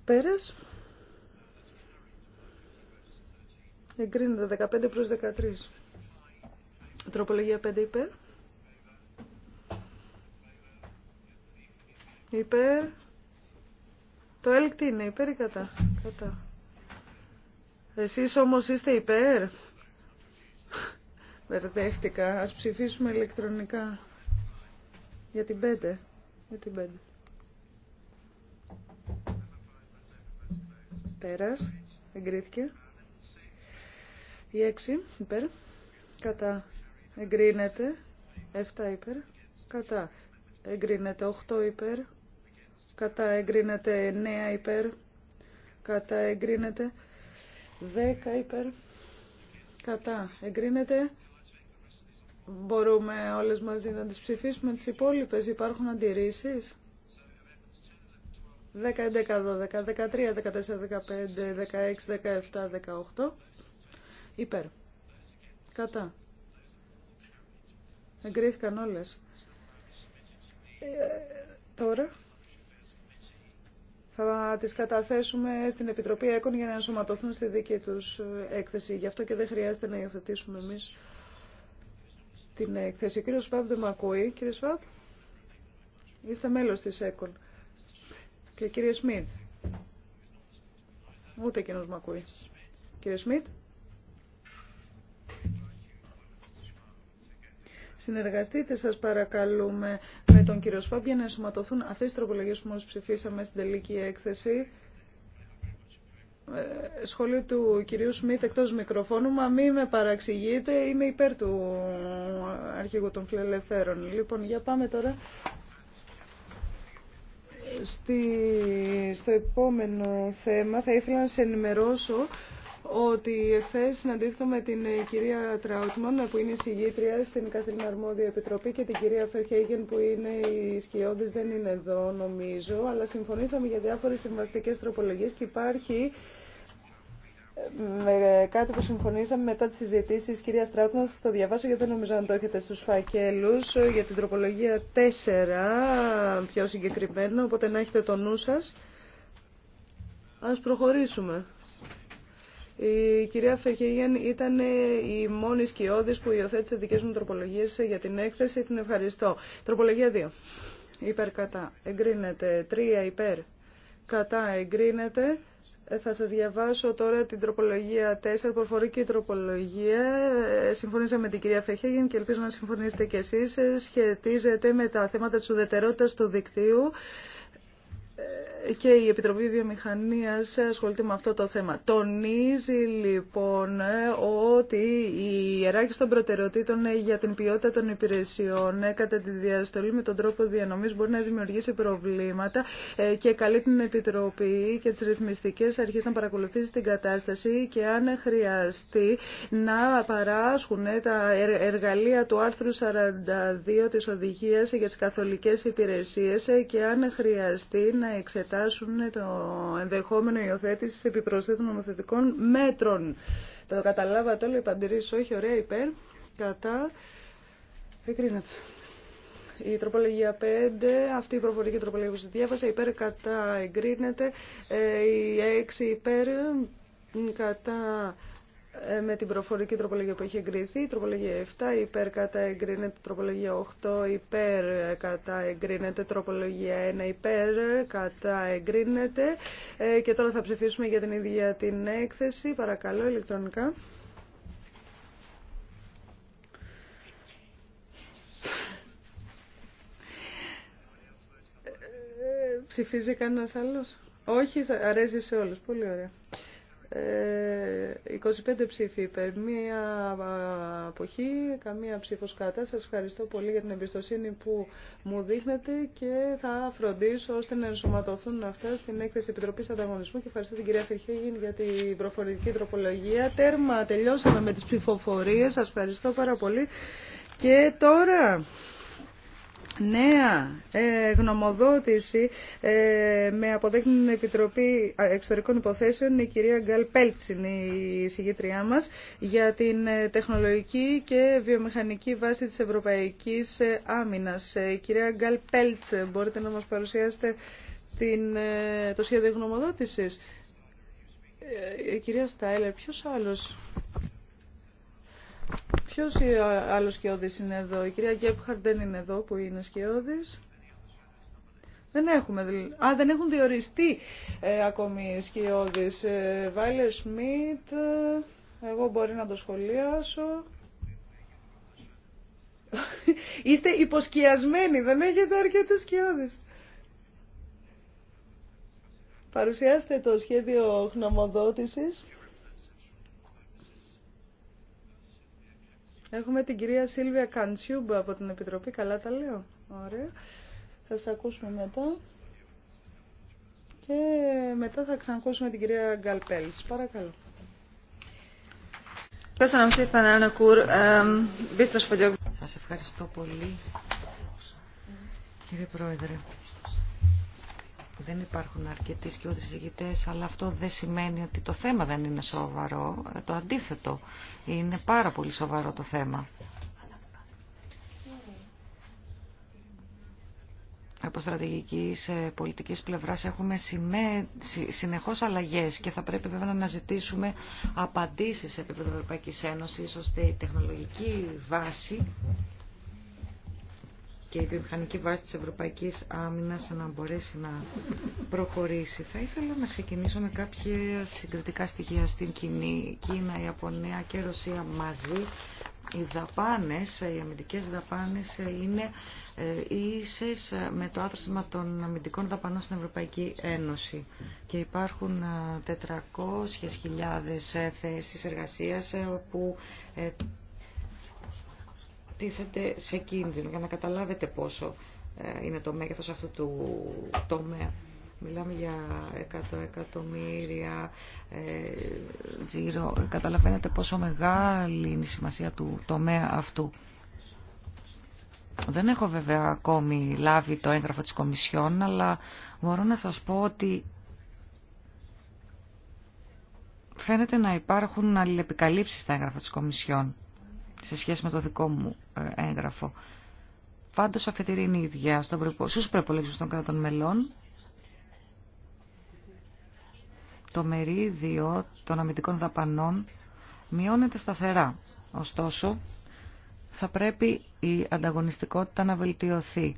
Πέρας. Εγκρίνεται 15 προς 13. Τροπολογία 5 υπέρ. Υπέρ. Το έλκτη είναι, υπέρ ή κατά. Κατά. Εσείς όμως είστε υπέρ. Α ψηφίσουμε ηλεκτρονικά. Για την 5. Για 5. Πέρας. Εγκρίθηκε. Η 6 υπέρ. Κατά. Εγκρίνεται. 7 υπέρ. Κατά. Εγκρίνεται 8 υπέρ. Κατά εγκρίνεται 9 υπέρ. Κατά εγκρίνεται 10 υπέρ. Κατά εγκρίνεται Μπορούμε όλες μαζί να τις ψηφίσουμε τις υπόλοιπες. Υπάρχουν αντιρρήσεις. 10, 11, 12, 13, 14, 15, 16, 17, 18. Υπέρ. Κατά. Εγκρίθηκαν όλες. Ε, τώρα θα τις καταθέσουμε στην Επιτροπή ΕΚΟΝ για να ενσωματωθούν στη δική τους ε, έκθεση. Γι' αυτό και δεν χρειάζεται να υιοθετήσουμε εμείς την έκθεση. Ο κύριος Σβάμπ δεν με ακούει. Κύριε Σβάμπ, είστε μέλος της ΕΚΟΛ. Και κύριε Σμιτ. Ούτε εκείνος με ακούει. Κύριε Σμιτ. Συνεργαστείτε σας παρακαλούμε με τον κύριο Σφάμπ για να ενσωματωθούν αυτές τις τροπολογίες που ψηφίσαμε στην τελική έκθεση. Ε, σχολείο του κυρίου Σμίτ εκτός μικροφώνου, μα μη με παραξηγείτε, είμαι υπέρ του αρχηγού των φιλελευθέρων. Λοιπόν, για πάμε τώρα στη, στο επόμενο θέμα. Θα ήθελα να σε ενημερώσω ότι εχθέ συναντήθηκα με την ε, κυρία Τράουτμαν που είναι η συγγήτρια στην Καθήλυνα Αρμόδια Επιτροπή και την κυρία Φερχέγεν που είναι η σκιώδης δεν είναι εδώ νομίζω αλλά συμφωνήσαμε για διάφορες συμβαστικές τροπολογίες και υπάρχει με κάτι που συμφωνήσαμε μετά τις συζητήσεις, κυρία Στράτου, να το διαβάσω γιατί δεν νομίζω να το έχετε στους φακέλους, για την τροπολογία 4, πιο συγκεκριμένα, οπότε να έχετε το νου σας. Ας προχωρήσουμε. Η κυρία Φεχίγεν ήταν η μόνη σκιώδης που υιοθέτησε δικές μου τροπολογίες για την έκθεση. Την ευχαριστώ. Τροπολογία 2. Υπέρ κατά. Εγκρίνεται. 3 υπέρ κατά. Εγκρίνεται. Θα σας διαβάσω τώρα την τροπολογία 4, προφορική τροπολογία. Ε, συμφωνήσαμε με την κυρία Φεχέγιν και ελπίζω να συμφωνήσετε κι εσείς. Ε, σχετίζεται με τα θέματα της ουδετερότητας του δικτύου ε, και η Επιτροπή Βιομηχανίας ασχολείται με αυτό το θέμα. Τονίζει λοιπόν ότι η ιεράρχηση των προτεραιοτήτων για την ποιότητα των υπηρεσιών κατά τη διαστολή με τον τρόπο διανομής μπορεί να δημιουργήσει προβλήματα ε, και καλεί την Επιτροπή και τις ρυθμιστικές αρχές να παρακολουθήσει την κατάσταση και αν χρειαστεί να παράσχουν τα εργαλεία του άρθρου 42 της Οδηγίας για τις καθολικές υπηρεσίες ε, και αν χρειαστεί να εξετάσουν εξετάσουν το ενδεχόμενο υιοθέτηση επιπροσθέτων νομοθετικών μέτρων. Το καταλάβατε όλοι, επαντηρήσει όχι, ωραία, υπέρ, κατά, εγκρίνεται. Η τροπολογία 5, αυτή η προφορική τροπολογία που σα διάβασα, υπέρ, κατά, εγκρίνεται. Ε, η 6 υπέρ, κατά, ε, με την προφορική τροπολογία που έχει εγκριθεί, τροπολογία 7 υπέρ κατά εγκρίνεται, τροπολογία 8 υπέρ κατά εγκρίνεται, τροπολογία 1 υπέρ κατά εγκρίνεται ε, και τώρα θα ψηφίσουμε για την ίδια την έκθεση, παρακαλώ ηλεκτρονικά. Ε, ψηφίζει κανένας άλλος. Όχι, αρέσει σε όλους. Πολύ ωραία. 25 ε, ψήφοι υπέρ, μία αποχή, καμία ψήφος κατά. Σας ευχαριστώ πολύ για την εμπιστοσύνη που μου δείχνετε και θα φροντίσω ώστε να ενσωματωθούν αυτά στην έκθεση Επιτροπής Ανταγωνισμού και ευχαριστώ την κυρία Φερχέγιν για την προφορική τροπολογία. Τέρμα, τελειώσαμε με τις ψηφοφορίε. Σας ευχαριστώ πάρα πολύ. Και τώρα νέα ε, γνωμοδότηση ε, με αποδέχνει την Επιτροπή ε, Εξωτερικών Υποθέσεων η κυρία Γκάλ Πέλτσιν, η συγγήτριά μας, για την τεχνολογική και βιομηχανική βάση της Ευρωπαϊκής Άμυνας. κυρία Γκάλ μπορείτε να μας παρουσιάσετε την, το σχέδιο γνωμοδότησης. Η κυρία Στάιλερ, ποιος άλλος Ποιος ε, άλλος σκιώδης είναι εδώ. Η κυρία Γκέπχαρτ δεν είναι εδώ που είναι σκιώδης. Δεν έχουμε Α, δεν έχουν διοριστεί ε, ακόμη οι ε, Βάιλερ Σμιτ, εγώ μπορεί να το σχολιάσω. <laughs> Είστε υποσκιασμένοι, δεν έχετε αρκετές σκιώδεις. Παρουσιάστε το σχέδιο γνωμοδότησης. Έχουμε την κυρία Σίλβια Καντσιούμπα από την Επιτροπή. Καλά τα λέω. Ωραία. Θα σας ακούσουμε μετά. Και μετά θα ξανακούσουμε την κυρία Γκαλπέλτς. Παρακαλώ. Σας ευχαριστώ πολύ, κύριε Πρόεδρε δεν υπάρχουν αρκετοί σκιώδεις ηγητές, αλλά αυτό δεν σημαίνει ότι το θέμα δεν είναι σοβαρό. Ε, το αντίθετο, είναι πάρα πολύ σοβαρό το θέμα. από στρατηγικής ε, πολιτικής πλευράς έχουμε συνεχώς αλλαγές και θα πρέπει βέβαια να αναζητήσουμε απαντήσεις σε επίπεδο Ευρωπαϊκής Ένωσης ώστε η τεχνολογική βάση και η βιομηχανική βάση της Ευρωπαϊκής Άμυνας να μπορέσει να προχωρήσει. Θα ήθελα να ξεκινήσω με κάποια συγκριτικά στοιχεία στην κοινή Κίνα, Ιαπωνία και Ρωσία μαζί. Οι δαπάνες, οι αμυντικές δαπάνες είναι ε, ίσες με το άθροισμα των αμυντικών δαπανών στην Ευρωπαϊκή Ένωση και υπάρχουν 400.000 ε, ε, θέσεις εργασίας που τίθεται σε κίνδυνο για να καταλάβετε πόσο ε, είναι το μέγεθος αυτού του τομέα. Μιλάμε για εκατο εκατομμύρια ε, τζίρο. Καταλαβαίνετε πόσο μεγάλη είναι η σημασία του τομέα αυτού. Δεν έχω βέβαια ακόμη λάβει το έγγραφο της Κομισιόν, αλλά μπορώ να σας πω ότι φαίνεται να υπάρχουν αλληλεπικαλύψεις στα έγγραφα της Κομισιόν σε σχέση με το δικό μου ε, έγγραφο. Πάντω αφετηρεί είναι η ίδια στους προπολογισμού των κρατών μελών. Το μερίδιο των αμυντικών δαπανών μειώνεται σταθερά. Ωστόσο, θα πρέπει η ανταγωνιστικότητα να βελτιωθεί.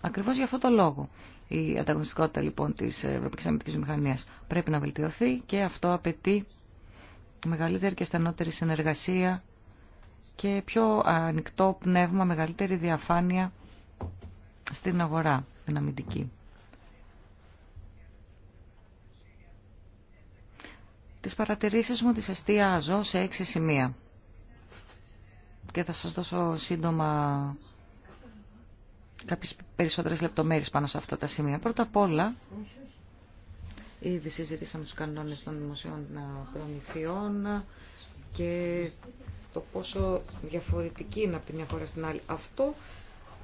Ακριβώς για αυτό το λόγο η ανταγωνιστικότητα λοιπόν της Ευρωπαϊκής Αμυντικής Μηχανίας πρέπει να βελτιωθεί και αυτό απαιτεί μεγαλύτερη και στενότερη συνεργασία και πιο ανοιχτό πνεύμα, μεγαλύτερη διαφάνεια στην αγορά, την αμυντική. Τις παρατηρήσεις μου τις εστιάζω σε έξι σημεία και θα σας δώσω σύντομα κάποιες περισσότερες λεπτομέρειες πάνω σε αυτά τα σημεία. Πρώτα απ' όλα, ήδη συζήτησαμε τους κανόνες των δημοσίων προμηθειών και το πόσο διαφορετική είναι από τη μια χώρα στην άλλη. Αυτό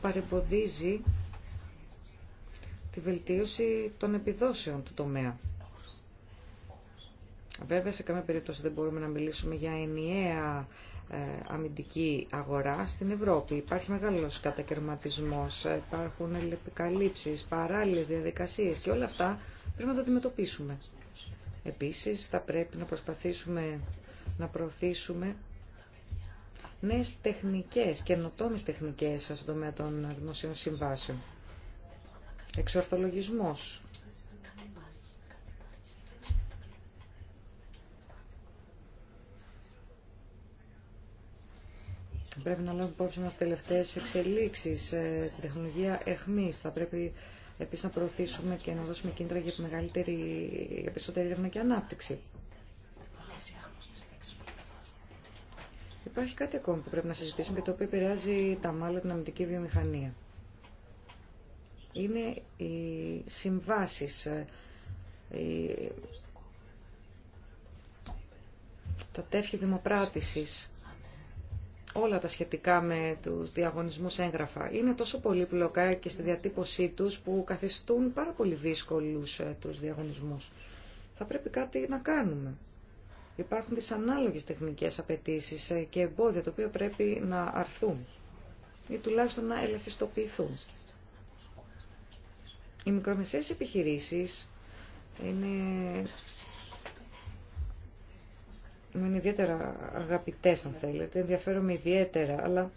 παρεμποδίζει τη βελτίωση των επιδόσεων του τομέα. Βέβαια, σε καμία περίπτωση δεν μπορούμε να μιλήσουμε για ενιαία ε, αμυντική αγορά στην Ευρώπη. Υπάρχει μεγάλος κατακαιρματισμός, ε, υπάρχουν επικαλύψεις, παράλληλες διαδικασίες και όλα αυτά πρέπει να τα αντιμετωπίσουμε. Επίσης, θα πρέπει να προσπαθήσουμε να προωθήσουμε νέε τεχνικέ καινοτόμε τεχνικές στον τομέα των δημοσίων συμβάσεων. Εξορθολογισμό. Πρέπει να λάβουμε υπόψη μας τελευταίες εξελίξεις, στην ε, τεχνολογία εχμής. Θα πρέπει επίσης να προωθήσουμε και να δώσουμε κίνητρα για, μεγαλύτερη, για περισσότερη έρευνα και ανάπτυξη. Υπάρχει κάτι ακόμη που πρέπει να συζητήσουμε και το οποίο επηρεάζει τα μάλλον την αμυντική βιομηχανία. Είναι οι συμβάσεις, ε, τα τέφη δημοπράτησης, όλα τα σχετικά με τους διαγωνισμούς έγγραφα. Είναι τόσο πολύπλοκα και στη διατύπωσή τους που καθιστούν πάρα πολύ δύσκολους ε, τους διαγωνισμούς. Θα πρέπει κάτι να κάνουμε υπάρχουν δυσανάλογες τεχνικές απαιτήσεις ε, και εμπόδια τα οποία πρέπει να αρθούν ή τουλάχιστον να ελαχιστοποιηθούν. Οι μικρομεσαίες επιχειρήσεις είναι, είναι ιδιαίτερα αγαπητές αν θέλετε, ενδιαφέρομαι ιδιαίτερα, αλλά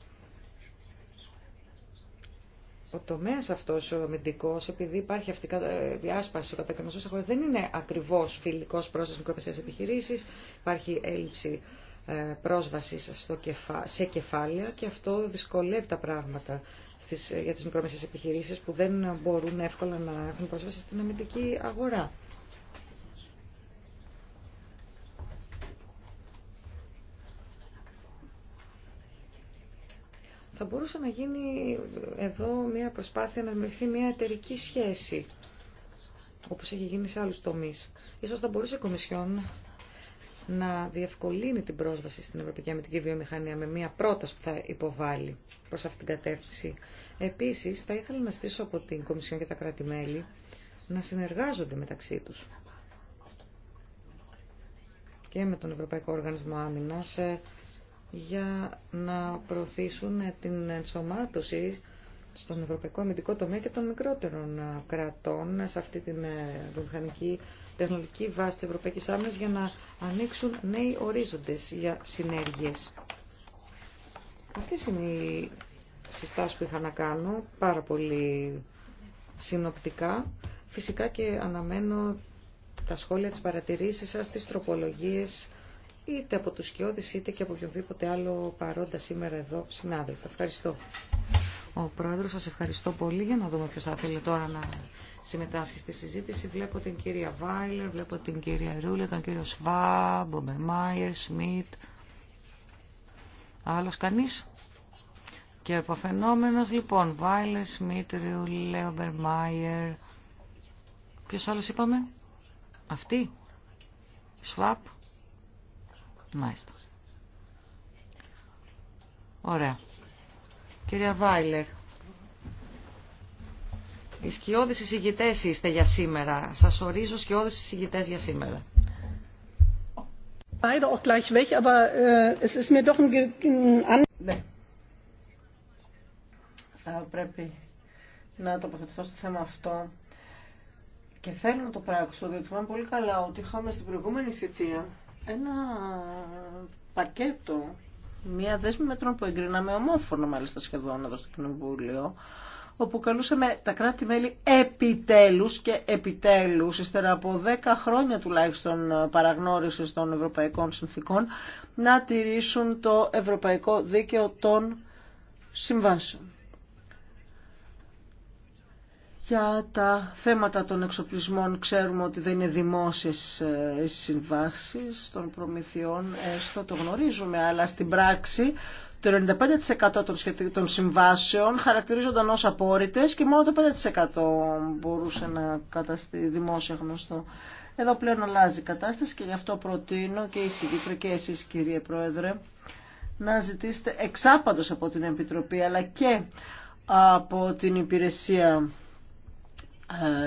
ο τομέας αυτό ο αμυντικό, επειδή υπάρχει αυτή η ε, διάσπαση ο τη χώρας, δεν είναι ακριβώς φιλικός προς τις μικροπεσαίες επιχειρήσεις, υπάρχει έλλειψη ε, πρόσβασης στο κεφα... σε κεφάλαια και αυτό δυσκολεύει τα πράγματα στις... Ε, για τις μικρομεσαίες επιχειρήσεις που δεν μπορούν εύκολα να έχουν πρόσβαση στην αμυντική αγορά. Θα μπορούσε να γίνει εδώ μια προσπάθεια να δημιουργηθεί μια εταιρική σχέση, όπως έχει γίνει σε άλλους τομείς. Ίσως θα μπορούσε η Κομισιόν να διευκολύνει την πρόσβαση στην Ευρωπαϊκή Αμυντική Βιομηχανία με μια πρόταση που θα υποβάλει προς αυτήν την κατεύθυνση. Επίσης, θα ήθελα να στήσω από την Κομισιόν και τα κράτη-μέλη να συνεργάζονται μεταξύ τους και με τον Ευρωπαϊκό Οργανισμό Άμυνας ε, για να προωθήσουν την ενσωμάτωση στον ευρωπαϊκό αμυντικό τομέα και των μικρότερων κρατών σε αυτή την ε, βιομηχανική τεχνολογική βάση της Ευρωπαϊκής Άμυνας για να ανοίξουν νέοι ορίζοντες για συνέργειες. Αυτή είναι οι συστάσεις που είχα να κάνω, πάρα πολύ συνοπτικά. Φυσικά και αναμένω τα σχόλια της παρατηρήσης σας, τις τροπολογίες είτε από τους Σκιώδης είτε και από οποιοδήποτε άλλο παρόντα σήμερα εδώ συνάδελφα. Ευχαριστώ. Ο Πρόεδρος, σας ευχαριστώ πολύ για να δούμε ποιος θα θέλει τώρα να συμμετάσχει στη συζήτηση. Βλέπω την κυρία Βάιλερ, βλέπω την κυρία Ρούλε, τον κύριο Σβά, Μάιερ, Σμιτ. Άλλος κανείς. Και φαινόμενος, λοιπόν, Βάιλερ, Σμιτ, Ρούλε, Μάιερ. Ποιος άλλος είπαμε. Αυτή. Σβάπ. Μάλιστα. Ωραία. Κυρία Βάιλερ, οι σκιώδεις εισηγητές είστε για σήμερα. Σας ορίζω σκιώδεις εισηγητές για σήμερα. Beide auch gleich weg, aber äh, es ist mir doch ein ναι. Θα πρέπει να τοποθετηθώ στο θέμα αυτό και θέλω να το πράξω, διότι θυμάμαι πολύ καλά ότι είχαμε στην προηγούμενη θητεία ένα πακέτο, μία δέσμη μέτρων που εγκρίναμε ομόφωνο μάλιστα σχεδόν εδώ στο Κοινοβούλιο, όπου καλούσαμε τα κράτη-μέλη επιτέλους και επιτέλους, ύστερα από 10 χρόνια τουλάχιστον παραγνώρισης των ευρωπαϊκών συνθήκων, να τηρήσουν το ευρωπαϊκό δίκαιο των συμβάσεων. Για τα θέματα των εξοπλισμών ξέρουμε ότι δεν είναι δημόσιες ε, οι συμβάσεις των προμηθειών, έστω το γνωρίζουμε, αλλά στην πράξη το 95% των συμβάσεων χαρακτηρίζονταν ως απόρριτες και μόνο το 5% μπορούσε να καταστεί δημόσια γνωστό. Εδώ πλέον αλλάζει η κατάσταση και γι' αυτό προτείνω και η και εσείς κύριε Πρόεδρε να ζητήσετε εξάπαντος από την Επιτροπή αλλά και από την Υπηρεσία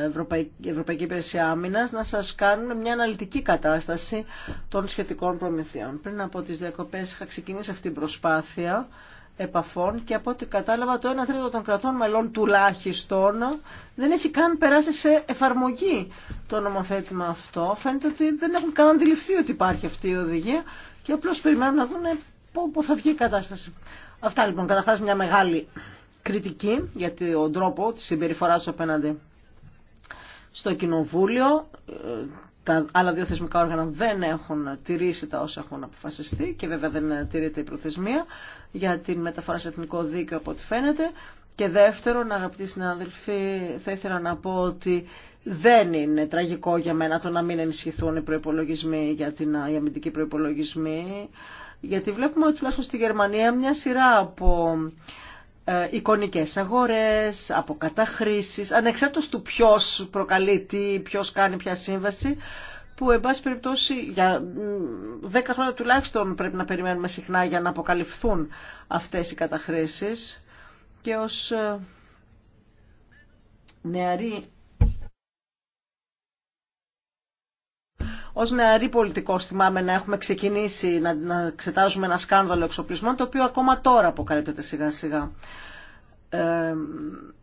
Ευρωπαϊκή, Ευρωπαϊκή Υπηρεσία Άμυνα να σα κάνουν μια αναλυτική κατάσταση των σχετικών προμηθειών. Πριν από τι διακοπέ είχα ξεκινήσει αυτή την προσπάθεια επαφών και από ό,τι κατάλαβα το 1 τρίτο των κρατών μελών τουλάχιστον δεν έχει καν περάσει σε εφαρμογή το νομοθέτημα αυτό. Φαίνεται ότι δεν έχουν καν αντιληφθεί ότι υπάρχει αυτή η οδηγία και απλώ περιμένουν να δουν πού θα βγει η κατάσταση. Αυτά λοιπόν. Καταρχά μια μεγάλη κριτική για τον τρόπο τη συμπεριφορά απέναντι στο Κοινοβούλιο. Ε, τα άλλα δύο θεσμικά όργανα δεν έχουν τηρήσει τα όσα έχουν αποφασιστεί και βέβαια δεν τηρείται η προθεσμία για την μεταφορά σε εθνικό δίκαιο από ό,τι φαίνεται. Και δεύτερον, αγαπητοί συνάδελφοι, θα ήθελα να πω ότι δεν είναι τραγικό για μένα το να μην ενισχυθούν οι προπολογισμοί για την αμυντική αμυντικοί γιατί βλέπουμε ότι τουλάχιστον στη Γερμανία μια σειρά από ε, εικονικές αγορές, από καταχρήσεις, ανεξάρτητος του ποιος προκαλεί τι, ποιος κάνει ποια σύμβαση, που εν πάση περιπτώσει για 10 χρόνια τουλάχιστον πρέπει να περιμένουμε συχνά για να αποκαλυφθούν αυτές οι καταχρήσεις και ως ε, νεαρή Ω νεαρή πολιτικό θυμάμαι να έχουμε ξεκινήσει να, να εξετάζουμε ένα σκάνδαλο εξοπλισμών, το οποίο ακόμα τώρα αποκαλύπτεται σιγά σιγά. Ε,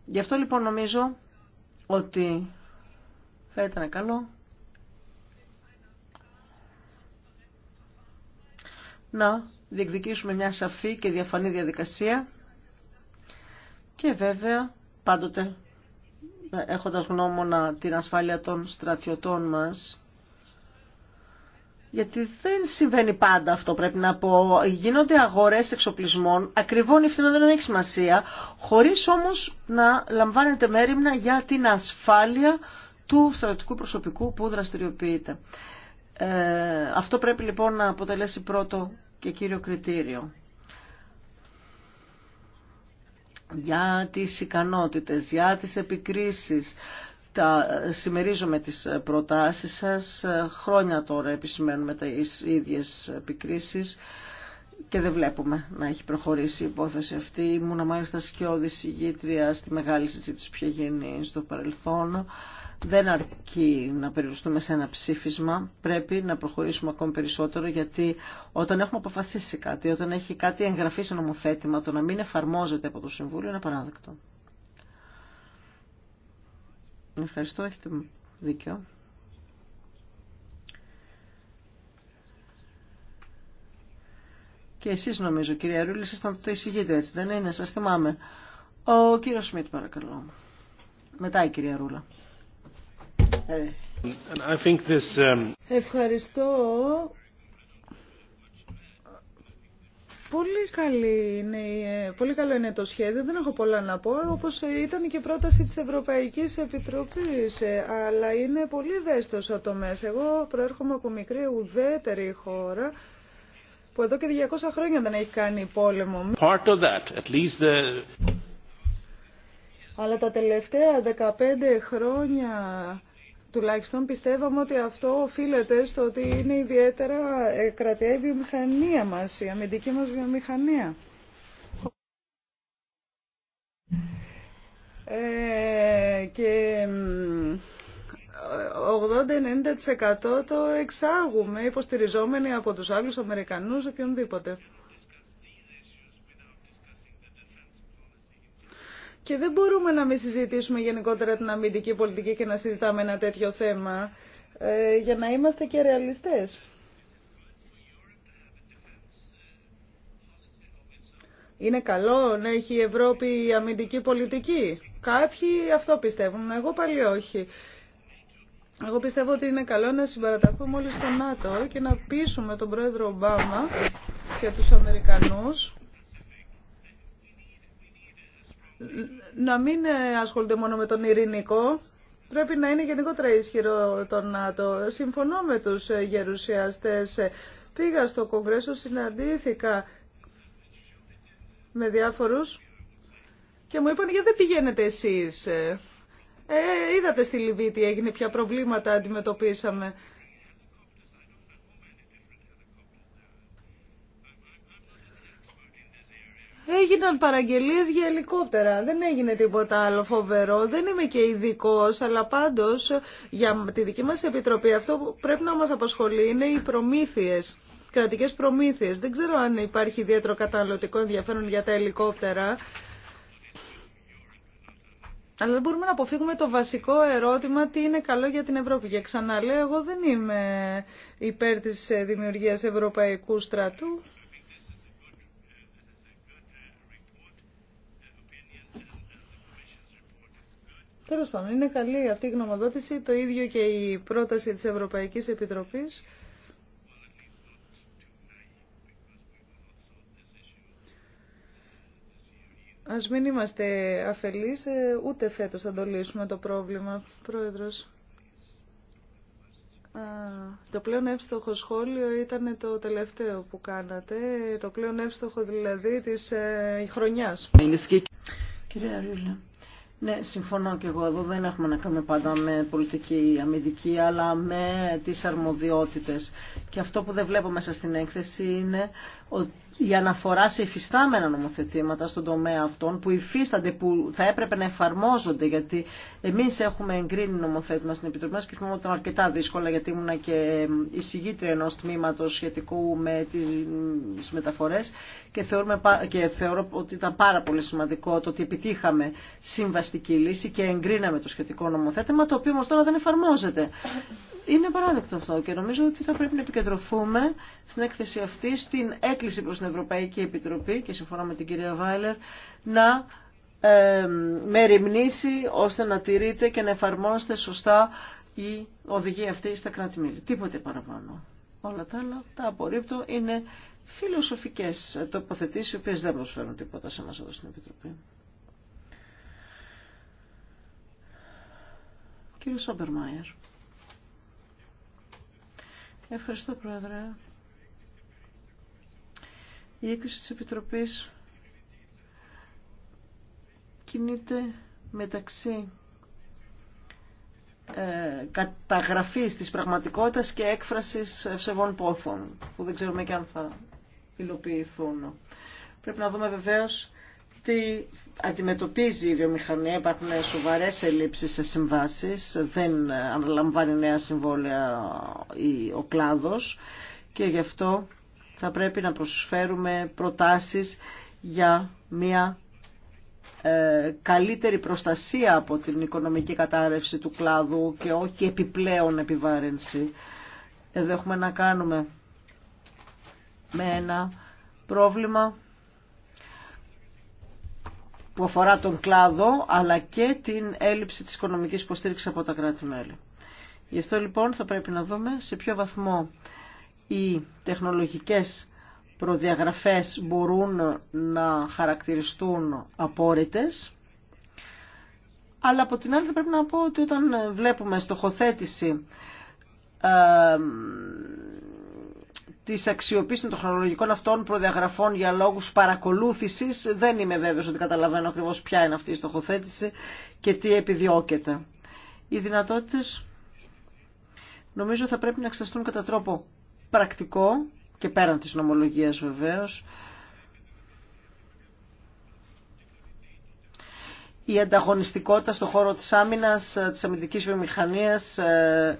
γι' αυτό λοιπόν νομίζω ότι θα ήταν καλό να διεκδικήσουμε μια σαφή και διαφανή διαδικασία και βέβαια πάντοτε έχοντας γνώμονα την ασφάλεια των στρατιωτών μας γιατί δεν συμβαίνει πάντα αυτό πρέπει να πω. Γίνονται αγορέ εξοπλισμών, ακριβών ή φθηνών δεν έχει σημασία, Χωρί όμως να λαμβάνεται μέρημνα για την ασφάλεια του στρατιωτικού προσωπικού που δραστηριοποιείται. Ε, αυτό πρέπει λοιπόν να αποτελέσει πρώτο και κύριο κριτήριο. Για τις ικανότητες, για τις επικρίσεις, τα ε, συμμερίζομαι τις ε, προτάσεις σας. Ε, χρόνια τώρα επισημαίνουμε τα ίδιες επικρίσεις και δεν βλέπουμε να έχει προχωρήσει η υπόθεση αυτή. Ήμουν, μάλιστα σκιώδη συγγήτρια στη μεγάλη συζήτηση που είχε γίνει στο παρελθόν. Δεν αρκεί να περιοριστούμε σε ένα ψήφισμα. Πρέπει να προχωρήσουμε ακόμη περισσότερο γιατί όταν έχουμε αποφασίσει κάτι, όταν έχει κάτι εγγραφεί σε νομοθέτημα, το να μην εφαρμόζεται από το Συμβούλιο είναι παράδεκτο. Ευχαριστώ, έχετε δίκιο. Και εσείς νομίζω, κυρία Ρούλη, ήσασταν τότε εισηγείτε, έτσι δεν είναι, σας θυμάμαι. Ο κύριος Σμιτ, παρακαλώ. Μετά η κυρία Ρούλα. Ε. Um, Ευχαριστώ. Πολύ, καλή είναι, ε, πολύ καλό είναι το σχέδιο, δεν έχω πολλά να πω, όπως ε, ήταν και πρόταση της Ευρωπαϊκής Επιτροπής, ε, αλλά είναι πολύ δέστος ο τομέας. Εγώ προέρχομαι από μικρή ουδέτερη χώρα, που εδώ και 200 χρόνια δεν έχει κάνει πόλεμο. Part of that, at least the... Αλλά τα τελευταία 15 χρόνια τουλάχιστον πιστεύαμε ότι αυτό οφείλεται στο ότι είναι ιδιαίτερα ε, κρατιά η βιομηχανία μας, η αμυντική μας βιομηχανία. Ε, και 80-90% ε, το εξάγουμε υποστηριζόμενοι από τους άλλους Αμερικανούς οποιονδήποτε. Και δεν μπορούμε να μην συζητήσουμε γενικότερα την αμυντική πολιτική και να συζητάμε ένα τέτοιο θέμα ε, για να είμαστε και ρεαλιστές. Είναι καλό να έχει η Ευρώπη αμυντική πολιτική. Κάποιοι αυτό πιστεύουν, εγώ πάλι όχι. Εγώ πιστεύω ότι είναι καλό να συμπαραταθούμε όλοι στο ΝΑΤΟ και να πείσουμε τον πρόεδρο Ομπάμα και τους Αμερικανούς να μην ε, ασχολούνται μόνο με τον ειρηνικό. Πρέπει να είναι γενικότερα ισχυρό το ΝΑΤΟ. Συμφωνώ με τους ε, γερουσιαστές. Ε, πήγα στο Κογκρέσο, συναντήθηκα με διάφορους και μου είπαν γιατί δεν πηγαίνετε εσείς. Ε, είδατε στη Λιβύη τι έγινε, ποια προβλήματα αντιμετωπίσαμε. έγιναν παραγγελίες για ελικόπτερα. Δεν έγινε τίποτα άλλο φοβερό. Δεν είμαι και ειδικό, αλλά πάντως για τη δική μας επιτροπή αυτό που πρέπει να μας απασχολεί είναι οι προμήθειες. Κρατικές προμήθειες. Δεν ξέρω αν υπάρχει ιδιαίτερο καταναλωτικό ενδιαφέρον για τα ελικόπτερα. Αλλά δεν μπορούμε να αποφύγουμε το βασικό ερώτημα τι είναι καλό για την Ευρώπη. Και ξαναλέω, εγώ δεν είμαι υπέρ της δημιουργίας Ευρωπαϊκού στρατού. Τέλο πάντων, είναι καλή αυτή η γνωμοδότηση, το ίδιο και η πρόταση της Ευρωπαϊκής Επιτροπής. Α μην είμαστε αφελείς, ε, ούτε φέτος θα το λύσουμε το πρόβλημα, πρόεδρο. το πλέον εύστοχο σχόλιο ήταν το τελευταίο που κάνατε, το πλέον εύστοχο δηλαδή της ε, χρονιάς. Κύριε ναι, συμφωνώ και εγώ. Εδώ δεν έχουμε να κάνουμε πάντα με πολιτική αμυντική, αλλά με τις αρμοδιότητες. Και αυτό που δεν βλέπω μέσα στην έκθεση είναι η αναφορά σε υφιστάμενα νομοθετήματα στον τομέα αυτών που υφίστανται, που θα έπρεπε να εφαρμόζονται, γιατί εμεί έχουμε εγκρίνει νομοθέτημα στην Επιτροπή μα και θυμάμαι ότι ήταν αρκετά δύσκολα, γιατί ήμουν και εισηγήτρια ενό τμήματο σχετικού με τι μεταφορέ και, και θεωρώ ότι ήταν πάρα πολύ σημαντικό το ότι επιτύχαμε σύμβαση συμβαστική λύση και εγκρίναμε το σχετικό νομοθέτημα, το οποίο όμω τώρα δεν εφαρμόζεται. Είναι παράδεκτο αυτό και νομίζω ότι θα πρέπει να επικεντρωθούμε στην έκθεση αυτή, στην έκκληση προς την Ευρωπαϊκή Επιτροπή και συμφωνώ με την κυρία Βάιλερ να ε, μεριμνήσει ώστε να τηρείται και να εφαρμόζεται σωστά η οδηγία αυτή στα κρατη Τίποτε παραπάνω. Όλα τα άλλα τα απορρίπτω είναι φιλοσοφικές τοποθετήσεις οι οποίες δεν προσφέρουν τίποτα σε εμάς εδώ στην Επιτροπή. Κύριε Σόμπερμαϊερ. Ευχαριστώ, Πρόεδρε. Η έκθεση της Επιτροπής κινείται μεταξύ ε, καταγραφής της πραγματικότητας και έκφρασης ευσεβών πόθων, που δεν ξέρουμε και αν θα υλοποιηθούν. Πρέπει να δούμε βεβαίως τι αντιμετωπίζει η βιομηχανία, υπάρχουν σοβαρές ελλείψεις σε συμβάσεις, δεν αναλαμβάνει νέα συμβόλαια ο κλάδος και γι' αυτό θα πρέπει να προσφέρουμε προτάσεις για μια ε, καλύτερη προστασία από την οικονομική κατάρρευση του κλάδου και όχι επιπλέον επιβάρυνση. Εδώ έχουμε να κάνουμε με ένα πρόβλημα που αφορά τον κλάδο αλλά και την έλλειψη της οικονομικής υποστήριξης από τα κράτη-μέλη. Γι' αυτό λοιπόν θα πρέπει να δούμε σε ποιο βαθμό οι τεχνολογικές προδιαγραφές μπορούν να χαρακτηριστούν απόρριτες αλλά από την άλλη θα πρέπει να πω ότι όταν βλέπουμε στοχοθέτηση ε, Τη αξιοποίηση των χρονολογικών αυτών προδιαγραφών για λόγου παρακολούθησης. Δεν είμαι βέβαιος ότι καταλαβαίνω ακριβώς ποια είναι αυτή η στοχοθέτηση και τι επιδιώκεται. Οι δυνατότητες νομίζω θα πρέπει να εξεταστούν κατά τρόπο πρακτικό και πέραν τη νομολογίας βεβαίω. Η ανταγωνιστικότητα στον χώρο της άμυνας, της αμυντικής βιομηχανίας, ε,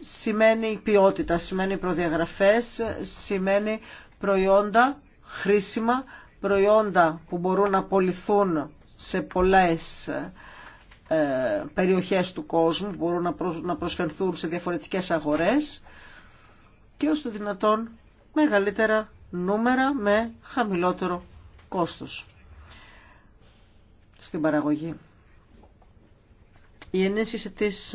σημαίνει ποιότητα, σημαίνει προδιαγραφές, σημαίνει προϊόντα χρήσιμα, προϊόντα που μπορούν να πολιθούν σε πολλές ε, περιοχές του κόσμου, που μπορούν να προσφερθούν σε διαφορετικές αγορές και ως το δυνατόν μεγαλύτερα νούμερα με χαμηλότερο κόστος στην παραγωγή. Η ενίσχυση της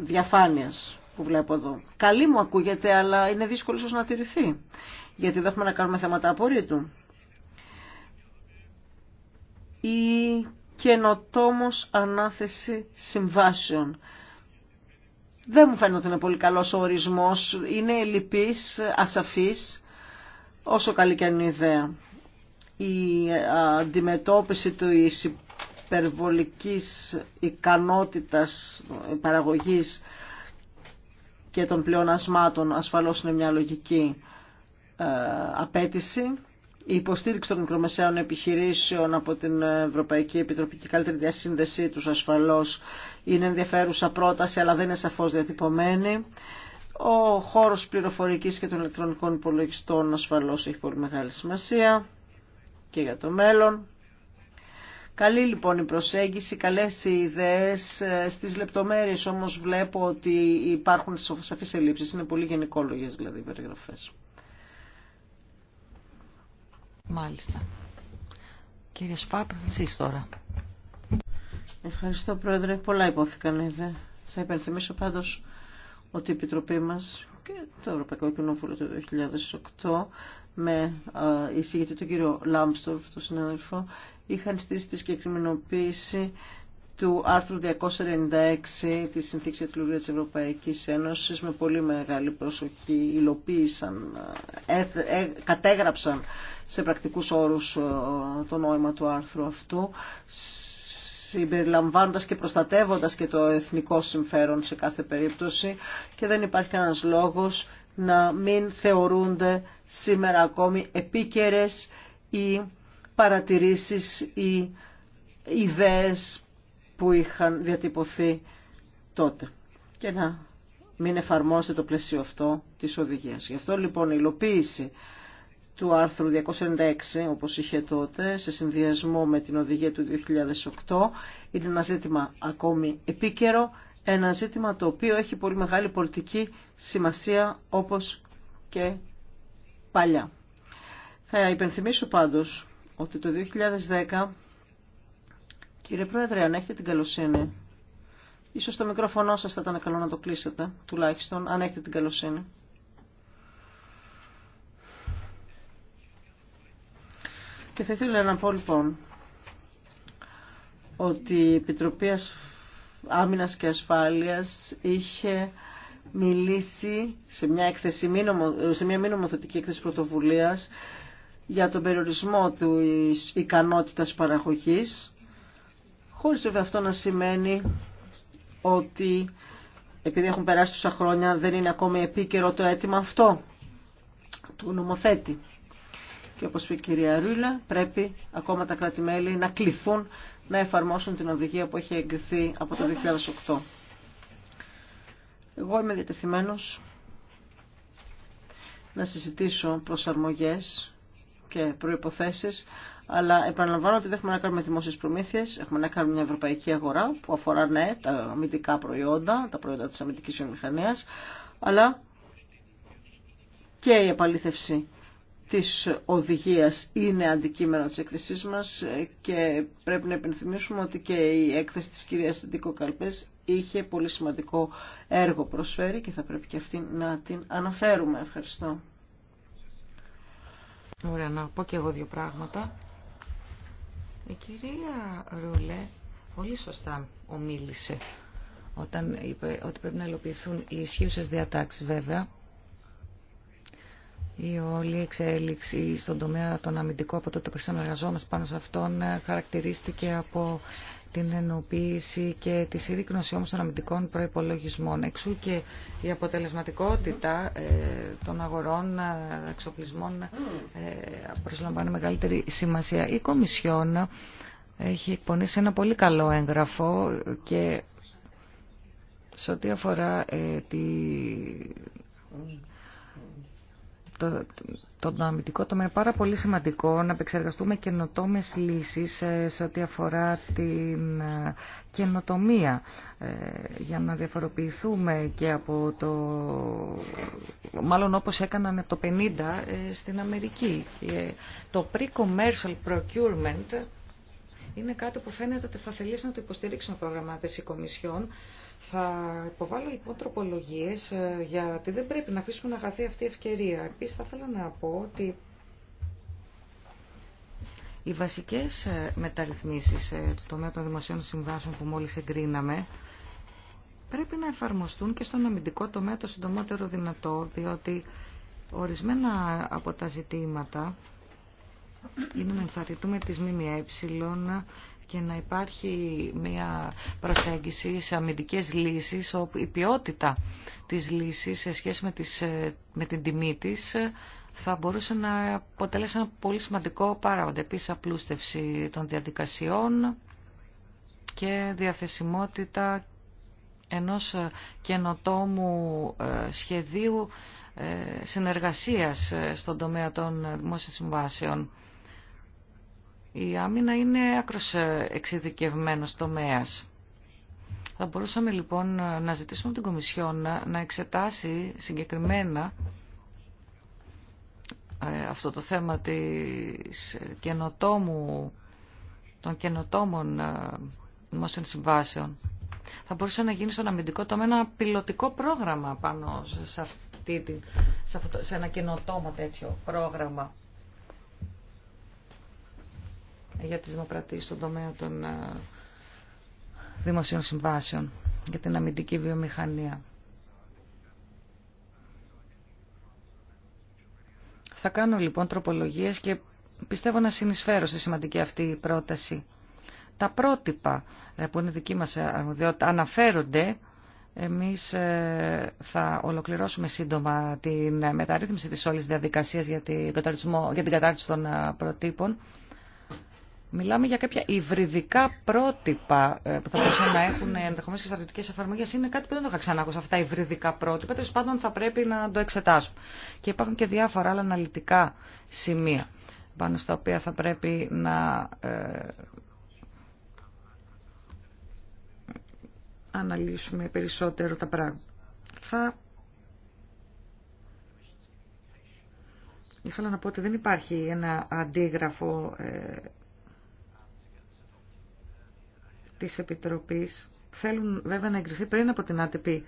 διαφάνειας που βλέπω εδώ. Καλή μου ακούγεται, αλλά είναι δύσκολο ίσως να τηρηθεί, γιατί δεν έχουμε να κάνουμε θέματα απορρίτου. Η καινοτόμος ανάθεση συμβάσεων. Δεν μου φαίνεται ότι είναι πολύ καλός ο ορισμός, είναι λυπής, ασαφής, όσο καλή και αν είναι η ιδέα. Η αντιμετώπιση του υπερβολικής ικανότητας παραγωγής και των πλεονασμάτων ασφαλώς είναι μια λογική ε, απέτηση. Η υποστήριξη των μικρομεσαίων επιχειρήσεων από την Ευρωπαϊκή Επιτροπή και η καλύτερη διασύνδεσή τους ασφαλώς είναι ενδιαφέρουσα πρόταση αλλά δεν είναι σαφώς διατυπωμένη. Ο χώρος πληροφορικής και των ηλεκτρονικών υπολογιστών ασφαλώς έχει πολύ μεγάλη σημασία και για το μέλλον. Καλή λοιπόν η προσέγγιση, καλές οι ιδέες. Ε, στις λεπτομέρειες όμως βλέπω ότι υπάρχουν σαφείς ελλείψεις. Είναι πολύ γενικόλογες δηλαδή οι περιγραφές. Μάλιστα. Κύριε Σπάπ, εσείς τώρα. Ευχαριστώ Πρόεδρε. Πολλά υπόθηκαν ήδη. Θα υπενθυμίσω πάντως ότι η Επιτροπή μας και το Ευρωπαϊκό Κοινοβούλιο το 2008 με ε, εισηγητή τον κύριο Λάμπστορφ, τον συνάδελφο, είχαν στήσει τη συγκεκριμενοποίηση του άρθρου 296 της Συνθήκης για τη της Ευρωπαϊκής Ένωσης με πολύ μεγάλη προσοχή υλοποίησαν, ε, ε, κατέγραψαν σε πρακτικούς όρους ε, το νόημα του άρθρου αυτού συμπεριλαμβάνοντας και προστατεύοντας και το εθνικό συμφέρον σε κάθε περίπτωση και δεν υπάρχει κανένας λόγος να μην θεωρούνται σήμερα ακόμη επίκαιρες παρατηρήσεις ή ιδέες που είχαν διατυπωθεί τότε και να μην εφαρμόσετε το πλαίσιο αυτό της οδηγίας. Γι' αυτό λοιπόν η υλοποίηση του άρθρου 296 όπως είχε τότε σε συνδυασμό με την οδηγία του 2008 είναι ένα ζήτημα ακόμη επίκαιρο, ένα ζήτημα το οποίο έχει πολύ μεγάλη πολιτική σημασία όπως και παλιά. Θα υπενθυμίσω πάντως ότι το 2010, κύριε Πρόεδρε, αν έχετε την καλοσύνη, ίσως το μικρόφωνο σας θα ήταν καλό να το κλείσετε, τουλάχιστον, αν έχετε την καλοσύνη. Και θα ήθελα να πω λοιπόν ότι η Επιτροπή Άμυνας και Ασφάλειας είχε μιλήσει σε μια, έκθεση, σε μια μη νομοθετική έκθεση πρωτοβουλίας για τον περιορισμό της ικανότητας παραχωχής, χωρίς βέβαια αυτό να σημαίνει ότι επειδή έχουν περάσει τόσα χρόνια δεν είναι ακόμη επίκαιρο το αίτημα αυτό του νομοθέτη. Και όπως είπε η κυρία Ρούλα, πρέπει ακόμα τα κρατη να κληθούν να εφαρμόσουν την οδηγία που έχει εγκριθεί από το 2008. Εγώ είμαι διατεθειμένος να συζητήσω προσαρμογές και προποθέσει, αλλά επαναλαμβάνω ότι δεν έχουμε να κάνουμε δημόσιε προμήθειε, έχουμε να κάνουμε μια ευρωπαϊκή αγορά που αφορά ναι τα αμυντικά προϊόντα, τα προϊόντα τη αμυντική βιομηχανία, αλλά και η επαλήθευση τη οδηγία είναι αντικείμενο τη έκθεσή μα, και πρέπει να επενθυμίσουμε ότι και η έκθεση τη κυρία Ντίκο Καλπέ είχε πολύ σημαντικό έργο προσφέρει και θα πρέπει και αυτή να την αναφέρουμε. Ευχαριστώ. Ωραία, να πω και εγώ δύο πράγματα. Η κυρία Ρούλε πολύ σωστά ομίλησε όταν είπε ότι πρέπει να υλοποιηθούν οι ισχύουσε διατάξει βέβαια η όλη εξέλιξη στον τομέα των αμυντικών από τότε που ξαναργαζόμαστε πάνω σε αυτόν ε, χαρακτηρίστηκε από την ενοποίηση και τη συρρήκνωση όμως των αμυντικών προϋπολογισμών. Εξού και η αποτελεσματικότητα ε, των αγορών ε, εξοπλισμών ε, προσλαμβάνει μεγαλύτερη σημασία. Η Κομισιόν έχει εκπονήσει ένα πολύ καλό έγγραφο και σε ό,τι αφορά τη το, το, το αμυντικό τομέα είναι πάρα πολύ σημαντικό να επεξεργαστούμε καινοτόμε λύσει ε, σε ό,τι αφορά την ε, καινοτομία ε, για να διαφοροποιηθούμε και από το... μάλλον όπως έκαναν το 50 στην Αμερική. Το pre-commercial procurement είναι κάτι που φαίνεται ότι θα θελήσει να το υποστηρίξουν προγραμμάτες η Κομισιόν θα υποβάλω λοιπόν τροπολογίε ε, γιατί δεν πρέπει να αφήσουμε να χαθεί αυτή η ευκαιρία. Επίση, θα ήθελα να πω ότι οι βασικέ ε, μεταρρυθμίσει ε, του τομέα των δημοσίων συμβάσεων που μόλι εγκρίναμε πρέπει να εφαρμοστούν και στον αμυντικό τομέα το συντομότερο δυνατό, διότι ορισμένα από τα ζητήματα είναι να ενθαρρυντούμε τις ΜΜΕ και να υπάρχει μια προσέγγιση σε αμυντικές λύσεις όπου η ποιότητα της λύσης σε σχέση με, ε, την τιμή της ε, θα μπορούσε να αποτελέσει ένα πολύ σημαντικό παράγοντα. επίση απλούστευση των διαδικασιών και διαθεσιμότητα ενός ε, καινοτόμου σχεδίου συνεργασίας στον τομέα των δημόσιων συμβάσεων. Η άμυνα είναι άκρος ε, εξειδικευμένος τομέας. Θα μπορούσαμε λοιπόν ε, να ζητήσουμε την Κομισιόν ε, να εξετάσει συγκεκριμένα αυτό το θέμα της καινοτόμου, των καινοτόμων δημόσιων συμβάσεων. Θα μπορούσε να γίνει στον αμυντικό τομέα ένα πιλωτικό πρόγραμμα πάνω σε, αυτή, σε, αυτό, σε ένα καινοτόμο τέτοιο πρόγραμμα για τις δημοκρατίες στον τομέα των ε, δημοσίων συμβάσεων για την αμυντική βιομηχανία. Θα κάνω λοιπόν τροπολογίες και πιστεύω να συνεισφέρω στη σημαντική αυτή πρόταση. Τα πρότυπα ε, που είναι δική μας αρμοδιότητα αναφέρονται. Εμείς ε, θα ολοκληρώσουμε σύντομα την μεταρρύθμιση της όλης διαδικασίας για την κατάρτιση των προτύπων. Μιλάμε για κάποια υβριδικά πρότυπα ε, που θα μπορούσαν να έχουν ενδεχομένω και στρατιωτικέ εφαρμογέ. Είναι κάτι που δεν το είχα ξανά Αυτά τα υβριδικά πρότυπα, τέλο πάντων θα πρέπει να το εξετάσουμε. Και υπάρχουν και διάφορα άλλα αναλυτικά σημεία πάνω στα οποία θα πρέπει να ε, αναλύσουμε περισσότερο τα πράγματα. Θα ήθελα να πω ότι δεν υπάρχει ένα αντίγραφο ε, της Επιτροπής θέλουν βέβαια να εγκριθεί πριν από την άτυπη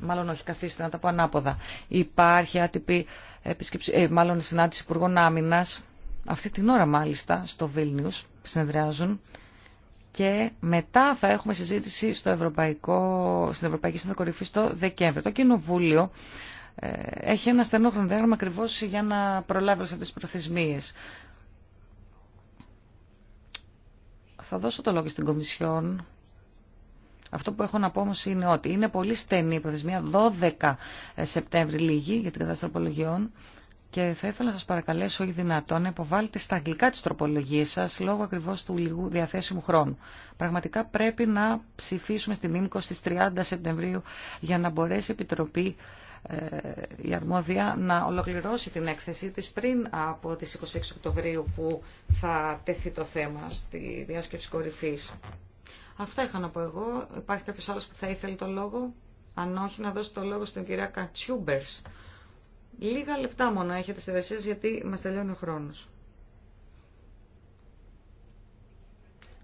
μάλλον όχι καθίστε να τα πω ανάποδα. Υπάρχει άτυπη επισκεψη, ε, μάλλον συνάντηση Υπουργών Άμυνα. Αυτή την ώρα μάλιστα στο Βίλνιους συνεδριάζουν και μετά θα έχουμε συζήτηση στο ευρωπαϊκό, στην Ευρωπαϊκή Σύνοδο Κορυφή το Δεκέμβριο. Το Κοινοβούλιο ε, έχει ένα στενό χρονοδιάγραμμα ακριβώ για να προλάβει αυτέ τι προθεσμίε. Θα δώσω το λόγο στην Κομισιόν. Αυτό που έχω να πω όμως είναι ότι είναι πολύ στενή η προθεσμία 12 Σεπτέμβρη λίγη για την κατάσταση τροπολογιών και θα ήθελα να σας παρακαλέσω ή δυνατόν να υποβάλλετε στα αγγλικά της τροπολογίας σας λόγω ακριβώς του λιγού διαθέσιμου χρόνου. Πραγματικά πρέπει να ψηφίσουμε στην ΜΜΚΟ στις 30 Σεπτεμβρίου για να μπορέσει η Επιτροπή ε, η αρμόδια να ολοκληρώσει την έκθεσή της πριν από τις 26 Οκτωβρίου που θα τεθεί το θέμα στη διάσκεψη κορυφής. Αυτά είχα να πω εγώ. Υπάρχει κάποιος άλλος που θα ήθελε το λόγο. Αν όχι, να δώσω το λόγο στην κυρία Κατσιούμπερς. Λίγα λεπτά μόνο έχετε στη δεσία γιατί μας τελειώνει ο χρόνος.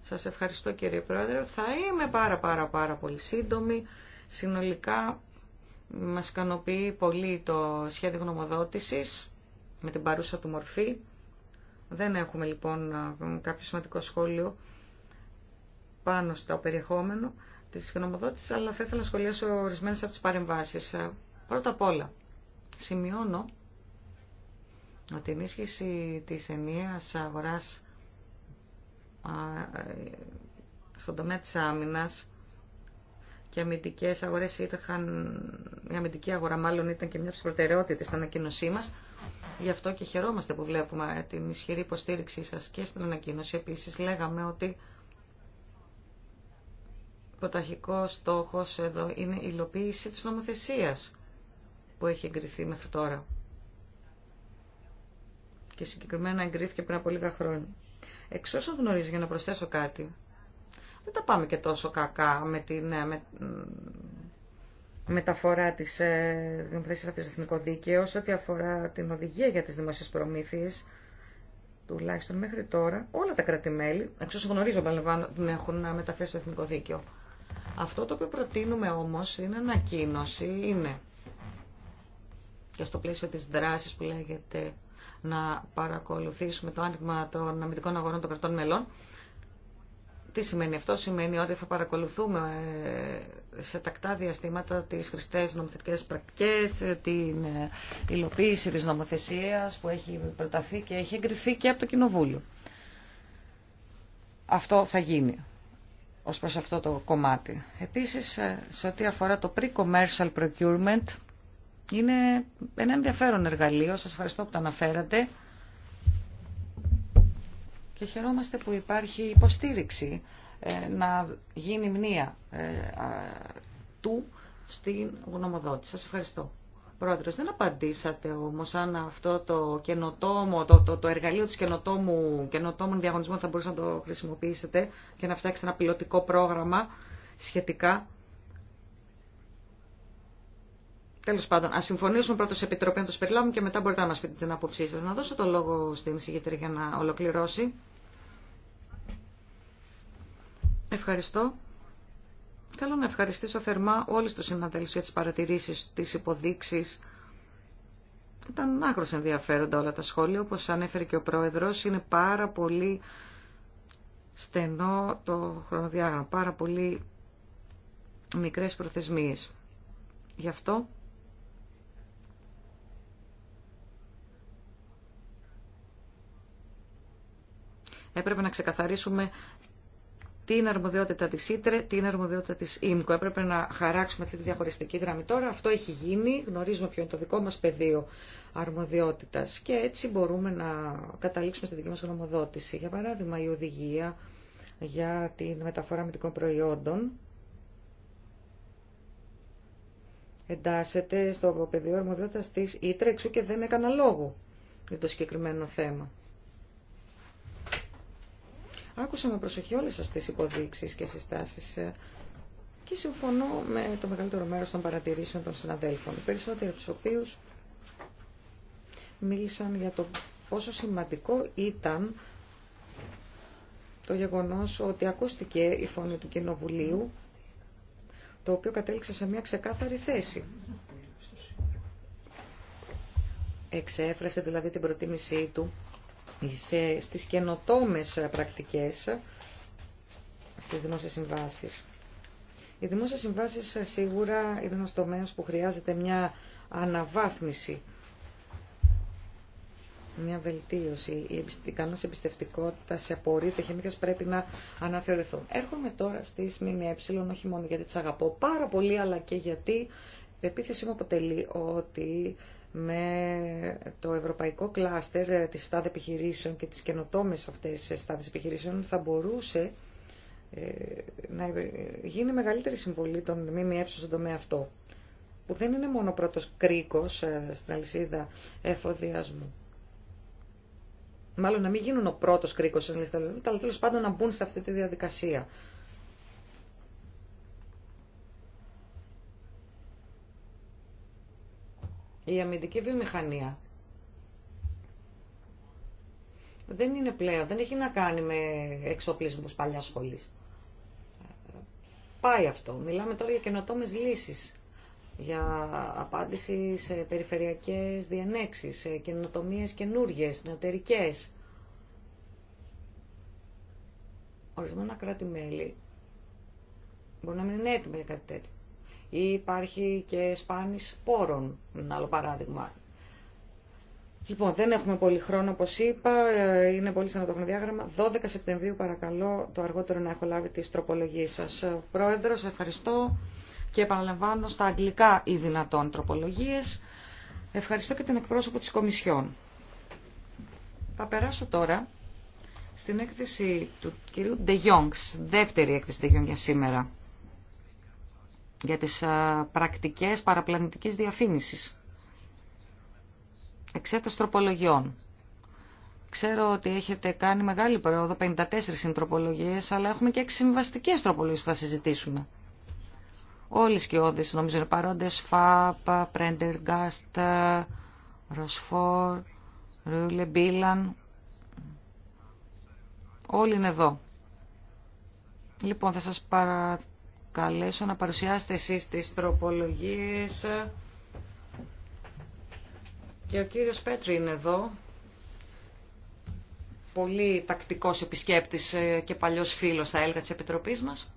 Σας ευχαριστώ κύριε Πρόεδρε. Θα είμαι πάρα πάρα πάρα πολύ σύντομη. Συνολικά Μα ικανοποιεί πολύ το σχέδιο γνωμοδότησης με την παρούσα του μορφή. Δεν έχουμε λοιπόν κάποιο σημαντικό σχόλιο πάνω στο περιεχόμενο της γνωμοδότησης, αλλά θα ήθελα να σχολιάσω ορισμένε από τις παρεμβάσεις. Πρώτα απ' όλα, σημειώνω ότι η ενίσχυση της ενιαία αγορά στον τομέα της άμυνας και αμυντικέ αγορέ ήταν, η αμυντική αγορά μάλλον ήταν και μια από στην ανακοίνωσή μα. Γι' αυτό και χαιρόμαστε που βλέπουμε την ισχυρή υποστήριξή σα και στην ανακοίνωση. επίση λέγαμε ότι πρωταρχικό στόχο εδώ είναι η υλοποίηση τη νομοθεσία που έχει εγκριθεί μέχρι τώρα. Και συγκεκριμένα εγκρίθηκε πριν από λίγα χρόνια. Εξ όσων γνωρίζω, για να προσθέσω κάτι, δεν τα πάμε και τόσο κακά με την ε, με, μεταφορά της ε, δημοθέσης αυτής του εθνικό δίκαιο σε ό,τι αφορά την οδηγία για τις δημόσιες προμήθειες τουλάχιστον μέχρι τώρα όλα τα κρατημέλη, εξ όσων γνωρίζω παλαιβάνω, την έχουν ε, μεταφέρει στο εθνικό δίκαιο. Αυτό το οποίο προτείνουμε όμως είναι ανακοίνωση, είναι και στο πλαίσιο της δράσης που λέγεται να παρακολουθήσουμε το άνοιγμα των αμυντικών αγορών των κρατών μελών, τι σημαίνει αυτό, σημαίνει ότι θα παρακολουθούμε ε, σε τακτά διαστήματα τις χρηστές νομοθετικές πρακτικές, ε, την ε, υλοποίηση της νομοθεσίας που έχει προταθεί και έχει εγκριθεί και από το Κοινοβούλιο. Αυτό θα γίνει ως προς αυτό το κομμάτι. Επίσης, σε ό,τι αφορά το pre-commercial procurement, είναι ένα ενδιαφέρον εργαλείο, σας ευχαριστώ που το αναφέρατε και χαιρόμαστε που υπάρχει υποστήριξη ε, να γίνει μνήα ε, του στην γνωμοδότηση. Σας ευχαριστώ. Πρόεδρος, δεν απαντήσατε όμως αν αυτό το καινοτόμο, το, το, εργαλείο της καινοτόμου, καινοτόμων διαγωνισμού, θα μπορούσατε να το χρησιμοποιήσετε και να φτιάξετε ένα πιλωτικό πρόγραμμα σχετικά Τέλο πάντων, α συμφωνήσουμε πρώτα σε επιτροπή να του περιλάβουμε και μετά μπορείτε να μα πείτε την άποψή σα. Να δώσω το λόγο στην συγκεκριτή για να ολοκληρώσει. Ευχαριστώ. Θέλω να ευχαριστήσω θερμά όλου του συναντέλου για τι παρατηρήσει, τι υποδείξει. Ήταν άκρως ενδιαφέροντα όλα τα σχόλια, Όπω ανέφερε και ο πρόεδρο. Είναι πάρα πολύ στενό το χρονοδιάγραμμα, πάρα πολύ μικρές προθεσμίες. Γι' αυτό Έπρεπε να ξεκαθαρίσουμε τι είναι αρμοδιότητα της ΙΤΡΕ, τι είναι αρμοδιότητα της ΙΜΚΟ. Έπρεπε να χαράξουμε αυτή τη διαχωριστική γραμμή τώρα. Αυτό έχει γίνει, γνωρίζουμε ποιο είναι το δικό μας πεδίο αρμοδιότητας και έτσι μπορούμε να καταλήξουμε στη δική μας γνωμοδότηση. Για παράδειγμα, η οδηγία για την μεταφορά μυντικών προϊόντων εντάσσεται στο πεδίο αρμοδιότητας της ΙΤΡΕ, εξού και δεν έκανα λόγο για το συγκεκριμένο θέμα. Άκουσα με προσοχή όλες σας τις υποδείξεις και συστάσεις ε, και συμφωνώ με το μεγαλύτερο μέρος των παρατηρήσεων των συναδέλφων, οι περισσότεροι από τους οποίους μίλησαν για το πόσο σημαντικό ήταν το γεγονός ότι ακούστηκε η φωνή του Κοινοβουλίου, το οποίο κατέληξε σε μια ξεκάθαρη θέση. Εξέφρασε δηλαδή την προτίμησή του σε, στις καινοτόμες πρακτικές στις δημόσιες συμβάσεις. Οι δημόσιες συμβάσεις σίγουρα είναι ένας τομέας που χρειάζεται μια αναβάθμιση, μια βελτίωση. Η κανόνα εμπιστευτικότητα σε απορρίτω χημίκες πρέπει να αναθεωρηθούν. Έρχομαι τώρα στις ΜΜΕ, όχι μόνο γιατί τις αγαπώ πάρα πολύ, αλλά και γιατί η επίθεση μου αποτελεί ότι με το ευρωπαϊκό κλάστερ της στάδες επιχειρήσεων και τις καινοτόμες αυτές στάδες επιχειρήσεων θα μπορούσε ε, να γίνει μεγαλύτερη συμβολή των ΜΜΕ στον τομέα αυτό, που δεν είναι μόνο πρώτος κρίκος ε, στην αλυσίδα εφοδιασμού. Μάλλον να μην γίνουν ο πρώτος κρίκος, αλλά τέλος πάντων να μπουν σε αυτή τη διαδικασία η αμυντική βιομηχανία δεν είναι πλέον, δεν έχει να κάνει με εξοπλισμούς παλιά σχολής. Πάει αυτό. Μιλάμε τώρα για καινοτόμες λύσεις, για απάντηση σε περιφερειακές διανέξεις, σε καινοτομίες καινούργιες, νεωτερικές. Ορισμένα κράτη-μέλη μπορεί να μην είναι έτοιμα για κάτι τέτοιο ή υπάρχει και σπάνιση πόρων, ένα άλλο παράδειγμα. Λοιπόν, δεν έχουμε πολύ χρόνο, όπως είπα, ε, είναι πολύ σαν το χρονοδιάγραμμα. 12 Σεπτεμβρίου, παρακαλώ, το αργότερο να έχω λάβει τις τροπολογίες σας. Ε, πρόεδρος, ευχαριστώ και επαναλαμβάνω στα αγγλικά ή δυνατόν τροπολογίες. Ευχαριστώ και την εκπρόσωπο της Κομισιόν. Θα περάσω τώρα στην έκθεση του κυρίου De Jongs, δεύτερη έκθεση De Jong για σήμερα για τις πρακτικές παραπλανητικής διαφήμισης. εξέτας τροπολογιών. Ξέρω ότι έχετε κάνει μεγάλη περίοδο, 54 συντροπολογίες, αλλά έχουμε και 6 συμβαστικές τροπολογίες που θα συζητήσουμε. Όλοι οι σκιώδεις νομίζω είναι παρόντες, ΦΑΠ, Πρέντεργκάστ, Ροσφόρ, Ρούλε, Μπίλαν. Όλοι είναι εδώ. Λοιπόν, θα σας παρα καλέσω να παρουσιάσετε εσείς τις τροπολογίες. Και ο κύριος Πέτρη είναι εδώ. Πολύ τακτικός επισκέπτης και παλιός φίλος, θα έλεγα, της Επιτροπής μας.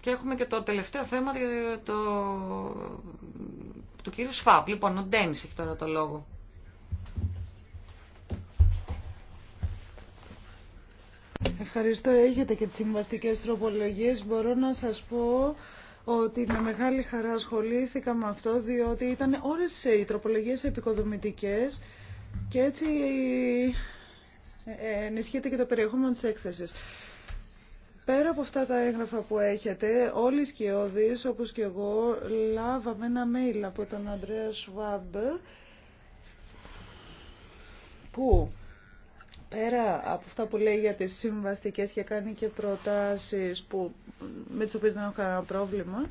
Και έχουμε και το τελευταίο θέμα ε, το... του κύριου Σφάπ. Λοιπόν, ο Ντένις έχει τώρα το λόγο. Ευχαριστώ. Έχετε και τις συμβαστικές τροπολογίες. Μπορώ να σας πω ότι με μεγάλη χαρά ασχολήθηκα με αυτό, διότι ήταν όλες οι τροπολογίες επικοδομητικές και έτσι ε, ενισχύεται και το περιεχόμενο της έκθεσης. Πέρα από αυτά τα έγγραφα που έχετε, όλοι οι σκιώδεις, όπως και εγώ, λάβαμε ένα mail από τον Ανδρέα Σουάμπ, που πέρα από αυτά που λέει για τις συμβαστικές και κάνει και προτάσεις που, με τις οποίες δεν έχω κανένα πρόβλημα,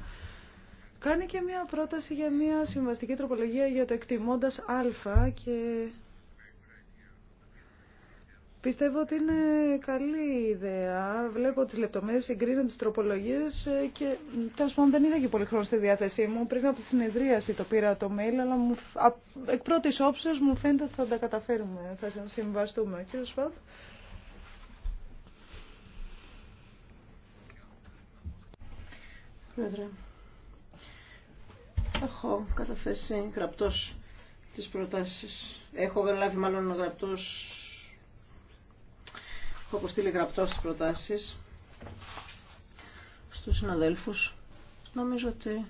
κάνει και μια πρόταση για μια συμβαστική τροπολογία για το εκτιμώντας α και Πιστεύω ότι είναι καλή ιδέα. Βλέπω τις λεπτομέρειες, συγκρίνω τι τροπολογίε και τέλο πάντων δεν είδα και πολύ χρόνο στη διάθεσή μου. Πριν από τη συνεδρίαση το πήρα το mail, αλλά εκ πρώτης όψεως μου φαίνεται ότι θα τα καταφέρουμε, θα συμβαστούμε. Κύριο Σφαντ. Πρόεδρε, έχω καταθέσει γραπτός τις προτάσεις. Έχω λάβει μάλλον γραπτός Έχω αποστείλει γραπτό στις προτάσεις στους συναδέλφους. Νομίζω ότι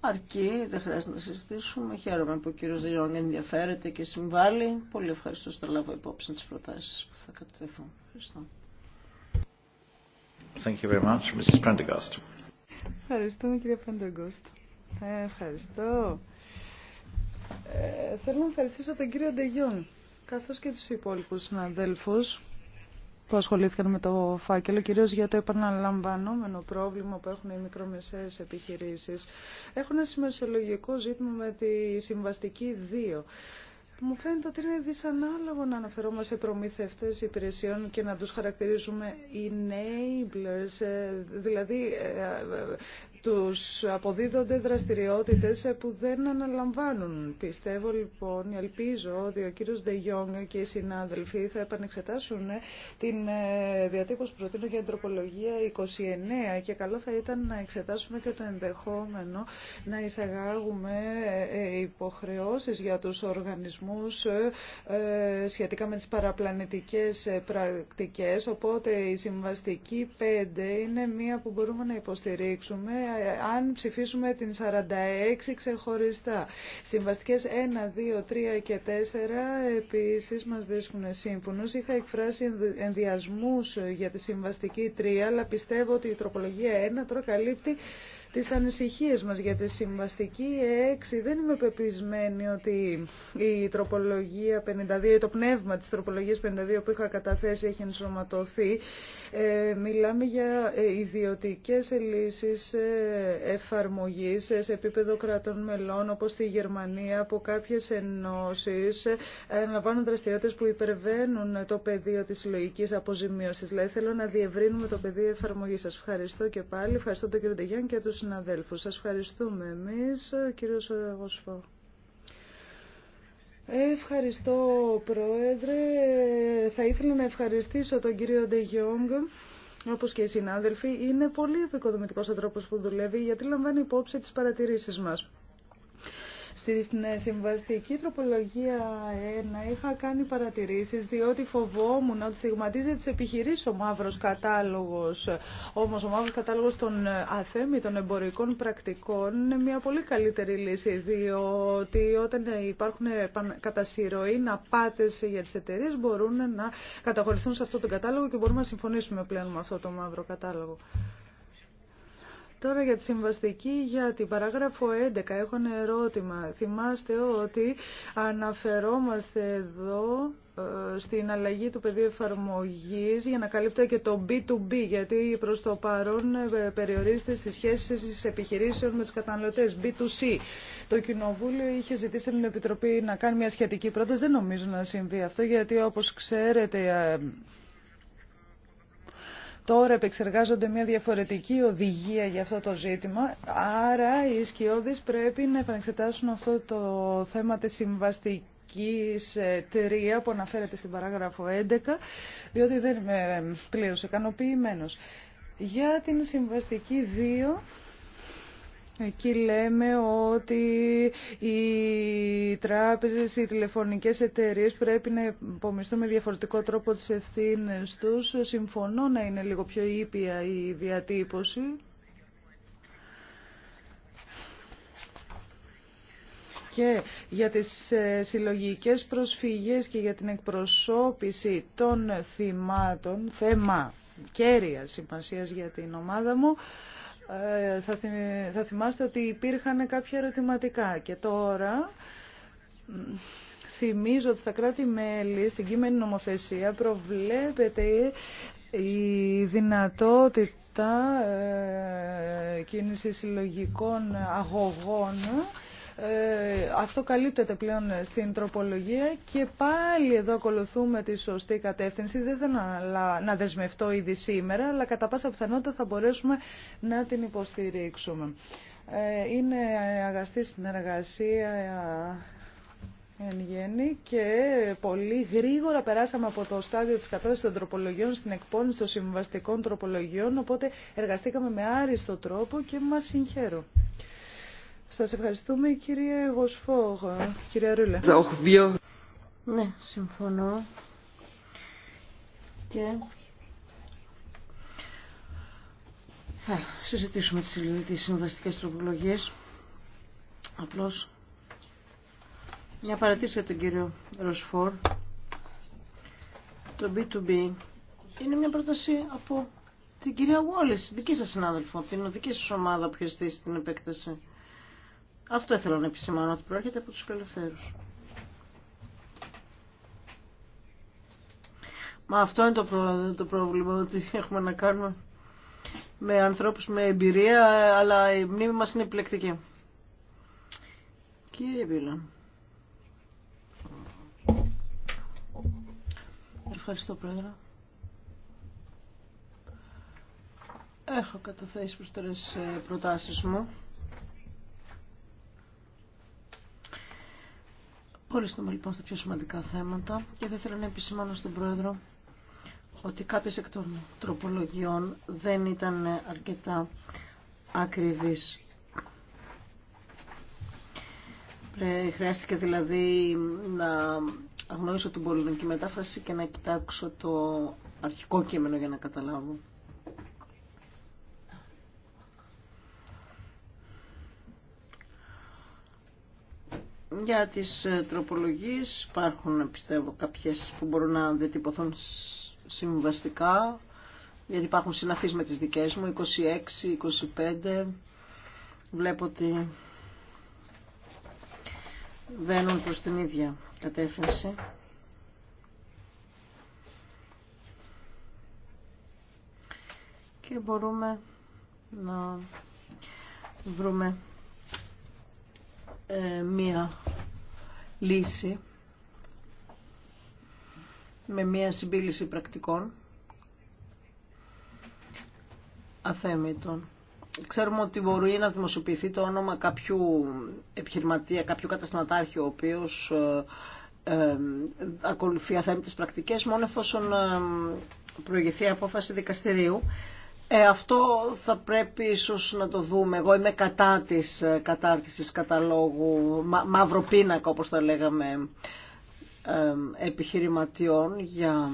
αρκεί, δεν χρειάζεται να συζητήσουμε. Χαίρομαι που ο κύριος Διόγκ ενδιαφέρεται και συμβάλλει. Πολύ ευχαριστώ στο λάβω υπόψη τις προτάσεις που θα κατευθούν. Ευχαριστώ. Thank you very much, Mrs. Prendergast. Ευχαριστούμε κύριε Prendergast. Ε, ευχαριστώ. Ε, θέλω να ευχαριστήσω τον κύριο Ντεγιόν καθώς και τους υπόλοιπους συναδέλφους που ασχολήθηκαν με το φάκελο, κυρίως για το επαναλαμβανόμενο πρόβλημα που έχουν οι μικρομεσαίες επιχειρήσεις. Έχουν ένα σημασιολογικό ζήτημα με τη συμβαστική 2. Μου φαίνεται ότι είναι δυσανάλογο να αναφερόμαστε σε προμήθευτες υπηρεσιών και να τους χαρακτηρίζουμε enablers, ε, δηλαδή ε, ε, τους αποδίδονται δραστηριότητες που δεν αναλαμβάνουν. Πιστεύω λοιπόν, ελπίζω ότι ο κύριος Ντε και οι συνάδελφοι θα επανεξετάσουν ε, την ε, διατύπωση που προτείνω για την 29 και καλό θα ήταν να εξετάσουμε και το ενδεχόμενο να εισαγάγουμε ε, υποχρεώσεις για τους οργανισμούς σχετικά με τις παραπλανητικές πρακτικές, οπότε η συμβαστική 5 είναι μία που μπορούμε να υποστηρίξουμε αν ψηφίσουμε την 46 ξεχωριστά. Συμβαστικές 1, 2, 3 και 4 επίσης μας βρίσκουν σύμφωνος. Είχα εκφράσει ενδιασμούς για τη συμβαστική 3, αλλά πιστεύω ότι η τροπολογία 1 τώρα τις ανησυχίες μας για τη συμβαστική 6. Δεν είμαι πεπισμένη ότι η τροπολογία 52, το πνεύμα της τροπολογίας 52 που είχα καταθέσει έχει ενσωματωθεί. Ε, μιλάμε για ε, ιδιωτικές λύσεις ε, εφαρμογής ε, σε επίπεδο κρατών μελών όπως στη Γερμανία που κάποιες ενώσεις αναλαμβάνουν δραστηριότητες που υπερβαίνουν το πεδίο της συλλογική αποζημίωσης. Δηλαδή θέλω να διευρύνουμε το πεδίο εφαρμογής. Σας ευχαριστώ και πάλι. Ευχαριστώ τον κύριο Ντεγιάν και τους συναδέλφου. Σας ευχαριστούμε εμείς, κύριος Γοσφό. Ευχαριστώ, Πρόεδρε. Θα ήθελα να ευχαριστήσω τον κύριο Ντεγιόγκ Όπω και οι συνάδελφοι, είναι πολύ επικοδομητικό ο τρόπο που δουλεύει γιατί λαμβάνει υπόψη τις παρατηρήσει μα. Στην ε, συμβαστική τροπολογία 1 είχα κάνει παρατηρήσεις διότι φοβόμουν ότι στιγματίζεται τις επιχειρήσεις ο μαύρος κατάλογος. Όμως ο μαύρος κατάλογος των ε, αθέμητων εμπορικών πρακτικών είναι μια πολύ καλύτερη λύση διότι όταν υπάρχουν κατά να πάτε για τις εταιρείες μπορούν να καταχωρηθούν σε αυτό τον κατάλογο και μπορούμε να συμφωνήσουμε πλέον με αυτό το μαύρο κατάλογο. Τώρα για τη συμβαστική, για την παράγραφο 11 έχω ένα ερώτημα. Θυμάστε ότι αναφερόμαστε εδώ ε, στην αλλαγή του πεδίου εφαρμογή για να καλύπτει και το B2B, γιατί προ το παρόν ε, περιορίζεται στι σχέσει τη επιχειρήσεων με του καταναλωτέ. B2C. Το Κοινοβούλιο είχε ζητήσει την Επιτροπή να κάνει μια σχετική πρόταση. Δεν νομίζω να συμβεί αυτό, γιατί όπω ξέρετε ε, τώρα επεξεργάζονται μια διαφορετική οδηγία για αυτό το ζήτημα, άρα οι σκιώδεις πρέπει να επανεξετάσουν αυτό το θέμα της συμβαστικής ε, τρία που αναφέρεται στην παράγραφο 11, διότι δεν είμαι πλήρως ικανοποιημένος. Για την συμβαστική 2 Εκεί λέμε ότι οι τράπεζες, οι τηλεφωνικές εταιρείες πρέπει να υπομισθούν με διαφορετικό τρόπο τις ευθύνες τους. Συμφωνώ να είναι λίγο πιο ήπια η διατύπωση. και για τις ε, συλλογικές προσφυγές και για την εκπροσώπηση των θυμάτων, θέμα κέρια σημασίας για την ομάδα μου, ε, θα θυμάστε ότι υπήρχαν κάποια ερωτηματικά και τώρα θυμίζω ότι στα κράτη-μέλη στην κείμενη νομοθεσία προβλέπεται η δυνατότητα ε, κίνησης συλλογικών αγωγών ε, αυτό καλύπτεται πλέον στην τροπολογία και πάλι εδώ ακολουθούμε τη σωστή κατεύθυνση. Δεν θέλω να δεσμευτώ ήδη σήμερα, αλλά κατά πάσα πιθανότητα θα μπορέσουμε να την υποστηρίξουμε. Ε, είναι αγαστή συνεργασία ε, εν γέννη και πολύ γρήγορα περάσαμε από το στάδιο της κατάστασης των τροπολογιών στην εκπόνηση των συμβαστικών τροπολογιών, οπότε εργαστήκαμε με άριστο τρόπο και μας συγχαίρω. Σας ευχαριστούμε κύριε Γοσφόγ, κυρία Ρούλε. Ναι, συμφωνώ. Και θα συζητήσουμε τις συμβαστικές τροπολογίες. Απλώς μια παρατήρηση για τον κύριο Ροσφόρ. Το B2B είναι μια πρόταση από την κυρία Wallace, δική σας συνάδελφο, από την δική σας ομάδα που έχει στήσει την επέκταση. Αυτό ήθελα να επισημάνω ότι προέρχεται από τους φιλελευθέρους. Μα αυτό είναι το, το πρόβλημα, ότι έχουμε να κάνουμε με ανθρώπους με εμπειρία, αλλά η μνήμη μας είναι επιλεκτική. Κύριε Βίλα. Ευχαριστώ, Πρόεδρε. Έχω καταθέσει προς ε, προτάσεις μου Ορίστομαι λοιπόν στα πιο σημαντικά θέματα και θα ήθελα να επισημάνω στον Πρόεδρο ότι κάποιες εκ των τροπολογιών δεν ήταν αρκετά ακριβείς. Χρειάστηκε δηλαδή να αγνοήσω την πολιτική μετάφραση και να κοιτάξω το αρχικό κείμενο για να καταλάβω. Για τις ε, τροπολογίες υπάρχουν πιστεύω κάποιες που μπορούν να διατυπωθούν συμβαστικά γιατί υπάρχουν συναφείς με τις δικές μου 26, 25 βλέπω ότι βαίνουν προς την ίδια κατεύθυνση και μπορούμε να βρούμε ε, μία λύση με μία συμπίληση πρακτικών αθέμητων. Ξέρουμε ότι μπορεί να δημοσιοποιηθεί το όνομα κάποιου επιχειρηματία, κάποιου καταστηματάρχη, ο οποίος ε, ε, ακολουθεί αθέμητες πρακτικές, μόνο εφόσον ε, προηγηθεί απόφαση δικαστηρίου. Ε, αυτό θα πρέπει ίσως να το δούμε. Εγώ είμαι κατά της ε, κατάρτισης καταλόγου, μα, μαύρο πίνακα όπως τα λέγαμε, επιχειρηματιών για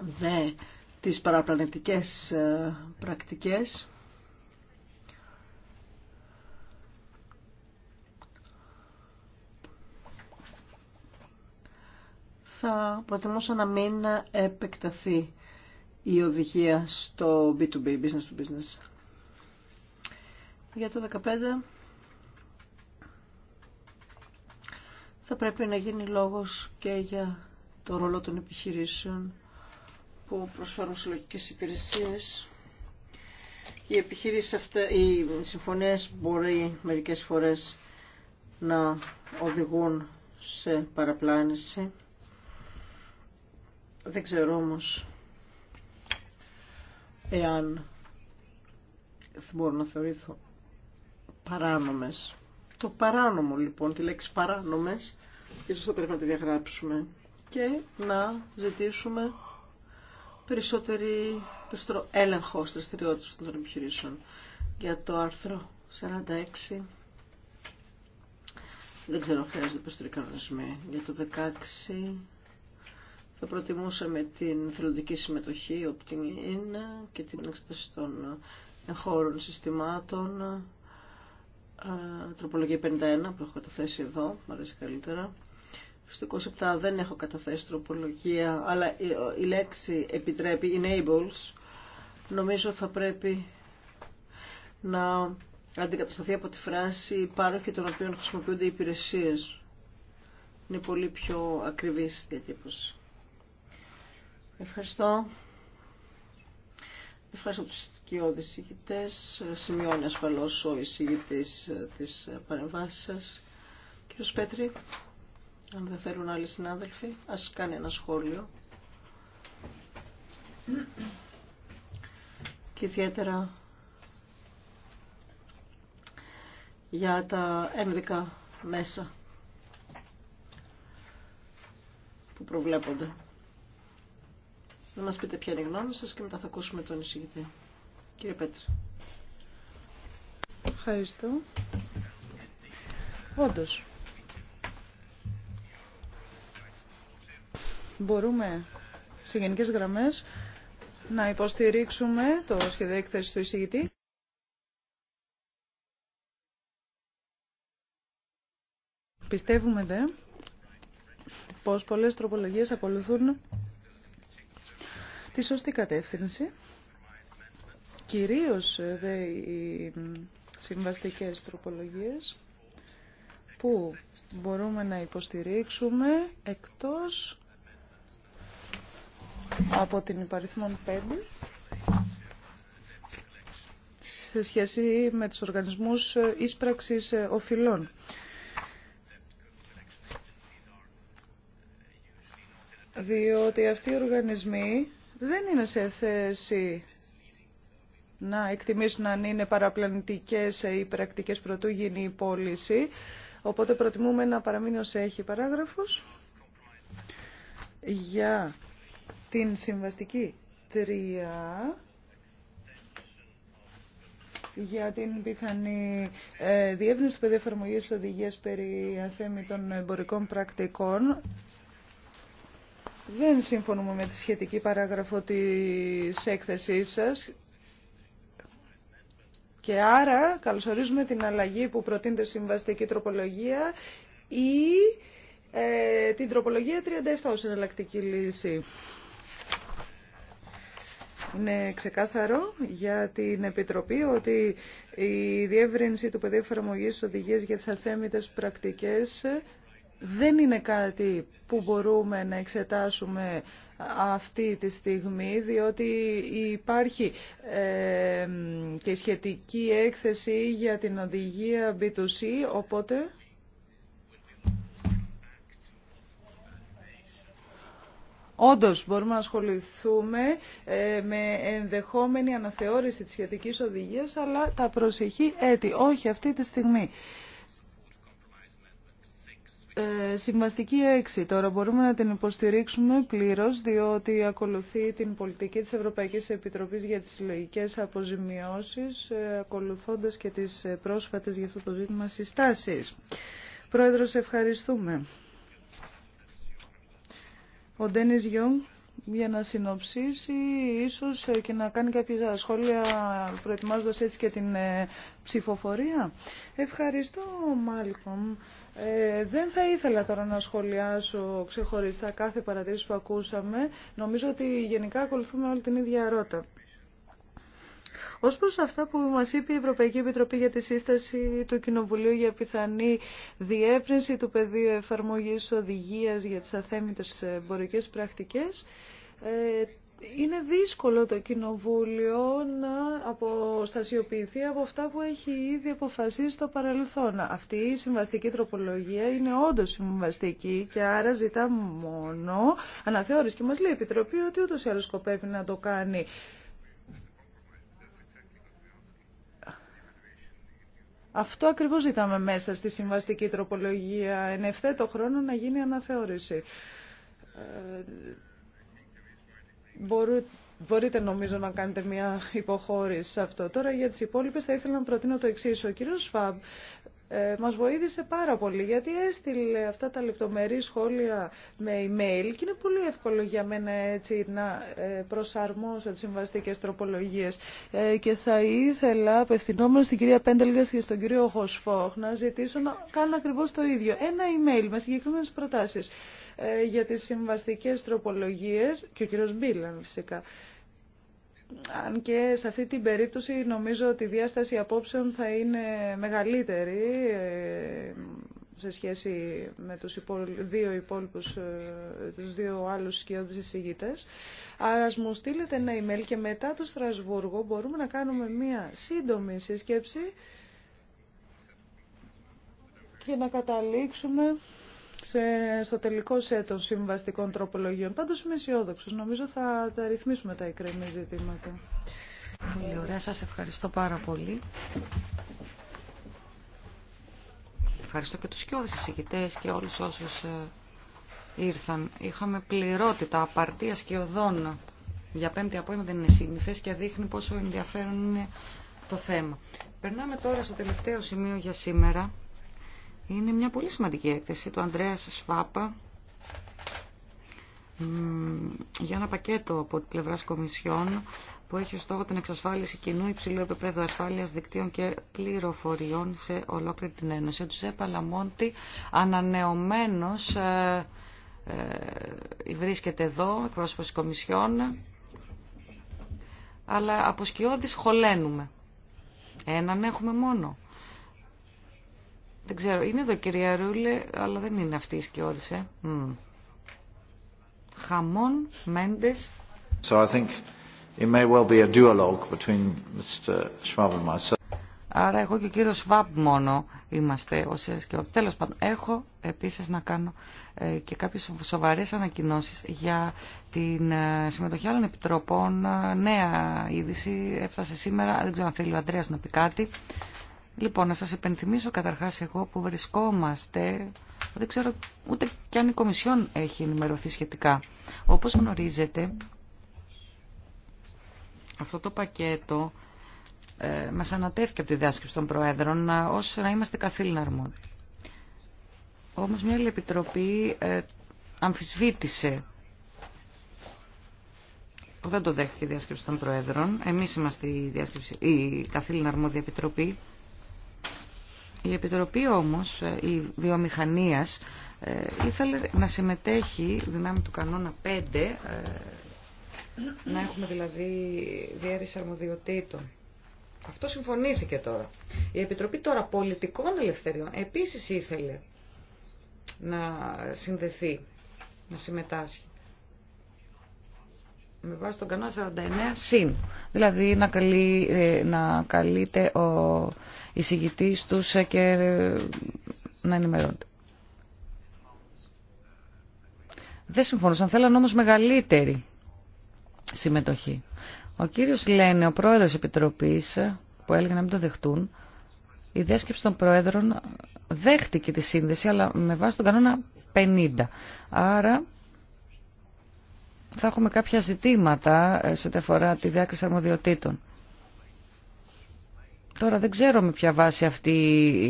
δε τις παραπλανητικές ε, πρακτικές. Θα προτιμούσα να μην επεκταθεί η οδηγία στο B2B, business to business. Για το 2015 θα πρέπει να γίνει λόγος και για το ρόλο των επιχειρήσεων που προσφέρουν συλλογικές υπηρεσίες. Οι επιχειρήσεις αυτά, οι συμφωνίες μπορεί μερικές φορές να οδηγούν σε παραπλάνηση. Δεν ξέρω όμως εάν μπορούν να θεωρηθούν παράνομες. Το παράνομο λοιπόν, τη λέξη παράνομες, ίσως θα πρέπει να τη διαγράψουμε και να ζητήσουμε περισσότερο έλεγχο στις δραστηριότητες των επιχειρήσεων. Για το άρθρο 46 δεν ξέρω χρειάζεται περισσότερο κανονισμή. Για το 16 θα προτιμούσαμε την θελοντική συμμετοχή, opt-in και την εξέταση των εγχώρων συστημάτων. Τροπολογία 51 που έχω καταθέσει εδώ, μου αρέσει καλύτερα. Στο 27 δεν έχω καταθέσει τροπολογία, αλλά η λέξη επιτρέπει, enables, νομίζω θα πρέπει να αντικατασταθεί από τη φράση υπάρχει των οποίων χρησιμοποιούνται οι υπηρεσίες». Είναι πολύ πιο ακριβής η διατύπωση. Ευχαριστώ. Ευχαριστώ τους κοιόδης συγκητές. Σημειώνει ασφαλώς ο εισηγητής ε, της ε, παρεμβάσης σας. Κύριος Πέτρη, αν δεν θέλουν άλλοι συνάδελφοι, ας κάνει ένα σχόλιο. Και ιδιαίτερα για τα ένδικα μέσα που προβλέπονται να μας πείτε ποια είναι η γνώμη σας και μετά θα ακούσουμε τον εισηγητή. Κύριε Πέτρη. Ευχαριστώ. Όντως. Μπορούμε σε γενικές γραμμές να υποστηρίξουμε το σχέδιο του εισηγητή. Πιστεύουμε δε πως πολλές τροπολογίες ακολουθούν τη σωστή κατεύθυνση. Κυρίως δε οι συμβαστικές τροπολογίες που μπορούμε να υποστηρίξουμε εκτός από την υπαριθμόν 5 σε σχέση με τους οργανισμούς ίσπραξης οφειλών. Διότι αυτοί οι οργανισμοί δεν είναι σε θέση να εκτιμήσουν αν είναι παραπλανητικές οι πρακτικές πρωτού γίνει η πώληση. Οπότε προτιμούμε να παραμείνει ως έχει παράγραφος για την συμβαστική 3 για την πιθανή ε, διεύρυνση του πεδίου εφαρμογή οδηγία περί αθέμητων εμπορικών πρακτικών. Δεν συμφωνούμε με τη σχετική παράγραφο της έκθεσής σας και άρα καλωσορίζουμε την αλλαγή που προτείνεται συμβαστική τροπολογία ή ε, την τροπολογία 37 ως εναλλακτική λύση. Είναι ξεκάθαρο για την Επιτροπή ότι η διεύρυνση του πεδίου εφαρμογή οδηγίε για τι αθέμητε πρακτικέ δεν είναι κάτι που μπορούμε να εξετάσουμε αυτή τη στιγμή, διότι υπάρχει ε, και σχετική έκθεση για την οδηγία B2C, οπότε... Όντως, μπορούμε να ασχοληθούμε ε, με ενδεχόμενη αναθεώρηση της σχετικής οδηγίας, αλλά τα προσεχή έτη, όχι αυτή τη στιγμή. Ε, συμβαστική έξι. τώρα μπορούμε να την υποστηρίξουμε πλήρως διότι ακολουθεί την πολιτική της Ευρωπαϊκής Επιτροπής για τις συλλογικέ αποζημιώσεις ε, ακολουθώντας και τις πρόσφατες για αυτό το ζήτημα συστάσεις. Πρόεδρος, ευχαριστούμε. Ο Ντένις Γιόγκ για να συνοψίσει ίσως ε, και να κάνει κάποια σχόλια προετοιμάζοντας έτσι και την ψηφοφορία. Ευχαριστώ Μάλκομ. Ε, δεν θα ήθελα τώρα να σχολιάσω ξεχωριστά κάθε παρατήρηση που ακούσαμε. Νομίζω ότι γενικά ακολουθούμε όλη την ίδια ρότα. Ω προ αυτά που μα είπε η Ευρωπαϊκή Επιτροπή για τη σύσταση του Κοινοβουλίου για πιθανή διεύρυνση του πεδίου εφαρμογή οδηγία για τι αθέμητε εμπορικέ πρακτικέ, ε, είναι δύσκολο το Κοινοβούλιο να αποστασιοποιηθεί από αυτά που έχει ήδη αποφασίσει στο παρελθόν. Αυτή η συμβαστική τροπολογία είναι όντως συμβαστική και άρα ζητά μόνο αναθεώρηση. Και μας λέει η Επιτροπή ότι ούτως ή άλλως σκοπεύει να το κάνει. Αυτό ακριβώς ζητάμε μέσα στη συμβαστική τροπολογία. Εν ευθέτω χρόνο να γίνει αναθεώρηση. Ε, Μπορείτε νομίζω να κάνετε μια υποχώρηση σε αυτό. Τώρα για τις υπόλοιπες θα ήθελα να προτείνω το εξής. Ο κύριος Φάμ ε, μας βοήθησε πάρα πολύ γιατί έστειλε αυτά τα λεπτομερή σχόλια με email και είναι πολύ εύκολο για μένα έτσι να ε, προσαρμόσω τις συμβαστικές τροπολογίες ε, και θα ήθελα απευθυνόμενο στην κυρία Πέντελγκας και στον κύριο Χοσφόχ να ζητήσω να κάνω ακριβώς το ίδιο ένα email με συγκεκριμένες προτάσεις ε, για τις συμβαστικές τροπολογίες και ο κύριος Μπίλαν φυσικά. Αν και σε αυτή την περίπτωση νομίζω ότι η διάσταση απόψεων θα είναι μεγαλύτερη ε, σε σχέση με τους δύο υπόλοιπους, ε, τους δύο άλλους σκιώδους εισηγητές. Ας μου στείλετε ένα email και μετά το Στρασβούργο μπορούμε να κάνουμε μία σύντομη συσκέψη και να καταλήξουμε στο τελικό σετ συμβαστικών τροπολογιών. Πάντως είμαι αισιόδοξο. Νομίζω θα τα ρυθμίσουμε τα εκκρεμή ζητήματα. Πολύ ωραία. Σας ευχαριστώ πάρα πολύ. Ευχαριστώ και τους σκιώδες εισηγητές και όλους όσους ε, ήρθαν. Είχαμε πληρότητα απαρτίας και οδών για πέμπτη απόγευμα δεν είναι σύνηθες και δείχνει πόσο ενδιαφέρον είναι το θέμα. Περνάμε τώρα στο τελευταίο σημείο για σήμερα. Είναι μια πολύ σημαντική έκθεση του Ανδρέα Σφάπα για ένα πακέτο από την πλευρά Κομισιόν που έχει ως στόχο την εξασφάλιση κοινού υψηλού επίπεδου ασφάλειας δικτύων και πληροφοριών σε ολόκληρη την Ένωση. Ο Τζέπα Λαμόντι ανανεωμένος ε, ε βρίσκεται εδώ, εκπρόσωπος της Κομισιόν, αλλά από σκιώδης χωλένουμε. Έναν έχουμε μόνο. Δεν ξέρω, είναι εδώ κυρία Ρούλε, αλλά δεν είναι αυτή η σκιώδησε. Mm. Χαμόν Μέντες. So I think it may well be a between Mr. Schwab and myself. Άρα εγώ και ο κύριος Σβάμπ μόνο είμαστε ως ο Τέλος πάντων, έχω επίσης να κάνω ε, και κάποιες σοβαρές ανακοινώσεις για την ε, συμμετοχή άλλων επιτροπών. Ε, νέα είδηση έφτασε σήμερα, δεν ξέρω αν θέλει ο Αντρέας να πει κάτι. Λοιπόν, να σας επενθυμίσω καταρχάς εγώ που βρισκόμαστε, δεν ξέρω ούτε κι αν η Κομισιόν έχει ενημερωθεί σχετικά. Όπως γνωρίζετε, αυτό το πακέτο ε, μας ανατέθηκε από τη διάσκεψη των Προέδρων ώστε να είμαστε καθήλυνα αρμόδιοι. Όμως μια άλλη επιτροπή ε, αμφισβήτησε που δεν το δέχτηκε η διάσκεψη των Προέδρων. Εμείς είμαστε η, η καθήλυνα αρμόδια επιτροπή η Επιτροπή όμως, ε, η βιομηχανίας, ε, ήθελε να συμμετέχει δυνάμει του κανόνα 5, ε, να έχουμε δηλαδή διέρηση αρμοδιοτήτων. Αυτό συμφωνήθηκε τώρα. Η Επιτροπή τώρα πολιτικών ελευθεριών επίσης ήθελε να συνδεθεί, να συμμετάσχει. Με βάση τον κανόνα 49 συν. Δηλαδή να, καλεί, να καλείται ο εισηγητή του ε, και ε, να ενημερώνεται. Δεν συμφωνούσαν, θέλαν όμως μεγαλύτερη συμμετοχή. Ο κύριος Λένε, ο πρόεδρος Επιτροπής, ε, που έλεγε να μην το δεχτούν, η δέσκεψη των πρόεδρων δέχτηκε τη σύνδεση, αλλά με βάση τον κανόνα 50. Άρα θα έχουμε κάποια ζητήματα σε ό,τι αφορά τη διάκριση αρμοδιοτήτων. Τώρα δεν ξέρω με ποια βάση αυτή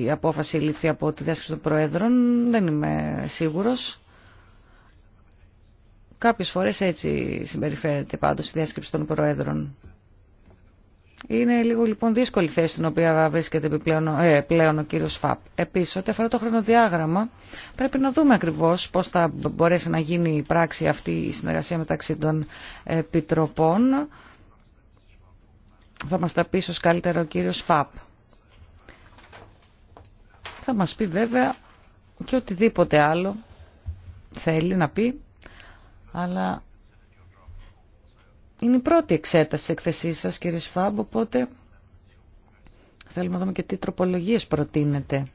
η απόφαση λήφθη από τη διάσκεψη των Προέδρων, δεν είμαι σίγουρος. Κάποιες φορές έτσι συμπεριφέρεται πάντως η διάσκεψη των Προέδρων. Είναι λίγο λοιπόν δύσκολη θέση στην οποία βρίσκεται πλέον, ε, πλέον ο κύριος Φαπ. Επίσης, ό,τι αφορά το χρονοδιάγραμμα, πρέπει να δούμε ακριβώς πώς θα μπορέσει να γίνει η πράξη αυτή η συνεργασία μεταξύ των επιτροπών θα μας τα πει ίσως καλύτερα ο κύριος Φαπ. Θα μας πει βέβαια και οτιδήποτε άλλο θέλει να πει, αλλά είναι η πρώτη εξέταση εκθεσή σας κύριε Φαμπ οπότε θέλουμε να δούμε και τι τροπολογίες προτείνετε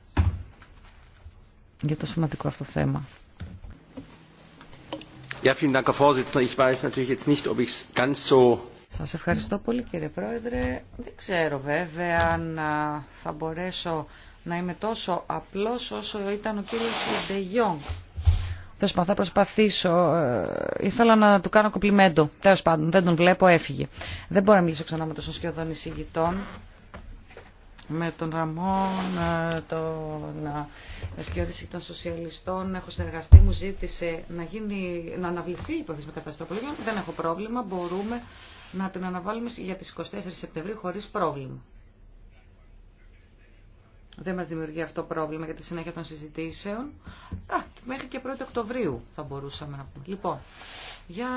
για το σημαντικό αυτό θέμα. Ja, vielen Dank, Herr Vorsitzender. Ich weiß natürlich jetzt nicht, ob ich es ganz so σας ευχαριστώ πολύ κύριε Πρόεδρε. Δεν ξέρω βέβαια αν θα μπορέσω να είμαι τόσο απλός όσο ήταν ο κύριος Ντεγιόν. θα προσπαθήσω. Ε, ήθελα να του κάνω κοπλιμέντο. Τέλο πάντων, δεν τον βλέπω, έφυγε. Δεν μπορώ να μιλήσω ξανά με τον Σοσιοδόν εισηγητών. Με τον Ραμόν, ε, ε, τον σκιώδηση των σοσιαλιστών, έχω συνεργαστεί, μου ζήτησε να, γίνει, να αναβληθεί η υπόθεση με Δεν έχω πρόβλημα, μπορούμε να την αναβάλουμε για τις 24 Σεπτεμβρίου χωρίς πρόβλημα. Δεν μας δημιουργεί αυτό πρόβλημα για τη συνέχεια των συζητήσεων. Α, μέχρι και 1 Οκτωβρίου θα μπορούσαμε να πούμε. Λοιπόν, για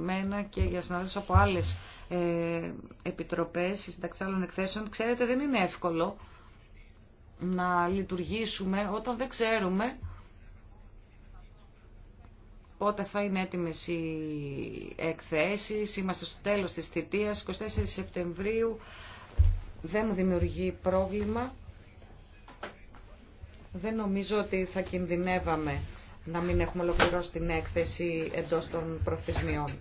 μένα και για συναδέλφους από άλλες ε, επιτροπές συνταξή εκθέσεων, ξέρετε δεν είναι εύκολο να λειτουργήσουμε όταν δεν ξέρουμε πότε θα είναι έτοιμες οι εκθέσεις. Είμαστε στο τέλος της θητείας, 24 Σεπτεμβρίου. Δεν μου δημιουργεί πρόβλημα. Δεν νομίζω ότι θα κινδυνεύαμε να μην έχουμε ολοκληρώσει την έκθεση εντός των προθεσμιών.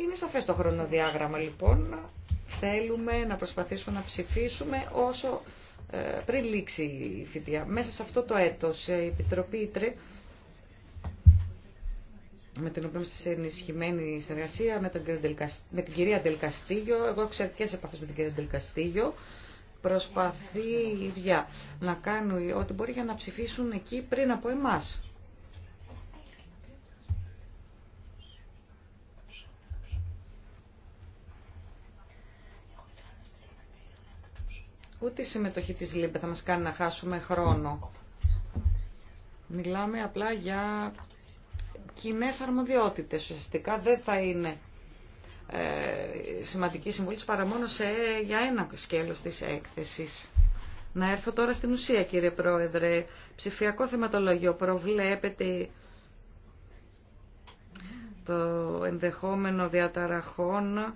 Είναι σαφές το χρονοδιάγραμμα λοιπόν. Θέλουμε να προσπαθήσουμε να ψηφίσουμε όσο ε, πριν λήξει η θητεία. Μέσα σε αυτό το έτος η Επιτροπή Ήτρε με την οποία είμαστε σε ενισχυμένη συνεργασία με, τον με την κυρία Ντελκαστήγιο. Εγώ έχω εξαιρετικέ επαφέ με την κυρία Ντελκαστήγιο. Προσπαθεί η ίδια να κάνει ό,τι μπορεί για να ψηφίσουν εκεί πριν από εμά. Ούτε η συμμετοχή της ΛΥΜΠΕ θα μας κάνει να χάσουμε χρόνο. Μιλάμε απλά για κοινέ αρμοδιότητες. Ουσιαστικά δεν θα είναι ε, σημαντική συμβουλή παρά μόνο σε, για ένα σκέλος της έκθεσης. Να έρθω τώρα στην ουσία κύριε Πρόεδρε. Ψηφιακό θεματολόγιο προβλέπεται το ενδεχόμενο διαταραχών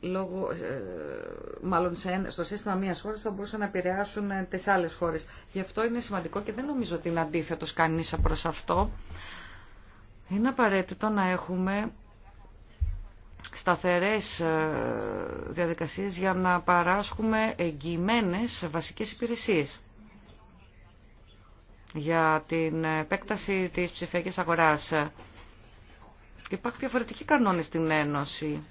λόγω, ε, μάλλον στο σύστημα μια χώρα θα μπορούσαν να επηρεάσουν ε, τι άλλε χώρε. Γι' αυτό είναι σημαντικό και δεν νομίζω ότι είναι αντίθετο κανεί προ αυτό. Είναι απαραίτητο να έχουμε σταθερές ε, διαδικασίες για να παράσχουμε εγγυημένες βασικές υπηρεσίες για την επέκταση της ψηφιακής αγοράς. Υπάρχουν διαφορετικοί κανόνες στην Ένωση.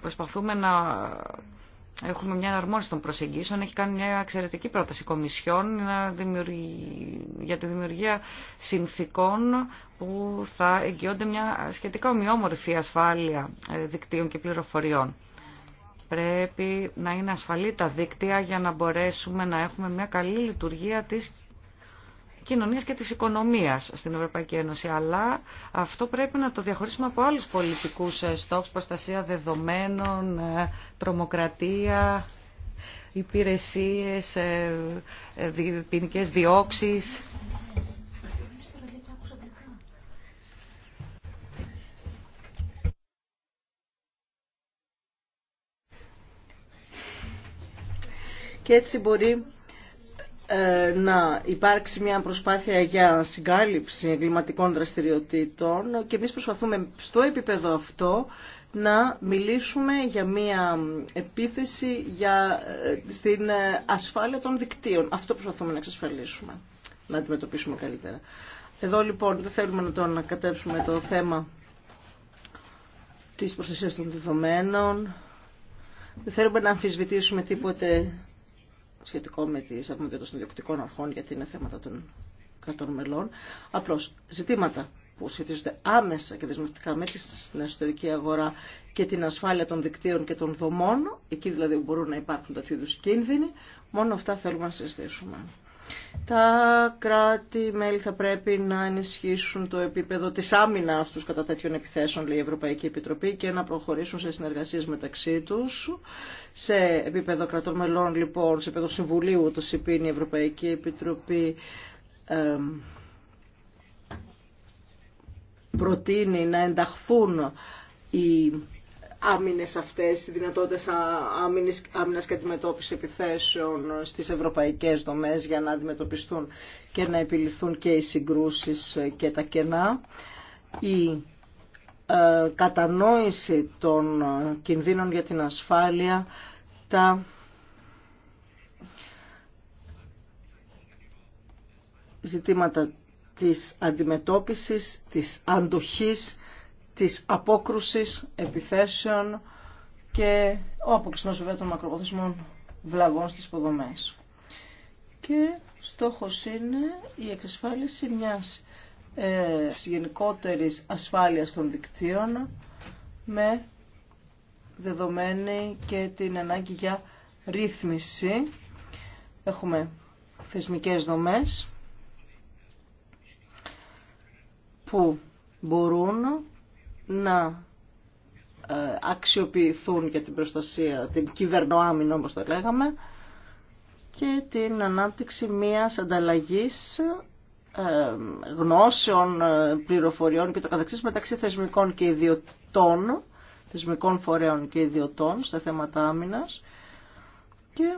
Προσπαθούμε να Έχουμε μια αναρμόνιση των προσεγγίσεων. Έχει κάνει μια εξαιρετική πρόταση κομισιών για τη δημιουργία συνθήκων που θα εγγυώνται μια σχετικά ομοιόμορφη ασφάλεια ε, δικτύων και πληροφοριών. Πρέπει να είναι ασφαλή τα δίκτυα για να μπορέσουμε να έχουμε μια καλή λειτουργία της κοινωνίας και της οικονομίας στην Ευρωπαϊκή Ένωση. Αλλά αυτό πρέπει να το διαχωρίσουμε από άλλους πολιτικούς ε, στόχους, προστασία δεδομένων, ε, τρομοκρατία, υπηρεσίες, ε, ποινικές διώξεις. Και έτσι μπορεί ε, να υπάρξει μια προσπάθεια για συγκάλυψη εγκληματικών δραστηριοτήτων και εμείς προσπαθούμε στο επίπεδο αυτό να μιλήσουμε για μια επίθεση για, ε, στην ε, ασφάλεια των δικτύων. Αυτό προσπαθούμε να εξασφαλίσουμε, να αντιμετωπίσουμε καλύτερα. Εδώ λοιπόν δεν θέλουμε να το ανακατέψουμε το θέμα της προστασίας των δεδομένων. Δεν θέλουμε να αμφισβητήσουμε τίποτε σχετικό με τις αρμοδιότητες των διοκτικών αρχών, γιατί είναι θέματα των κρατών μελών. Απλώς ζητήματα που σχετίζονται άμεσα και δεσμευτικά με την εσωτερική αγορά και την ασφάλεια των δικτύων και των δομών, εκεί δηλαδή που μπορούν να υπάρχουν τέτοιου είδου κίνδυνοι, μόνο αυτά θέλουμε να συζητήσουμε. Τα κράτη-μέλη θα πρέπει να ενισχύσουν το επίπεδο της άμυνας τους κατά τέτοιων επιθέσεων, λέει η Ευρωπαϊκή Επιτροπή, και να προχωρήσουν σε συνεργασίες μεταξύ τους. Σε επίπεδο κρατών μελών, λοιπόν, σε επίπεδο Συμβουλίου, το συμπίνει η Ευρωπαϊκή Επιτροπή προτείνει να ενταχθούν οι άμυνες αυτές, οι δυνατότητες άμυνες, άμυνας και αντιμετώπιση επιθέσεων στις ευρωπαϊκές δομές για να αντιμετωπιστούν και να επιληθούν και οι συγκρούσεις ε, και τα κενά. Η ε, κατανόηση των ε, κινδύνων για την ασφάλεια, τα ζητήματα της αντιμετώπισης, της αντοχής της απόκρουσης, επιθέσεων και ο αποκλεισμός βέβαια των μακροπόθεσμων βλαβών στις υποδομές. Και στόχος είναι η εξασφάλιση μιας ε, γενικότερης ασφάλειας των δικτύων με δεδομένη και την ανάγκη για ρύθμιση. Έχουμε θεσμικές δομές που μπορούν να ε, αξιοποιηθούν για την προστασία, την κυβερνοάμυνα όπως το λέγαμε και την ανάπτυξη μιας ανταλλαγής ε, γνώσεων, ε, πληροφοριών και το καθεξής μεταξύ θεσμικών και ιδιωτών, θεσμικών φορέων και ιδιωτών στα θέματα άμυνας και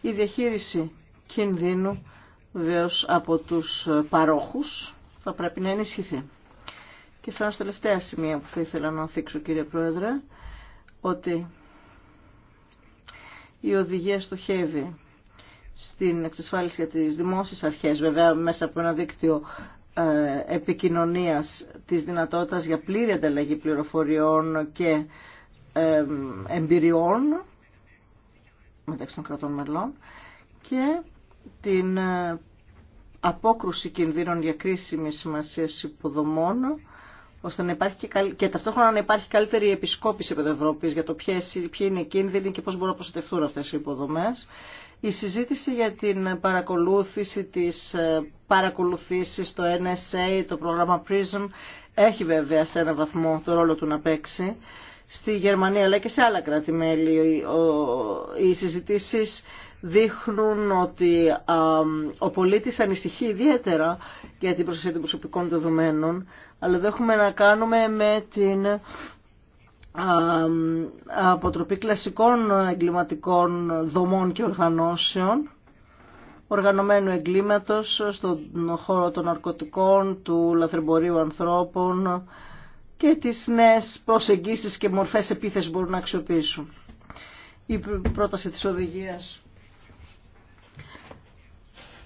η διαχείριση κινδύνου βεβαίω από τους παρόχους θα πρέπει να ενισχυθεί. Και φτάνω στα τελευταία σημεία που θα ήθελα να θίξω κύριε Πρόεδρε, ότι η οδηγία στοχεύει στην εξασφάλιση για τις δημόσιες αρχές, βέβαια μέσα από ένα δίκτυο ε, επικοινωνίας της δυνατότητας για πλήρη ανταλλαγή πληροφοριών και ε, εμπειριών μεταξύ των κρατών μελών και την ε, απόκρουση κινδύνων για κρίσιμη σημασία υποδομών ώστε να υπάρχει και, και ταυτόχρονα να υπάρχει καλύτερη επισκόπηση την Ευρώπη για το ποιοι είναι οι κίνδυνοι και πώς μπορούν να προστατευτούν αυτές οι υποδομές. Η συζήτηση για την παρακολούθηση τη ε, παρακολουθήσεις, το NSA, το πρόγραμμα PRISM, έχει βέβαια σε ένα βαθμό το ρόλο του να παίξει. Στη Γερμανία αλλά και σε άλλα κράτη-μέλη οι συζητήσει δείχνουν ότι ο πολίτης ανησυχεί ιδιαίτερα για την προστασία των προσωπικών δεδομένων, αλλά δεν έχουμε να κάνουμε με την αποτροπή κλασικών εγκληματικών δομών και οργανώσεων, οργανωμένου εγκλήματος στον χώρο των ναρκωτικών, του λαθρεμπορίου ανθρώπων και τις νέες προσεγγίσεις και μορφές επίθεσης μπορούν να αξιοποιήσουν. Η πρόταση της οδηγίας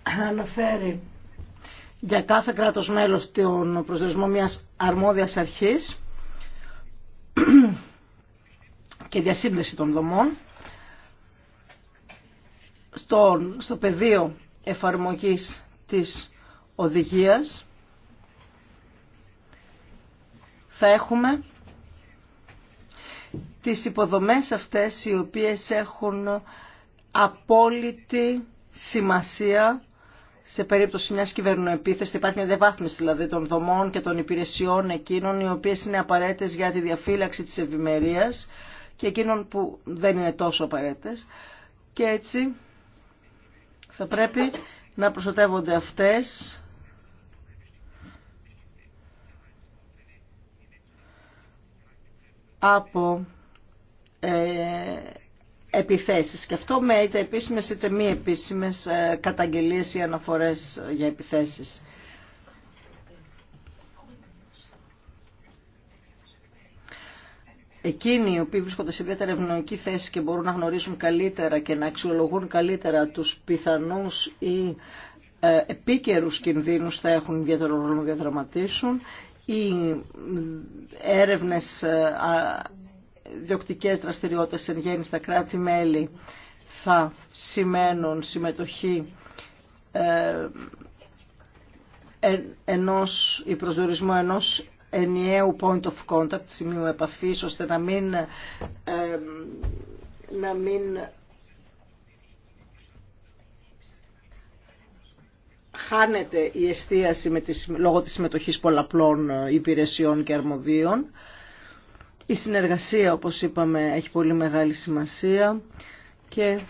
αναφέρει για κάθε κράτος μέλος τον προσδιορισμό μιας αρμόδιας αρχής και διασύνδεση των δομών στο, στο πεδίο εφαρμογής της οδηγίας θα έχουμε τις υποδομές αυτές οι οποίες έχουν απόλυτη σημασία σε περίπτωση μιας κυβερνοεπίθεσης υπάρχει μια διαβάθμιση δηλαδή των δομών και των υπηρεσιών εκείνων οι οποίες είναι απαραίτητες για τη διαφύλαξη της ευημερία και εκείνων που δεν είναι τόσο απαραίτητες και έτσι θα πρέπει να προστατεύονται αυτές από ε, επιθέσεις. Και αυτό με είτε επίσημες είτε μη επίσημες ε, καταγγελίες ή αναφορές για επιθέσεις. Εκείνοι οι οποίοι βρίσκονται σε ιδιαίτερα ευνοϊκή θέση και μπορούν να γνωρίζουν καλύτερα και να αξιολογούν καλύτερα τους πιθανούς ή ε, επίκαιρους κινδύνους θα έχουν ιδιαίτερο ρόλο να διαδραματίσουν. Οι ε, έρευνες διοκτικές δραστηριότητες εν γέννη στα κράτη-μέλη θα σημαίνουν συμμετοχή ε, ε, ενός, ή προσδιορισμό ενός ενιαίου point of contact, σημείου επαφής, ώστε να μην, ε, να μην χάνεται η εστίαση με τη, λόγω της συμμετοχής πολλαπλών ε, υπηρεσιών και αρμοδίων. Η συνεργασία, όπως είπαμε, έχει πολύ μεγάλη σημασία και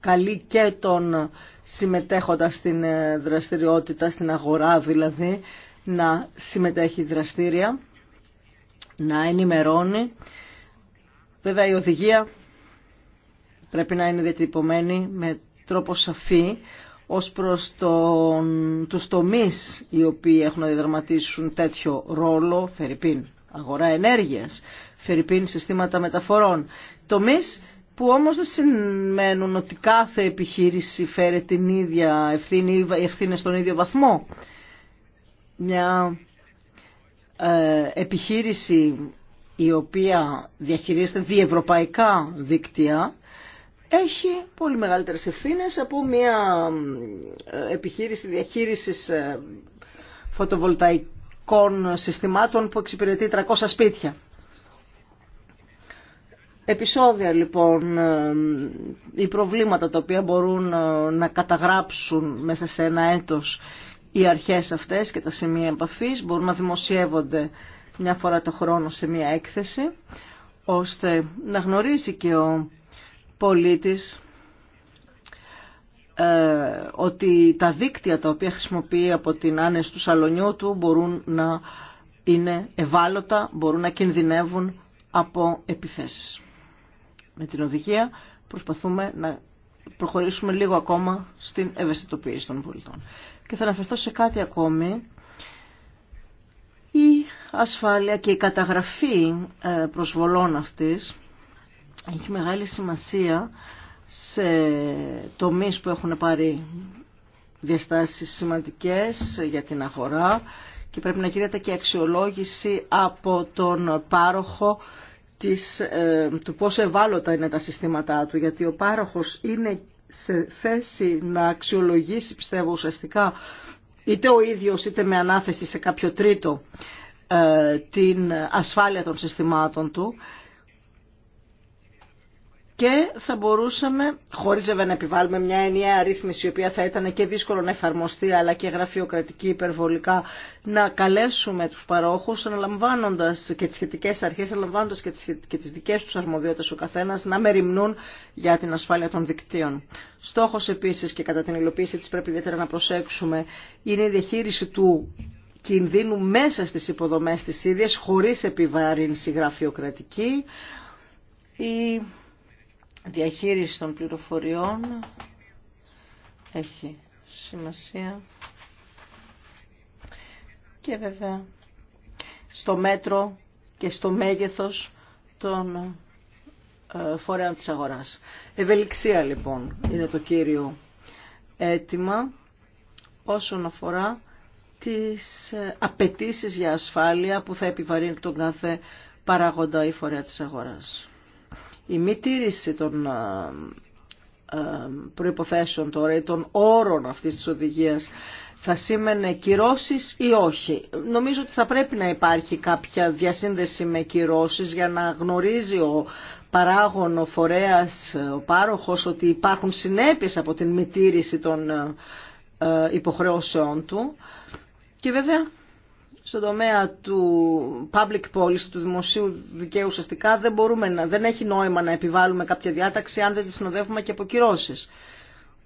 καλεί και τον συμμετέχοντα στην ε, δραστηριότητα, στην αγορά δηλαδή, να συμμετέχει δραστήρια, να ενημερώνει. Βέβαια η οδηγία πρέπει να είναι διατυπωμένη με τρόπο σαφή ως προς τον, τους τομείς οι οποίοι έχουν να διδραματίσουν τέτοιο ρόλο, Φερρυπίν αγορά ενέργειας, φερρυπίν συστήματα μεταφορών. Τομείς που όμως δεν σημαίνουν ότι κάθε επιχείρηση φέρει την ίδια ευθύνη ή ευθύνη στον ίδιο βαθμό. Μια ε, επιχείρηση η οποία διαχειρίζεται διευρωπαϊκά δίκτυα έχει πολύ μεγαλύτερες ευθύνες από μια ε, επιχείρηση διαχείρισης απο μια επιχειρηση διαχειρισης φωτοβολταικων ηλεκτρικών συστημάτων που εξυπηρετεί 300 σπίτια. Επισόδια λοιπόν ε, οι προβλήματα τα οποία μπορούν ε, να καταγράψουν μέσα σε ένα έτος οι αρχές αυτές και τα σημεία επαφή, μπορούν να δημοσιεύονται μια φορά το χρόνο σε μια έκθεση ώστε να γνωρίζει και ο πολίτης ε, ότι τα δίκτυα τα οποία χρησιμοποιεί από την άνεση του σαλονιού του μπορούν να είναι ευάλωτα, μπορούν να κινδυνεύουν από επιθέσεις. Με την οδηγία προσπαθούμε να προχωρήσουμε λίγο ακόμα στην ευαισθητοποίηση των πολιτών. Και θα αναφερθώ σε κάτι ακόμη. Η ασφάλεια και η καταγραφή ε, προσβολών αυτής έχει μεγάλη σημασία σε τομείς που έχουν πάρει διαστάσεις σημαντικές για την αγορά και πρέπει να γίνεται και αξιολόγηση από τον πάροχο της, ε, του πόσο ευάλωτα είναι τα συστήματά του, γιατί ο πάροχος είναι σε θέση να αξιολογήσει, πιστεύω ουσιαστικά, είτε ο ίδιος είτε με ανάθεση σε κάποιο τρίτο, ε, την ασφάλεια των συστημάτων του και θα μπορούσαμε, χωρίς βέβαια να επιβάλλουμε μια ενιαία ρύθμιση, η οποία θα ήταν και δύσκολο να εφαρμοστεί, αλλά και γραφειοκρατική υπερβολικά, να καλέσουμε τους παρόχους, αναλαμβάνοντας και τις σχετικές αρχές, αναλαμβάνοντας και τις, και τις δικές τους αρμοδιότητες ο καθένας, να μεριμνούν για την ασφάλεια των δικτύων. Στόχος επίσης και κατά την υλοποίηση της πρέπει ιδιαίτερα να προσέξουμε, είναι η διαχείριση του κινδύνου μέσα στις υποδομές της ίδιας, χωρίς επιβαρύνση γραφειοκρατική, η διαχείριση των πληροφοριών έχει σημασία. Και βέβαια στο μέτρο και στο μέγεθος των ε, φορέων της αγοράς. Ευελιξία λοιπόν είναι το κύριο αίτημα όσον αφορά τις ε, απαιτήσεις για ασφάλεια που θα επιβαρύνει τον κάθε παράγοντα ή φορέα της αγοράς η μη τήρηση των ε, ε, προϋποθέσεων τώρα ή των όρων αυτής της οδηγίας θα σήμαινε κυρώσεις ή όχι. Νομίζω ότι θα πρέπει να υπάρχει κάποια διασύνδεση με κυρώσεις για να γνωρίζει ο παράγων, ο φορέας, ο πάροχος ότι υπάρχουν συνέπειες από την μη τήρηση των ε, υποχρεώσεών του. Και βέβαια στον τομέα του public policy, του δημοσίου δικαίου ουσιαστικά, δεν, μπορούμε να, δεν έχει νόημα να επιβάλλουμε κάποια διάταξη αν δεν τη συνοδεύουμε και κυρώσει.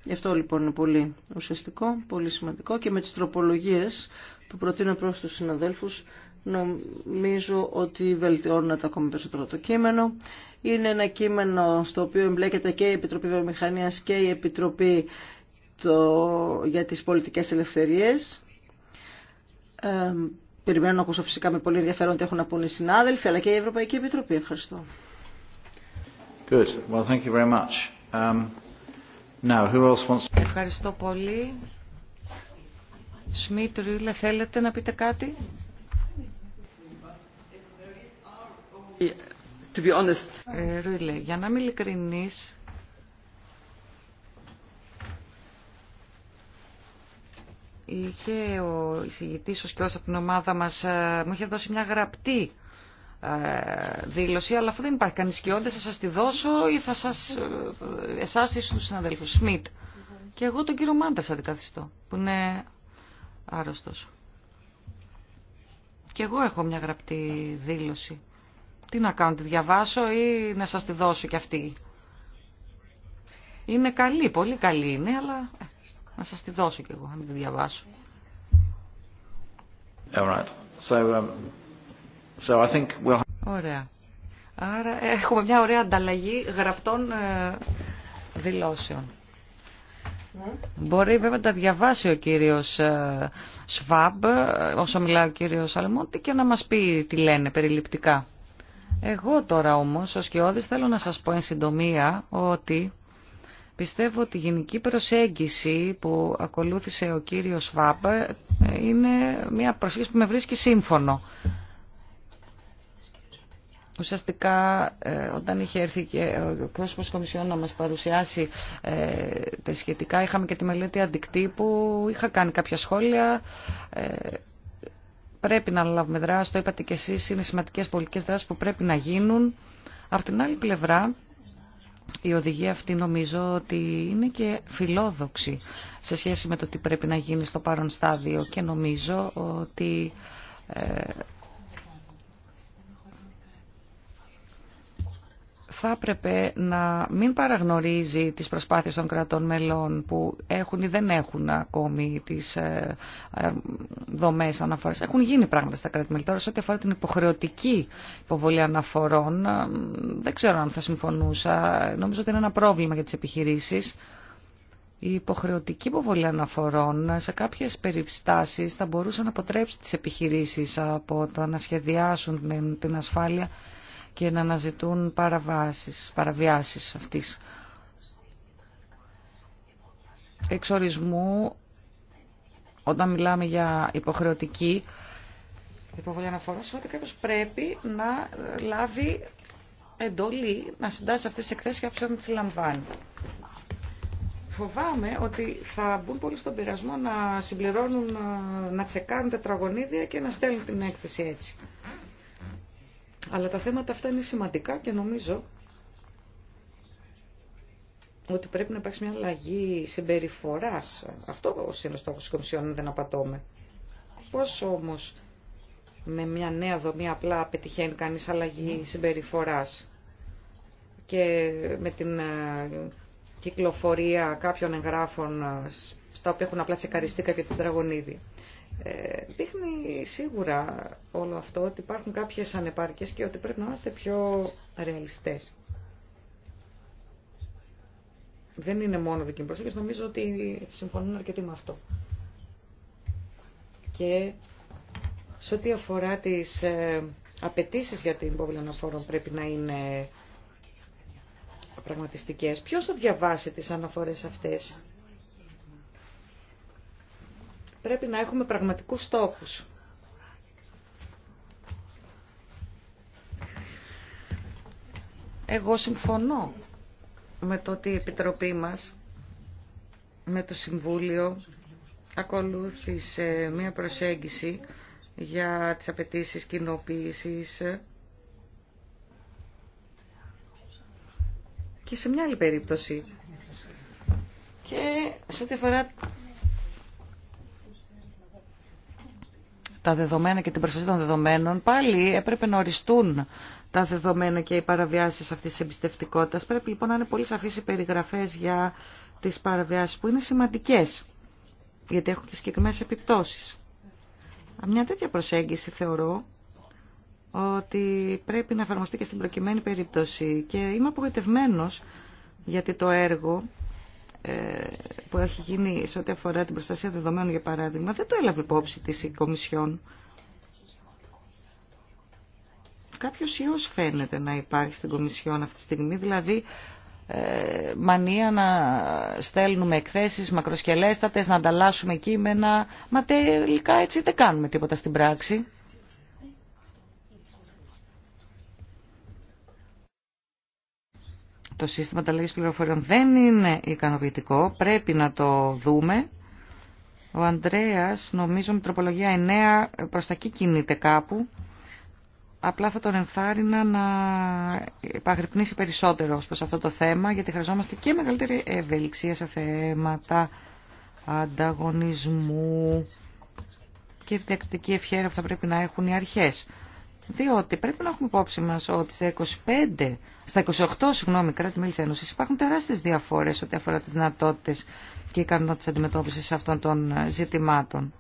Γι' αυτό λοιπόν είναι πολύ ουσιαστικό, πολύ σημαντικό και με τις τροπολογίες που προτείνω προς τους συναδέλφους νομίζω ότι βελτιώνεται ακόμη περισσότερο το κείμενο. Είναι ένα κείμενο στο οποίο εμπλέκεται και η Επιτροπή Βιομηχανίας και η Επιτροπή το... για τις Πολιτικές Ελευθερίες ε, Περιμένω να ακούσω φυσικά με πολύ ενδιαφέρον τι έχουν να πούν οι συνάδελφοι, αλλά και η Ευρωπαϊκή Επιτροπή. Ευχαριστώ. Good. Well, thank you very much. Um, now, who else wants... Ευχαριστώ πολύ. Σμιτ Ρίλε, θέλετε να πείτε κάτι? Ε, to be honest. Ε, Ρίλε, για να είμαι ειλικρινής, είχε ο εισηγητής ο Σκιός από την ομάδα μας, ε, μου είχε δώσει μια γραπτή ε, δήλωση, αλλά αφού δεν υπάρχει κανεί σκιώδη, θα σας τη δώσω ή θα σα. Ε, εσάς ή στου συναδέλφου. Σμιτ. Και εγώ τον κύριο Μάντα αντικαθιστώ, που είναι άρρωστος. Και εγώ έχω μια γραπτή δήλωση. Τι να κάνω, τη διαβάσω ή να σας τη δώσω κι αυτή. Είναι καλή, πολύ καλή είναι, αλλά να σας τη δώσω κι εγώ, να μην τη διαβάσω. so, um, so I think we'll... Ωραία. Άρα ε, έχουμε μια ωραία ανταλλαγή γραπτών ε, δηλώσεων. Μπορεί βέβαια να τα διαβάσει ο κύριος ε, Σβάμπ, ε, όσο μιλάει ο κύριος Αλμόντι, και να μας πει τι λένε περιληπτικά. Εγώ τώρα όμως, ως και θέλω να σας πω εν συντομία ότι Πιστεύω ότι η γενική προσέγγιση που ακολούθησε ο κύριος Βάμπα ε, είναι μια προσέγγιση που με βρίσκει σύμφωνο. Ουσιαστικά ε, όταν είχε έρθει και ο εκπρόσωπο Κομισιόν να μας παρουσιάσει ε, τα σχετικά είχαμε και τη μελέτη αντικτύπου, είχα κάνει κάποια σχόλια. Πρέπει να λάβουμε δράση, το είπατε και εσείς, είναι σημαντικές πολιτικές δράσεις που πρέπει να γίνουν. Από την άλλη πλευρά η οδηγία αυτή νομίζω ότι είναι και φιλόδοξη σε σχέση με το τι πρέπει να γίνει στο παρόν στάδιο και νομίζω ότι ε, θα έπρεπε να μην παραγνωρίζει τις προσπάθειες των κρατών μελών που έχουν ή δεν έχουν ακόμη τις ε, ε, δομές αναφοράς. Έχουν γίνει πράγματα στα κράτη μελή. Τώρα σε ό,τι αφορά την υποχρεωτική υποβολή αναφορών, ε, δεν ξέρω αν θα συμφωνούσα. Νομίζω ότι είναι ένα πρόβλημα για τις επιχειρήσεις. Η υποχρεωτική υποβολή αναφορών σε κάποιες περιστάσεις θα μπορούσε να αποτρέψει τις επιχειρήσεις από το να σχεδιάσουν την ασφάλεια και να αναζητούν παραβάσεις, παραβιάσεις αυτής. Εξορισμού, όταν μιλάμε για υποχρεωτική υποβολή αναφορά, ότι κάποιος πρέπει να λάβει εντολή να συντάσσει αυτές τις εκθέσεις και να τις λαμβάνει. Φοβάμαι ότι θα μπουν πολύ στον πειρασμό να συμπληρώνουν, να τσεκάρουν τετραγωνίδια και να στέλνουν την έκθεση έτσι. Αλλά τα θέματα αυτά είναι σημαντικά και νομίζω ότι πρέπει να υπάρξει μια αλλαγή συμπεριφορά. Αυτό είναι ο στόχο τη Κομισιόν, δεν απατώμε. Πώ όμω με μια νέα δομή απλά πετυχαίνει κανεί αλλαγή συμπεριφορά και με την ε, κυκλοφορία κάποιων εγγράφων ε, στα οποία έχουν απλά τσεκαριστεί κάποια τετραγωνίδια. Ε, δείχνει σίγουρα όλο αυτό ότι υπάρχουν κάποιες ανεπάρκειες και ότι πρέπει να είμαστε πιο ρεαλιστές. Δεν είναι μόνο δική μου προσέγγιση, νομίζω ότι συμφωνούν αρκετοί με αυτό. Και σε ό,τι αφορά τις ε, απαιτήσει για την υπόβλη αναφορών πρέπει να είναι πραγματιστικές. Ποιος θα διαβάσει τις αναφορές αυτές Πρέπει να έχουμε πραγματικούς στόχους. Εγώ συμφωνώ με το ότι η Επιτροπή μας, με το Συμβούλιο, ακολούθησε μία προσέγγιση για τις απαιτήσεις κοινοποίηση. και σε μια άλλη περίπτωση. Και σε ό,τι αφορά τα δεδομένα και την προστασία των δεδομένων, πάλι έπρεπε να οριστούν τα δεδομένα και οι παραβιάσεις αυτής της εμπιστευτικότητας. Πρέπει λοιπόν να είναι πολύ σαφείς οι περιγραφές για τις παραβιάσεις που είναι σημαντικές, γιατί έχουν και συγκεκριμένες επιπτώσεις. Μια τέτοια προσέγγιση θεωρώ ότι πρέπει να εφαρμοστεί και στην προκειμένη περίπτωση και είμαι απογοητευμένος γιατί το έργο ε, που έχει γίνει σε ό,τι αφορά την προστασία δεδομένων, για παράδειγμα, δεν το έλαβε υπόψη της η Κομισιόν. Κάποιος ιός φαίνεται να υπάρχει στην Κομισιόν αυτή τη στιγμή, δηλαδή ε, μανία να στέλνουμε εκθέσεις μακροσκελέστατες, να ανταλλάσσουμε κείμενα, μα τελικά έτσι δεν κάνουμε τίποτα στην πράξη. το σύστημα ανταλλαγής πληροφοριών δεν είναι ικανοποιητικό, πρέπει να το δούμε. Ο Ανδρέας, νομίζω με τροπολογία 9, προς τα εκεί κινείται κάπου. Απλά θα τον ενθάρρυνα να επαγρυπνήσει περισσότερο προς αυτό το θέμα, γιατί χρειαζόμαστε και μεγαλύτερη ευελιξία σε θέματα ανταγωνισμού και διακριτική ευχαίρεια που θα πρέπει να έχουν οι αρχές. Διότι πρέπει να έχουμε υπόψη μα ότι στα 25, στα 28 συγγνώμη, κράτη-μέλη τη Ένωση υπάρχουν τεράστιε διαφορέ ό,τι αφορά τι δυνατότητε και ικανότητε αντιμετώπιση αυτών των ε, ζητημάτων.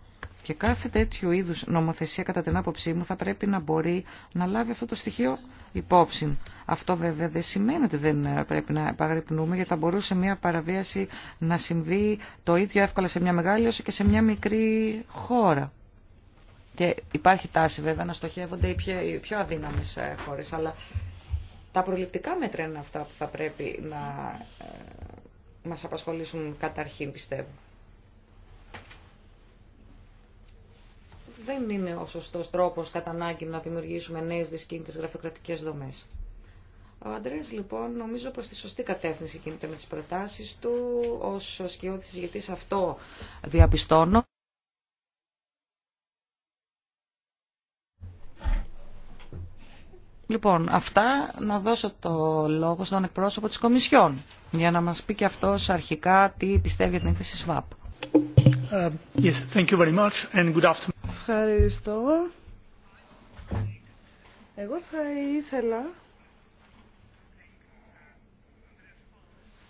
Και κάθε τέτοιου είδου νομοθεσία, κατά την άποψή μου, θα πρέπει να μπορεί να λάβει αυτό το στοιχείο υπόψη. Αυτό βέβαια δεν σημαίνει ότι δεν ε, πρέπει να επαγρυπνούμε, γιατί θα μπορούσε μια παραβίαση να συμβεί το ίδιο εύκολα σε μια μεγάλη όσο και σε μια μικρή χώρα. Και υπάρχει τάση βέβαια να στοχεύονται οι πιο, οι πιο αδύναμες ε, χώρες, αλλά τα προληπτικά μέτρα είναι αυτά που θα πρέπει να ε, μας απασχολήσουν καταρχήν, πιστεύω. Δεν είναι ο σωστός τρόπος κατά ανάγκη να δημιουργήσουμε νέες δυσκίνητες γραφειοκρατικές δομές. Ο Αντρέας λοιπόν νομίζω πως τη σωστή κατεύθυνση κινείται με τις προτάσεις του, ως σκιώδης σε αυτό διαπιστώνω. Λοιπόν, αυτά να δώσω το λόγο στον εκπρόσωπο της Κομισιόν για να μας πει και αυτός αρχικά τι πιστεύει για την έκθεση ΣΒΑΠ. Um, thank you very much and good afternoon. Ευχαριστώ. Εγώ θα ήθελα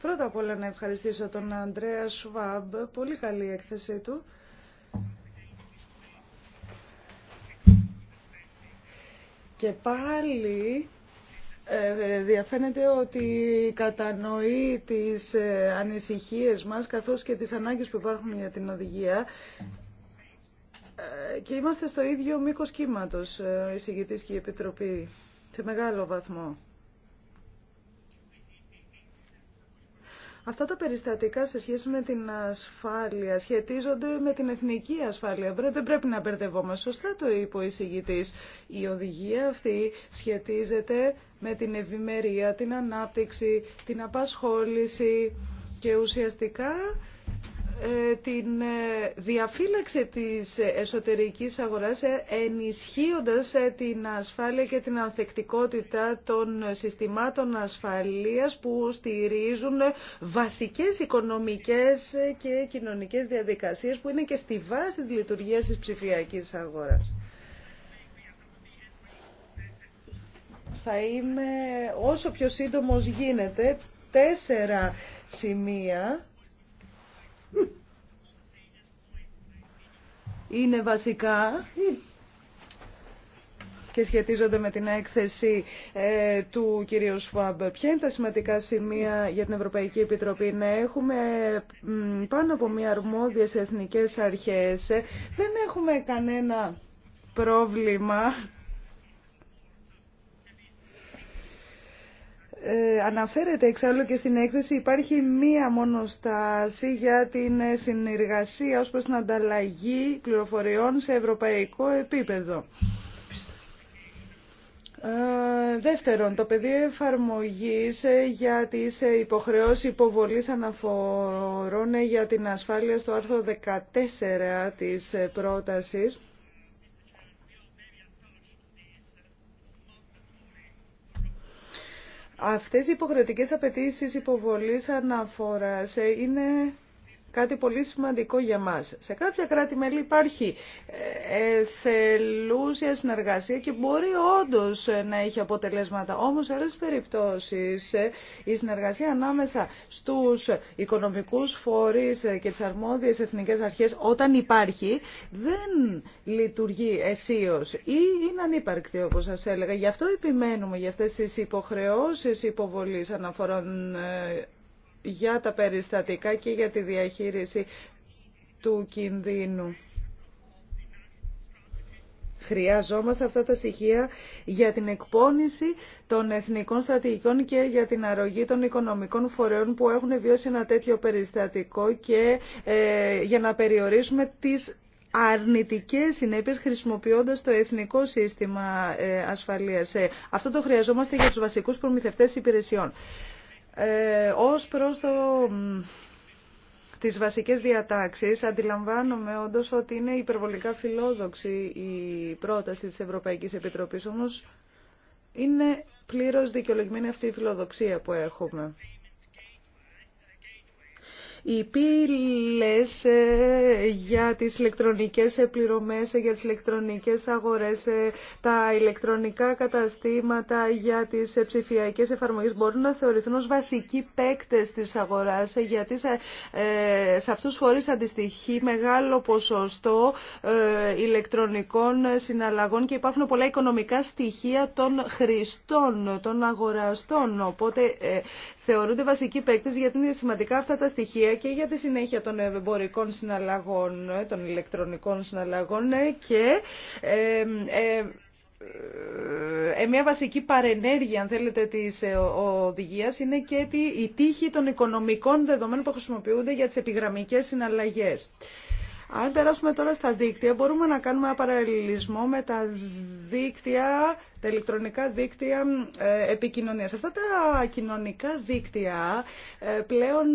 πρώτα απ' όλα να ευχαριστήσω τον Αντρέα Σουβάμπ, πολύ καλή έκθεσή του. Και πάλι ε, διαφαίνεται ότι κατανοεί τις ε, ανησυχίες μας καθώς και τις ανάγκες που υπάρχουν για την οδηγία ε, και είμαστε στο ίδιο μήκος κύματος, η και η Επιτροπή, σε μεγάλο βαθμό. Αυτά τα περιστατικά σε σχέση με την ασφάλεια σχετίζονται με την εθνική ασφάλεια. Δεν πρέπει να μπερδευόμαστε. Σωστά το είπε ο εισηγητής. Η οδηγία αυτή σχετίζεται με την ευημερία, την ανάπτυξη, την απασχόληση και ουσιαστικά ε, την ε, διαφύλαξη της εσωτερικής αγοράς ε, ενισχύοντας την ασφάλεια και την ανθεκτικότητα των συστημάτων ασφαλείας που στηρίζουν βασικές οικονομικές και κοινωνικές διαδικασίες που είναι και στη βάση της λειτουργίας της ψηφιακής αγοράς. Θα είμαι όσο πιο σύντομος γίνεται τέσσερα σημεία είναι βασικά και σχετίζονται με την έκθεση ε, του κυρίου Σφάμπ. Ποια είναι τα σημαντικά σημεία για την Ευρωπαϊκή Επιτροπή να έχουμε πάνω από μία αρμόδιες εθνικές αρχές. Ε, δεν έχουμε κανένα πρόβλημα Ε, αναφέρεται εξάλλου και στην έκθεση υπάρχει μία μονοστάση για την ε, συνεργασία ως προς την ανταλλαγή πληροφοριών σε ευρωπαϊκό επίπεδο. Ε, δεύτερον, το πεδίο εφαρμογής ε, για τις υποχρεώσεις υποβολής αναφορών για την ασφάλεια στο άρθρο 14 της πρότασης. Αυτές οι υποχρεωτικές απαιτήσεις υποβολής αναφοράς ε, είναι κάτι πολύ σημαντικό για μας. Σε κάποια κράτη-μέλη υπάρχει ε, θελούσια συνεργασία και μπορεί όντως να έχει αποτελέσματα. Όμως, σε άλλες περιπτώσεις, ε, η συνεργασία ανάμεσα στους οικονομικούς φορείς και τις αρμόδιες εθνικές αρχές, όταν υπάρχει, δεν λειτουργεί αισίως ή είναι ανύπαρκτη, όπως σας έλεγα. Γι' αυτό επιμένουμε για αυτές τις υποχρεώσεις υποβολής αναφορών ε, για τα περιστατικά και για τη διαχείριση του κινδύνου. Χρειαζόμαστε αυτά τα στοιχεία για την εκπόνηση των εθνικών στρατηγικών και για την αρρωγή των οικονομικών φορέων που έχουν βιώσει ένα τέτοιο περιστατικό και ε, για να περιορίσουμε τις αρνητικές συνέπειες χρησιμοποιώντας το εθνικό σύστημα ε, ασφαλείας. Ε, αυτό το χρειαζόμαστε για τους βασικούς προμηθευτές υπηρεσιών. Ε, ως προς το, τις βασικές διατάξεις αντιλαμβάνομαι όντως ότι είναι υπερβολικά φιλόδοξη η πρόταση της Ευρωπαϊκής Επιτροπής, όμως είναι πλήρως δικαιολογημένη αυτή η φιλοδοξία που έχουμε. Οι πύλες ε, για τις ηλεκτρονικές ε, πληρωμές, ε, για τις ηλεκτρονικές αγορές, τα ηλεκτρονικά καταστήματα για τις ψηφιακές εφαρμογές μπορούν να θεωρηθούν ως βασικοί παίκτες της αγοράς γιατί σε αυτούς φορείς αντιστοιχεί μεγάλο ποσοστό ηλεκτρονικών συναλλαγών και υπάρχουν πολλά οικονομικά στοιχεία των χρηστών, των αγοραστών. Οπότε θεωρούνται βασικοί παίκτες γιατί είναι σημαντικά αυτά τα στοιχεία και για τη συνέχεια των εμπορικών συναλλαγών, ε, των ηλεκτρονικών συναλλαγών ε, και ε, ε, μια βασική παρενέργεια, αν θέλετε, της οδηγίας είναι και η τύχη των οικονομικών δεδομένων που χρησιμοποιούνται για τις επιγραμμικές συναλλαγές. Αν περάσουμε τώρα στα δίκτυα, μπορούμε να κάνουμε ένα παραλληλισμό με τα δίκτυα, τα ηλεκτρονικά δίκτυα ε, επικοινωνίας. Αυτά τα κοινωνικά δίκτυα ε, πλέον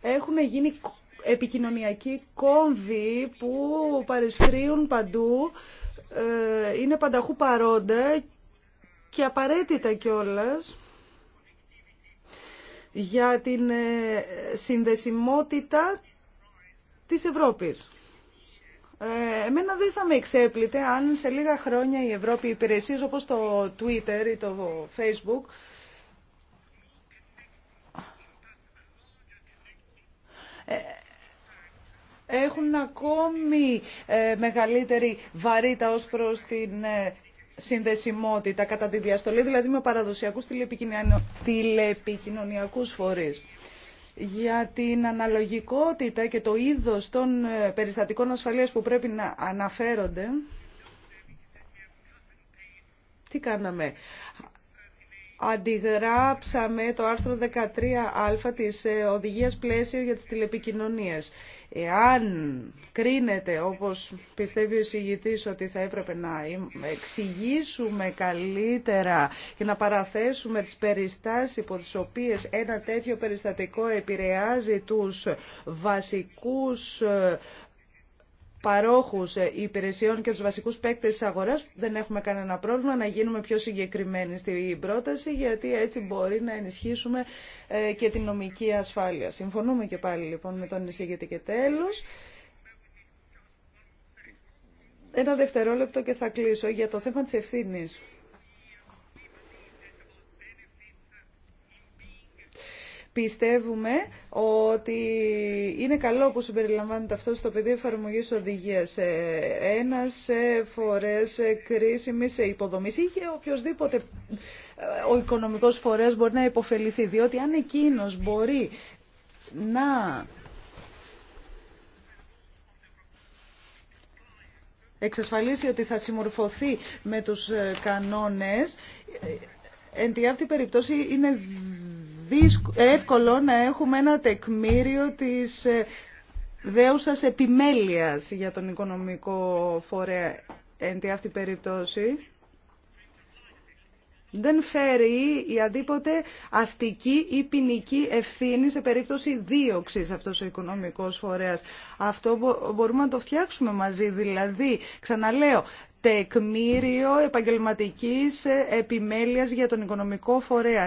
έχουν γίνει επικοινωνιακοί κόμβοι που παρισφρίουν παντού, ε, είναι πανταχού παρόντα και απαραίτητα κιόλας για την συνδεσιμότητα της Ευρώπης. Ε, εμένα δεν θα με εξέπλητε αν σε λίγα χρόνια η Ευρώπη υπηρεσίε όπως το Twitter ή το Facebook ε, έχουν ακόμη ε, μεγαλύτερη βαρύτητα ως προς την συνδεσιμότητα κατά τη διαστολή, δηλαδή με παραδοσιακούς τηλεπικοινωνιακούς φορείς για την αναλογικότητα και το είδος των ε, περιστατικών ασφαλείας που πρέπει να αναφέρονται. Τι κάναμε αντιγράψαμε το άρθρο 13α της ε, Οδηγίας Πλαίσιο για τις Τηλεπικοινωνίες. Εάν κρίνεται, όπως πιστεύει ο εισηγητής, ότι θα έπρεπε να εξηγήσουμε καλύτερα και να παραθέσουμε τις περιστάσεις υπό τις οποίες ένα τέτοιο περιστατικό επηρεάζει τους βασικούς ε, Παρόχου ε, υπηρεσιών και του βασικού παίκτε τη αγοράς δεν έχουμε κανένα πρόβλημα να γίνουμε πιο συγκεκριμένοι στην πρόταση γιατί έτσι μπορεί να ενισχύσουμε ε, και την νομική ασφάλεια. Συμφωνούμε και πάλι λοιπόν με τον εισηγητή και τέλο. Ένα δευτερόλεπτο και θα κλείσω για το θέμα της ευθύνης. Πιστεύουμε ότι είναι καλό που συμπεριλαμβάνεται αυτό στο πεδίο οδηγία. Ένα ε, Ένας ε, φορέ ε, κρίσιμη υποδομή ή οποιοδήποτε ο οικονομικός φορέας μπορεί να υποφεληθεί, διότι αν εκείνος μπορεί να εξασφαλίσει ότι θα συμμορφωθεί με τους κανόνες, εν τη αυτή περιπτώσει είναι εύκολο να έχουμε ένα τεκμήριο της ε, δέουσας επιμέλειας για τον οικονομικό φορέα εν τη αυτή περιπτώσει. Δεν φέρει η αντίποτε αστική ή ποινική ευθύνη σε περίπτωση δίωξη αυτός ο οικονομικός φορέας. Αυτό μπορούμε να το φτιάξουμε μαζί. Δηλαδή, ξαναλέω, τεκμήριο επαγγελματικής επιμέλειας για τον οικονομικό φορέα.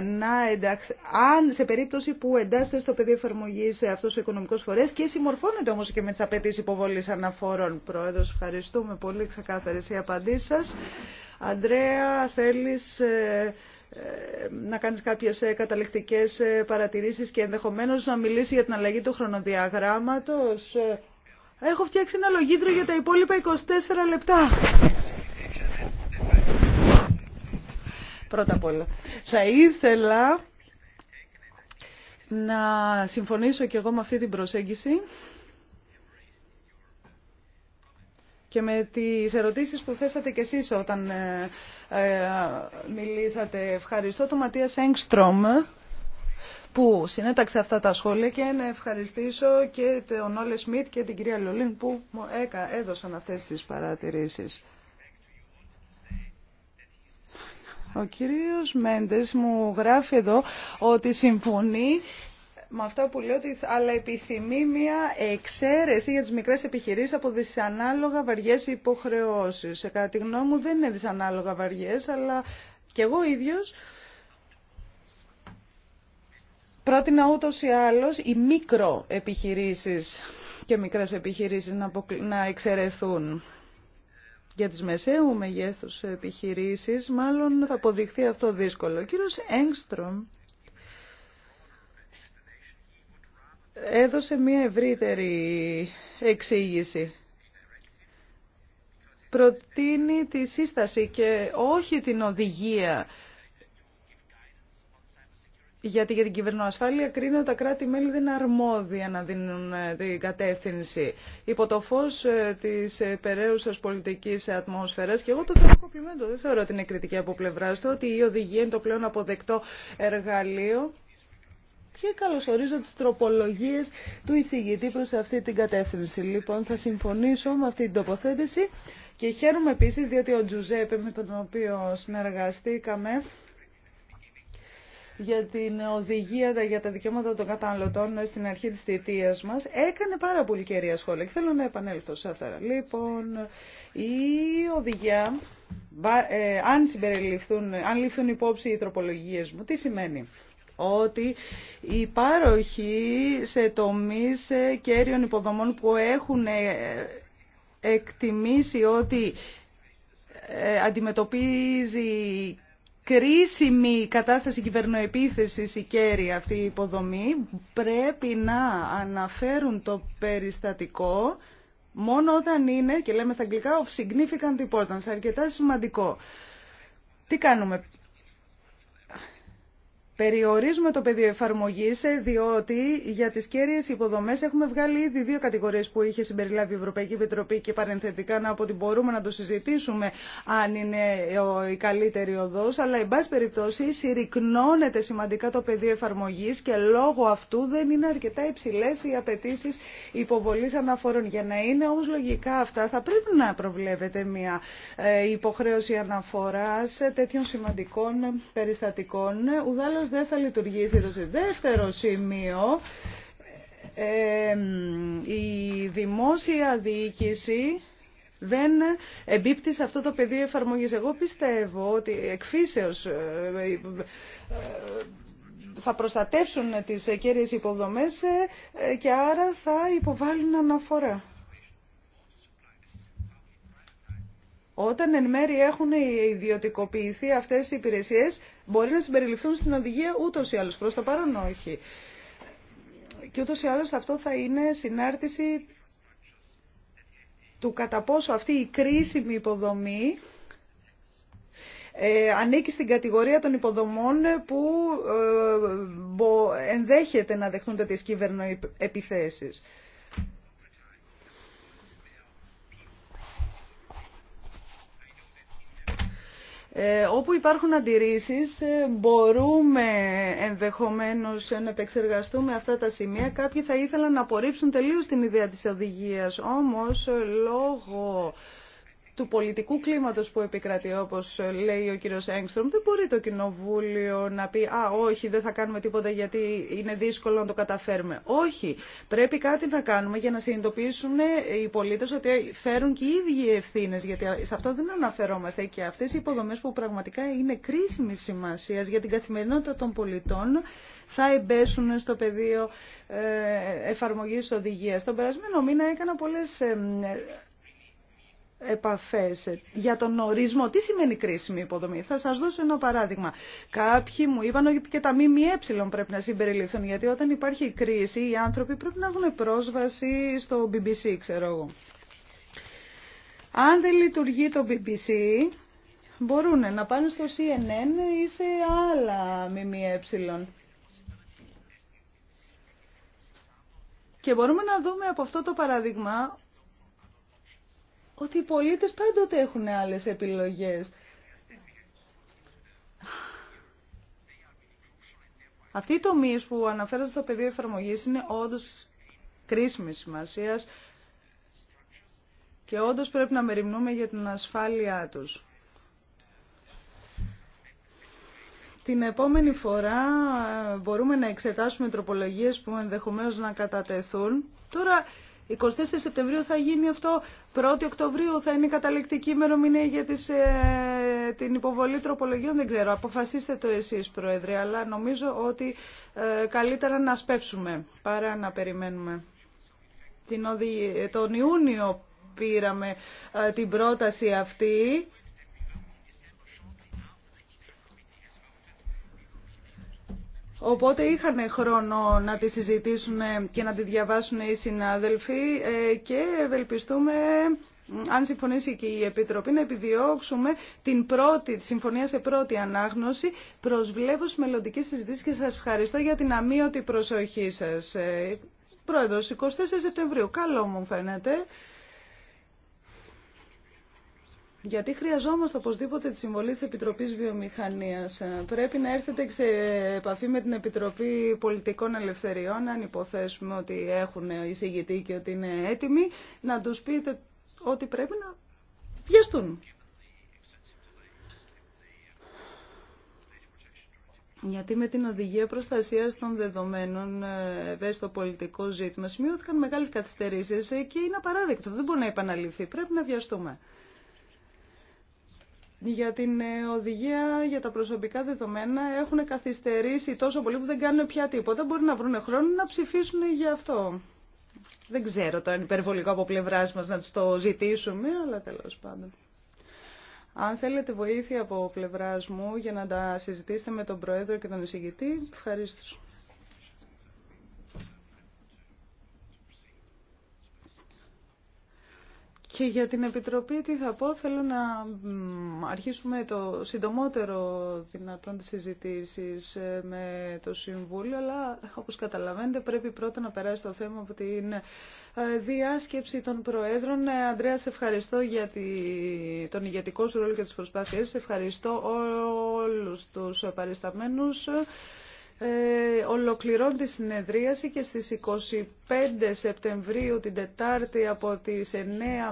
αν σε περίπτωση που εντάσσεται στο πεδίο εφαρμογή αυτός ο οικονομικός φορέας και συμμορφώνεται όμως και με τι απαιτήσει υποβολής αναφόρων. Πρόεδρος, ευχαριστούμε πολύ Ξεκάθαρε οι απαντήσεις σας. Αντρέα, θέλεις ε, ε, να κάνεις κάποιες ε, καταληκτικές παρατηρήσεις και ενδεχομένως να μιλήσει για την αλλαγή του χρονοδιαγράμματος. Έχω φτιάξει ένα λογίδρο για τα υπόλοιπα 24 λεπτά. Πρώτα απ' όλα. Θα ήθελα να συμφωνήσω και εγώ με αυτή την προσέγγιση και με τις ερωτήσεις που θέσατε κι εσείς όταν ε, ε, μιλήσατε. Ευχαριστώ τον Ματία Έγκστρομ που συνέταξε αυτά τα σχόλια και να ευχαριστήσω και τον Όλε Σμιτ και την κυρία Λολίν που μου έδωσαν αυτές τις παρατηρήσεις. Ο κύριος Μέντες μου γράφει εδώ ότι συμφωνεί με αυτά που λέω, αλλά επιθυμεί μια εξαίρεση για τις μικρές επιχειρήσεις από δυσανάλογα βαριές υποχρεώσεις. Κατά τη γνώμη μου δεν είναι δυσανάλογα βαριές, αλλά και εγώ ίδιος Πρότεινα ούτως ή άλλως οι μικροεπιχειρήσεις και μικρές επιχειρήσεις να εξαιρεθούν. Για τις μεσαίου μεγέθους επιχειρήσεις μάλλον θα αποδειχθεί αυτό δύσκολο. Ο κύριος Έγκστρομ έδωσε μια ευρύτερη εξήγηση. Προτείνει τη σύσταση και όχι την οδηγία γιατί για την κυβερνοασφάλεια κρίνω τα κράτη-μέλη δεν αρμόδια να δίνουν ε, την κατεύθυνση. Υπό το φω ε, τη ε, περαίουσα πολιτική ατμόσφαιρα, και εγώ το θεωρώ κοπλιμέντο, δεν θεωρώ την κριτική από πλευρά του, ότι η οδηγία είναι το πλέον αποδεκτό εργαλείο και καλωσορίζω τι τροπολογίε του εισηγητή προ αυτή την κατεύθυνση. Λοιπόν, θα συμφωνήσω με αυτή την τοποθέτηση και χαίρομαι επίση, διότι ο Τζουζέπε με τον οποίο συνεργαστήκαμε για την οδηγία για τα δικαιώματα των καταναλωτών ε, στην αρχή της θητείας μας έκανε πάρα πολύ κέρια σχόλια και θέλω να επανέλθω σε αυτά. Λοιπόν, η οδηγία, ε, αν, συμπεριληφθούν, αν ληφθούν υπόψη οι τροπολογίες μου, τι σημαίνει ότι η πάροχη σε τομείς ε, κέριων υποδομών που έχουν εκτιμήσει ότι αντιμετωπίζει κρίσιμη κατάσταση κυβερνοεπίθεσης η κέρια αυτή η υποδομή πρέπει να αναφέρουν το περιστατικό μόνο όταν είναι, και λέμε στα αγγλικά, of significant importance, αρκετά σημαντικό. Τι κάνουμε, Περιορίζουμε το πεδίο εφαρμογή, ε, διότι για τι κέρυε υποδομέ έχουμε βγάλει ήδη δύο κατηγορίε που είχε συμπεριλάβει η Ευρωπαϊκή Επιτροπή και παρενθετικά να πω ότι μπορούμε να το συζητήσουμε αν είναι ε, η καλύτερη οδό. Αλλά, εν πάση περιπτώσει, συρρυκνώνεται σημαντικά το πεδίο εφαρμογή και λόγω αυτού δεν είναι αρκετά υψηλέ οι απαιτήσει υποβολή αναφορών. Για να είναι όμω λογικά αυτά, θα πρέπει να προβλέπεται μια ε, υποχρέωση αναφορά τέτοιων σημαντικών περιστατικών. Ουδάλλως δεν θα λειτουργήσει το δεύτερο σημείο. Ε, η δημόσια διοίκηση δεν εμπίπτει σε αυτό το πεδίο εφαρμογή. Εγώ πιστεύω ότι εκφύσεως ε, ε, θα προστατεύσουν τις κύριε υποδομές και άρα θα υποβάλουν αναφορά. Όταν εν μέρει έχουν ιδιωτικοποιηθεί αυτές οι υπηρεσίες, μπορεί να συμπεριληφθούν στην οδηγία ούτω ή άλλως, Προ το παρόν όχι. Και ούτω ή άλλω αυτό θα είναι συνάρτηση του κατά πόσο αυτή η κρίσιμη υποδομή ε, ανήκει στην κατηγορία των υποδομών που ε, ενδέχεται να δεχτούν τέτοιες κυβερνοεπιθέσεις. Ε, όπου υπάρχουν αντιρρήσεις ε, μπορούμε ενδεχομένως να επεξεργαστούμε αυτά τα σημεία. Κάποιοι θα ήθελαν να απορρίψουν τελείως την ιδέα της οδηγίας, όμως λόγω του πολιτικού κλίματος που επικρατεί, όπως λέει ο κύριος Έγκστρομ, δεν μπορεί το Κοινοβούλιο να πει «Α, όχι, δεν θα κάνουμε τίποτα γιατί είναι δύσκολο να το καταφέρουμε». Όχι, πρέπει κάτι να κάνουμε για να συνειδητοποιήσουν οι πολίτες ότι φέρουν και οι ίδιοι ευθύνε, γιατί σε αυτό δεν αναφερόμαστε και αυτές οι υποδομές που πραγματικά είναι κρίσιμη σημασία για την καθημερινότητα των πολιτών θα εμπέσουν στο πεδίο ε, εφαρμογής οδηγίας. Τον περασμένο μήνα έκανα πολλέ. Ε, επαφές για τον ορισμό. Τι σημαίνει κρίσιμη υποδομή. Θα σας δώσω ένα παράδειγμα. Κάποιοι μου είπαν ότι και τα ΜΜΕ πρέπει να συμπεριληφθούν γιατί όταν υπάρχει κρίση οι άνθρωποι πρέπει να έχουν πρόσβαση στο BBC ξέρω εγώ. Αν δεν λειτουργεί το BBC μπορούν να πάνε στο CNN ή σε άλλα ΜΜΕ. Και μπορούμε να δούμε από αυτό το παράδειγμα ότι οι πολίτες πάντοτε έχουν άλλες επιλογές. Αυτή οι τομή που αναφέρονται στο πεδίο εφαρμογής είναι όντως κρίσιμη σημασία και όντως πρέπει να μεριμνούμε για την ασφάλειά τους. Την επόμενη φορά ε, μπορούμε να εξετάσουμε τροπολογίες που ενδεχομένως να κατατεθούν. Τώρα 24 Σεπτεμβρίου θα γίνει αυτό, 1η Οκτωβρίου θα είναι καταληκτική ημερομηνία για τις, ε, την υποβολή τροπολογίων, δεν ξέρω, αποφασίστε το εσείς Πρόεδρε, αλλά νομίζω ότι ε, καλύτερα να σπεύσουμε παρά να περιμένουμε. Την ε, Τον Ιούνιο πήραμε την πρόταση αυτή Οπότε είχαν χρόνο να τη συζητήσουν και να τη διαβάσουν οι συνάδελφοι ε, και ευελπιστούμε, αν συμφωνήσει και η Επιτροπή, να επιδιώξουμε την πρώτη, τη συμφωνία σε πρώτη ανάγνωση. Προσβλέπω στις μελλοντικές συζητήσεις και σας ευχαριστώ για την αμύωτη προσοχή σας. Ε, Πρόεδρος, 24 Σεπτεμβρίου. Καλό μου φαίνεται. Γιατί χρειαζόμαστε οπωσδήποτε τη συμβολή της Επιτροπής Βιομηχανίας. Ε, πρέπει να έρθετε σε επαφή με την Επιτροπή Πολιτικών Ελευθεριών, αν υποθέσουμε ότι έχουν εισηγητή και ότι είναι έτοιμοι, να του πείτε ότι πρέπει να βιαστούν. Γιατί με την οδηγία προστασία των δεδομένων ε, στο πολιτικό ζήτημα σημειώθηκαν μεγάλε καθυστερήσει και είναι απαράδεκτο. Δεν μπορεί να επαναληφθεί. Πρέπει να βιαστούμε για την ε, οδηγία για τα προσωπικά δεδομένα έχουν καθυστερήσει τόσο πολύ που δεν κάνουν πια τίποτα. Μπορεί να βρουν χρόνο να ψηφίσουν για αυτό. Δεν ξέρω το αν υπερβολικό από πλευρά μα να του το ζητήσουμε, αλλά τέλο πάντων. Αν θέλετε βοήθεια από πλευρά μου για να τα συζητήσετε με τον Πρόεδρο και τον εισηγητή, ευχαρίστω. Και για την Επιτροπή τι θα πω, θέλω να αρχίσουμε το συντομότερο δυνατόν τις συζητήσεις ε, με το Συμβούλιο, αλλά όπως καταλαβαίνετε πρέπει πρώτα να περάσει το θέμα από την ε, διάσκεψη των Προέδρων. Ε, Αντρέα, ευχαριστώ για τον ηγετικό σου ρόλο και τις προσπάθειες. ευχαριστώ όλους τους παρισταμένους ε, ολοκληρώνει τη συνεδρίαση και στις 25 Σεπτεμβρίου την Τετάρτη από τις 9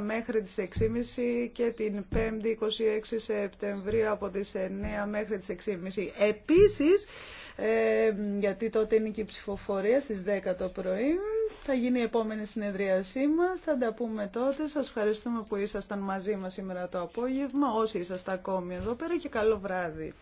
μέχρι τις 6.30 και την 5η 26 Σεπτεμβρίου από τις 9 μέχρι τις 6.30. Επίσης, ε, γιατί τότε είναι και η ψηφοφορία στις 10 το πρωί, θα γίνει η επόμενη συνεδρίασή μας, θα τα πούμε τότε. Σας ευχαριστούμε που ήσασταν μαζί μας σήμερα το απόγευμα, όσοι ήσασταν ακόμη εδώ πέρα και καλό βράδυ.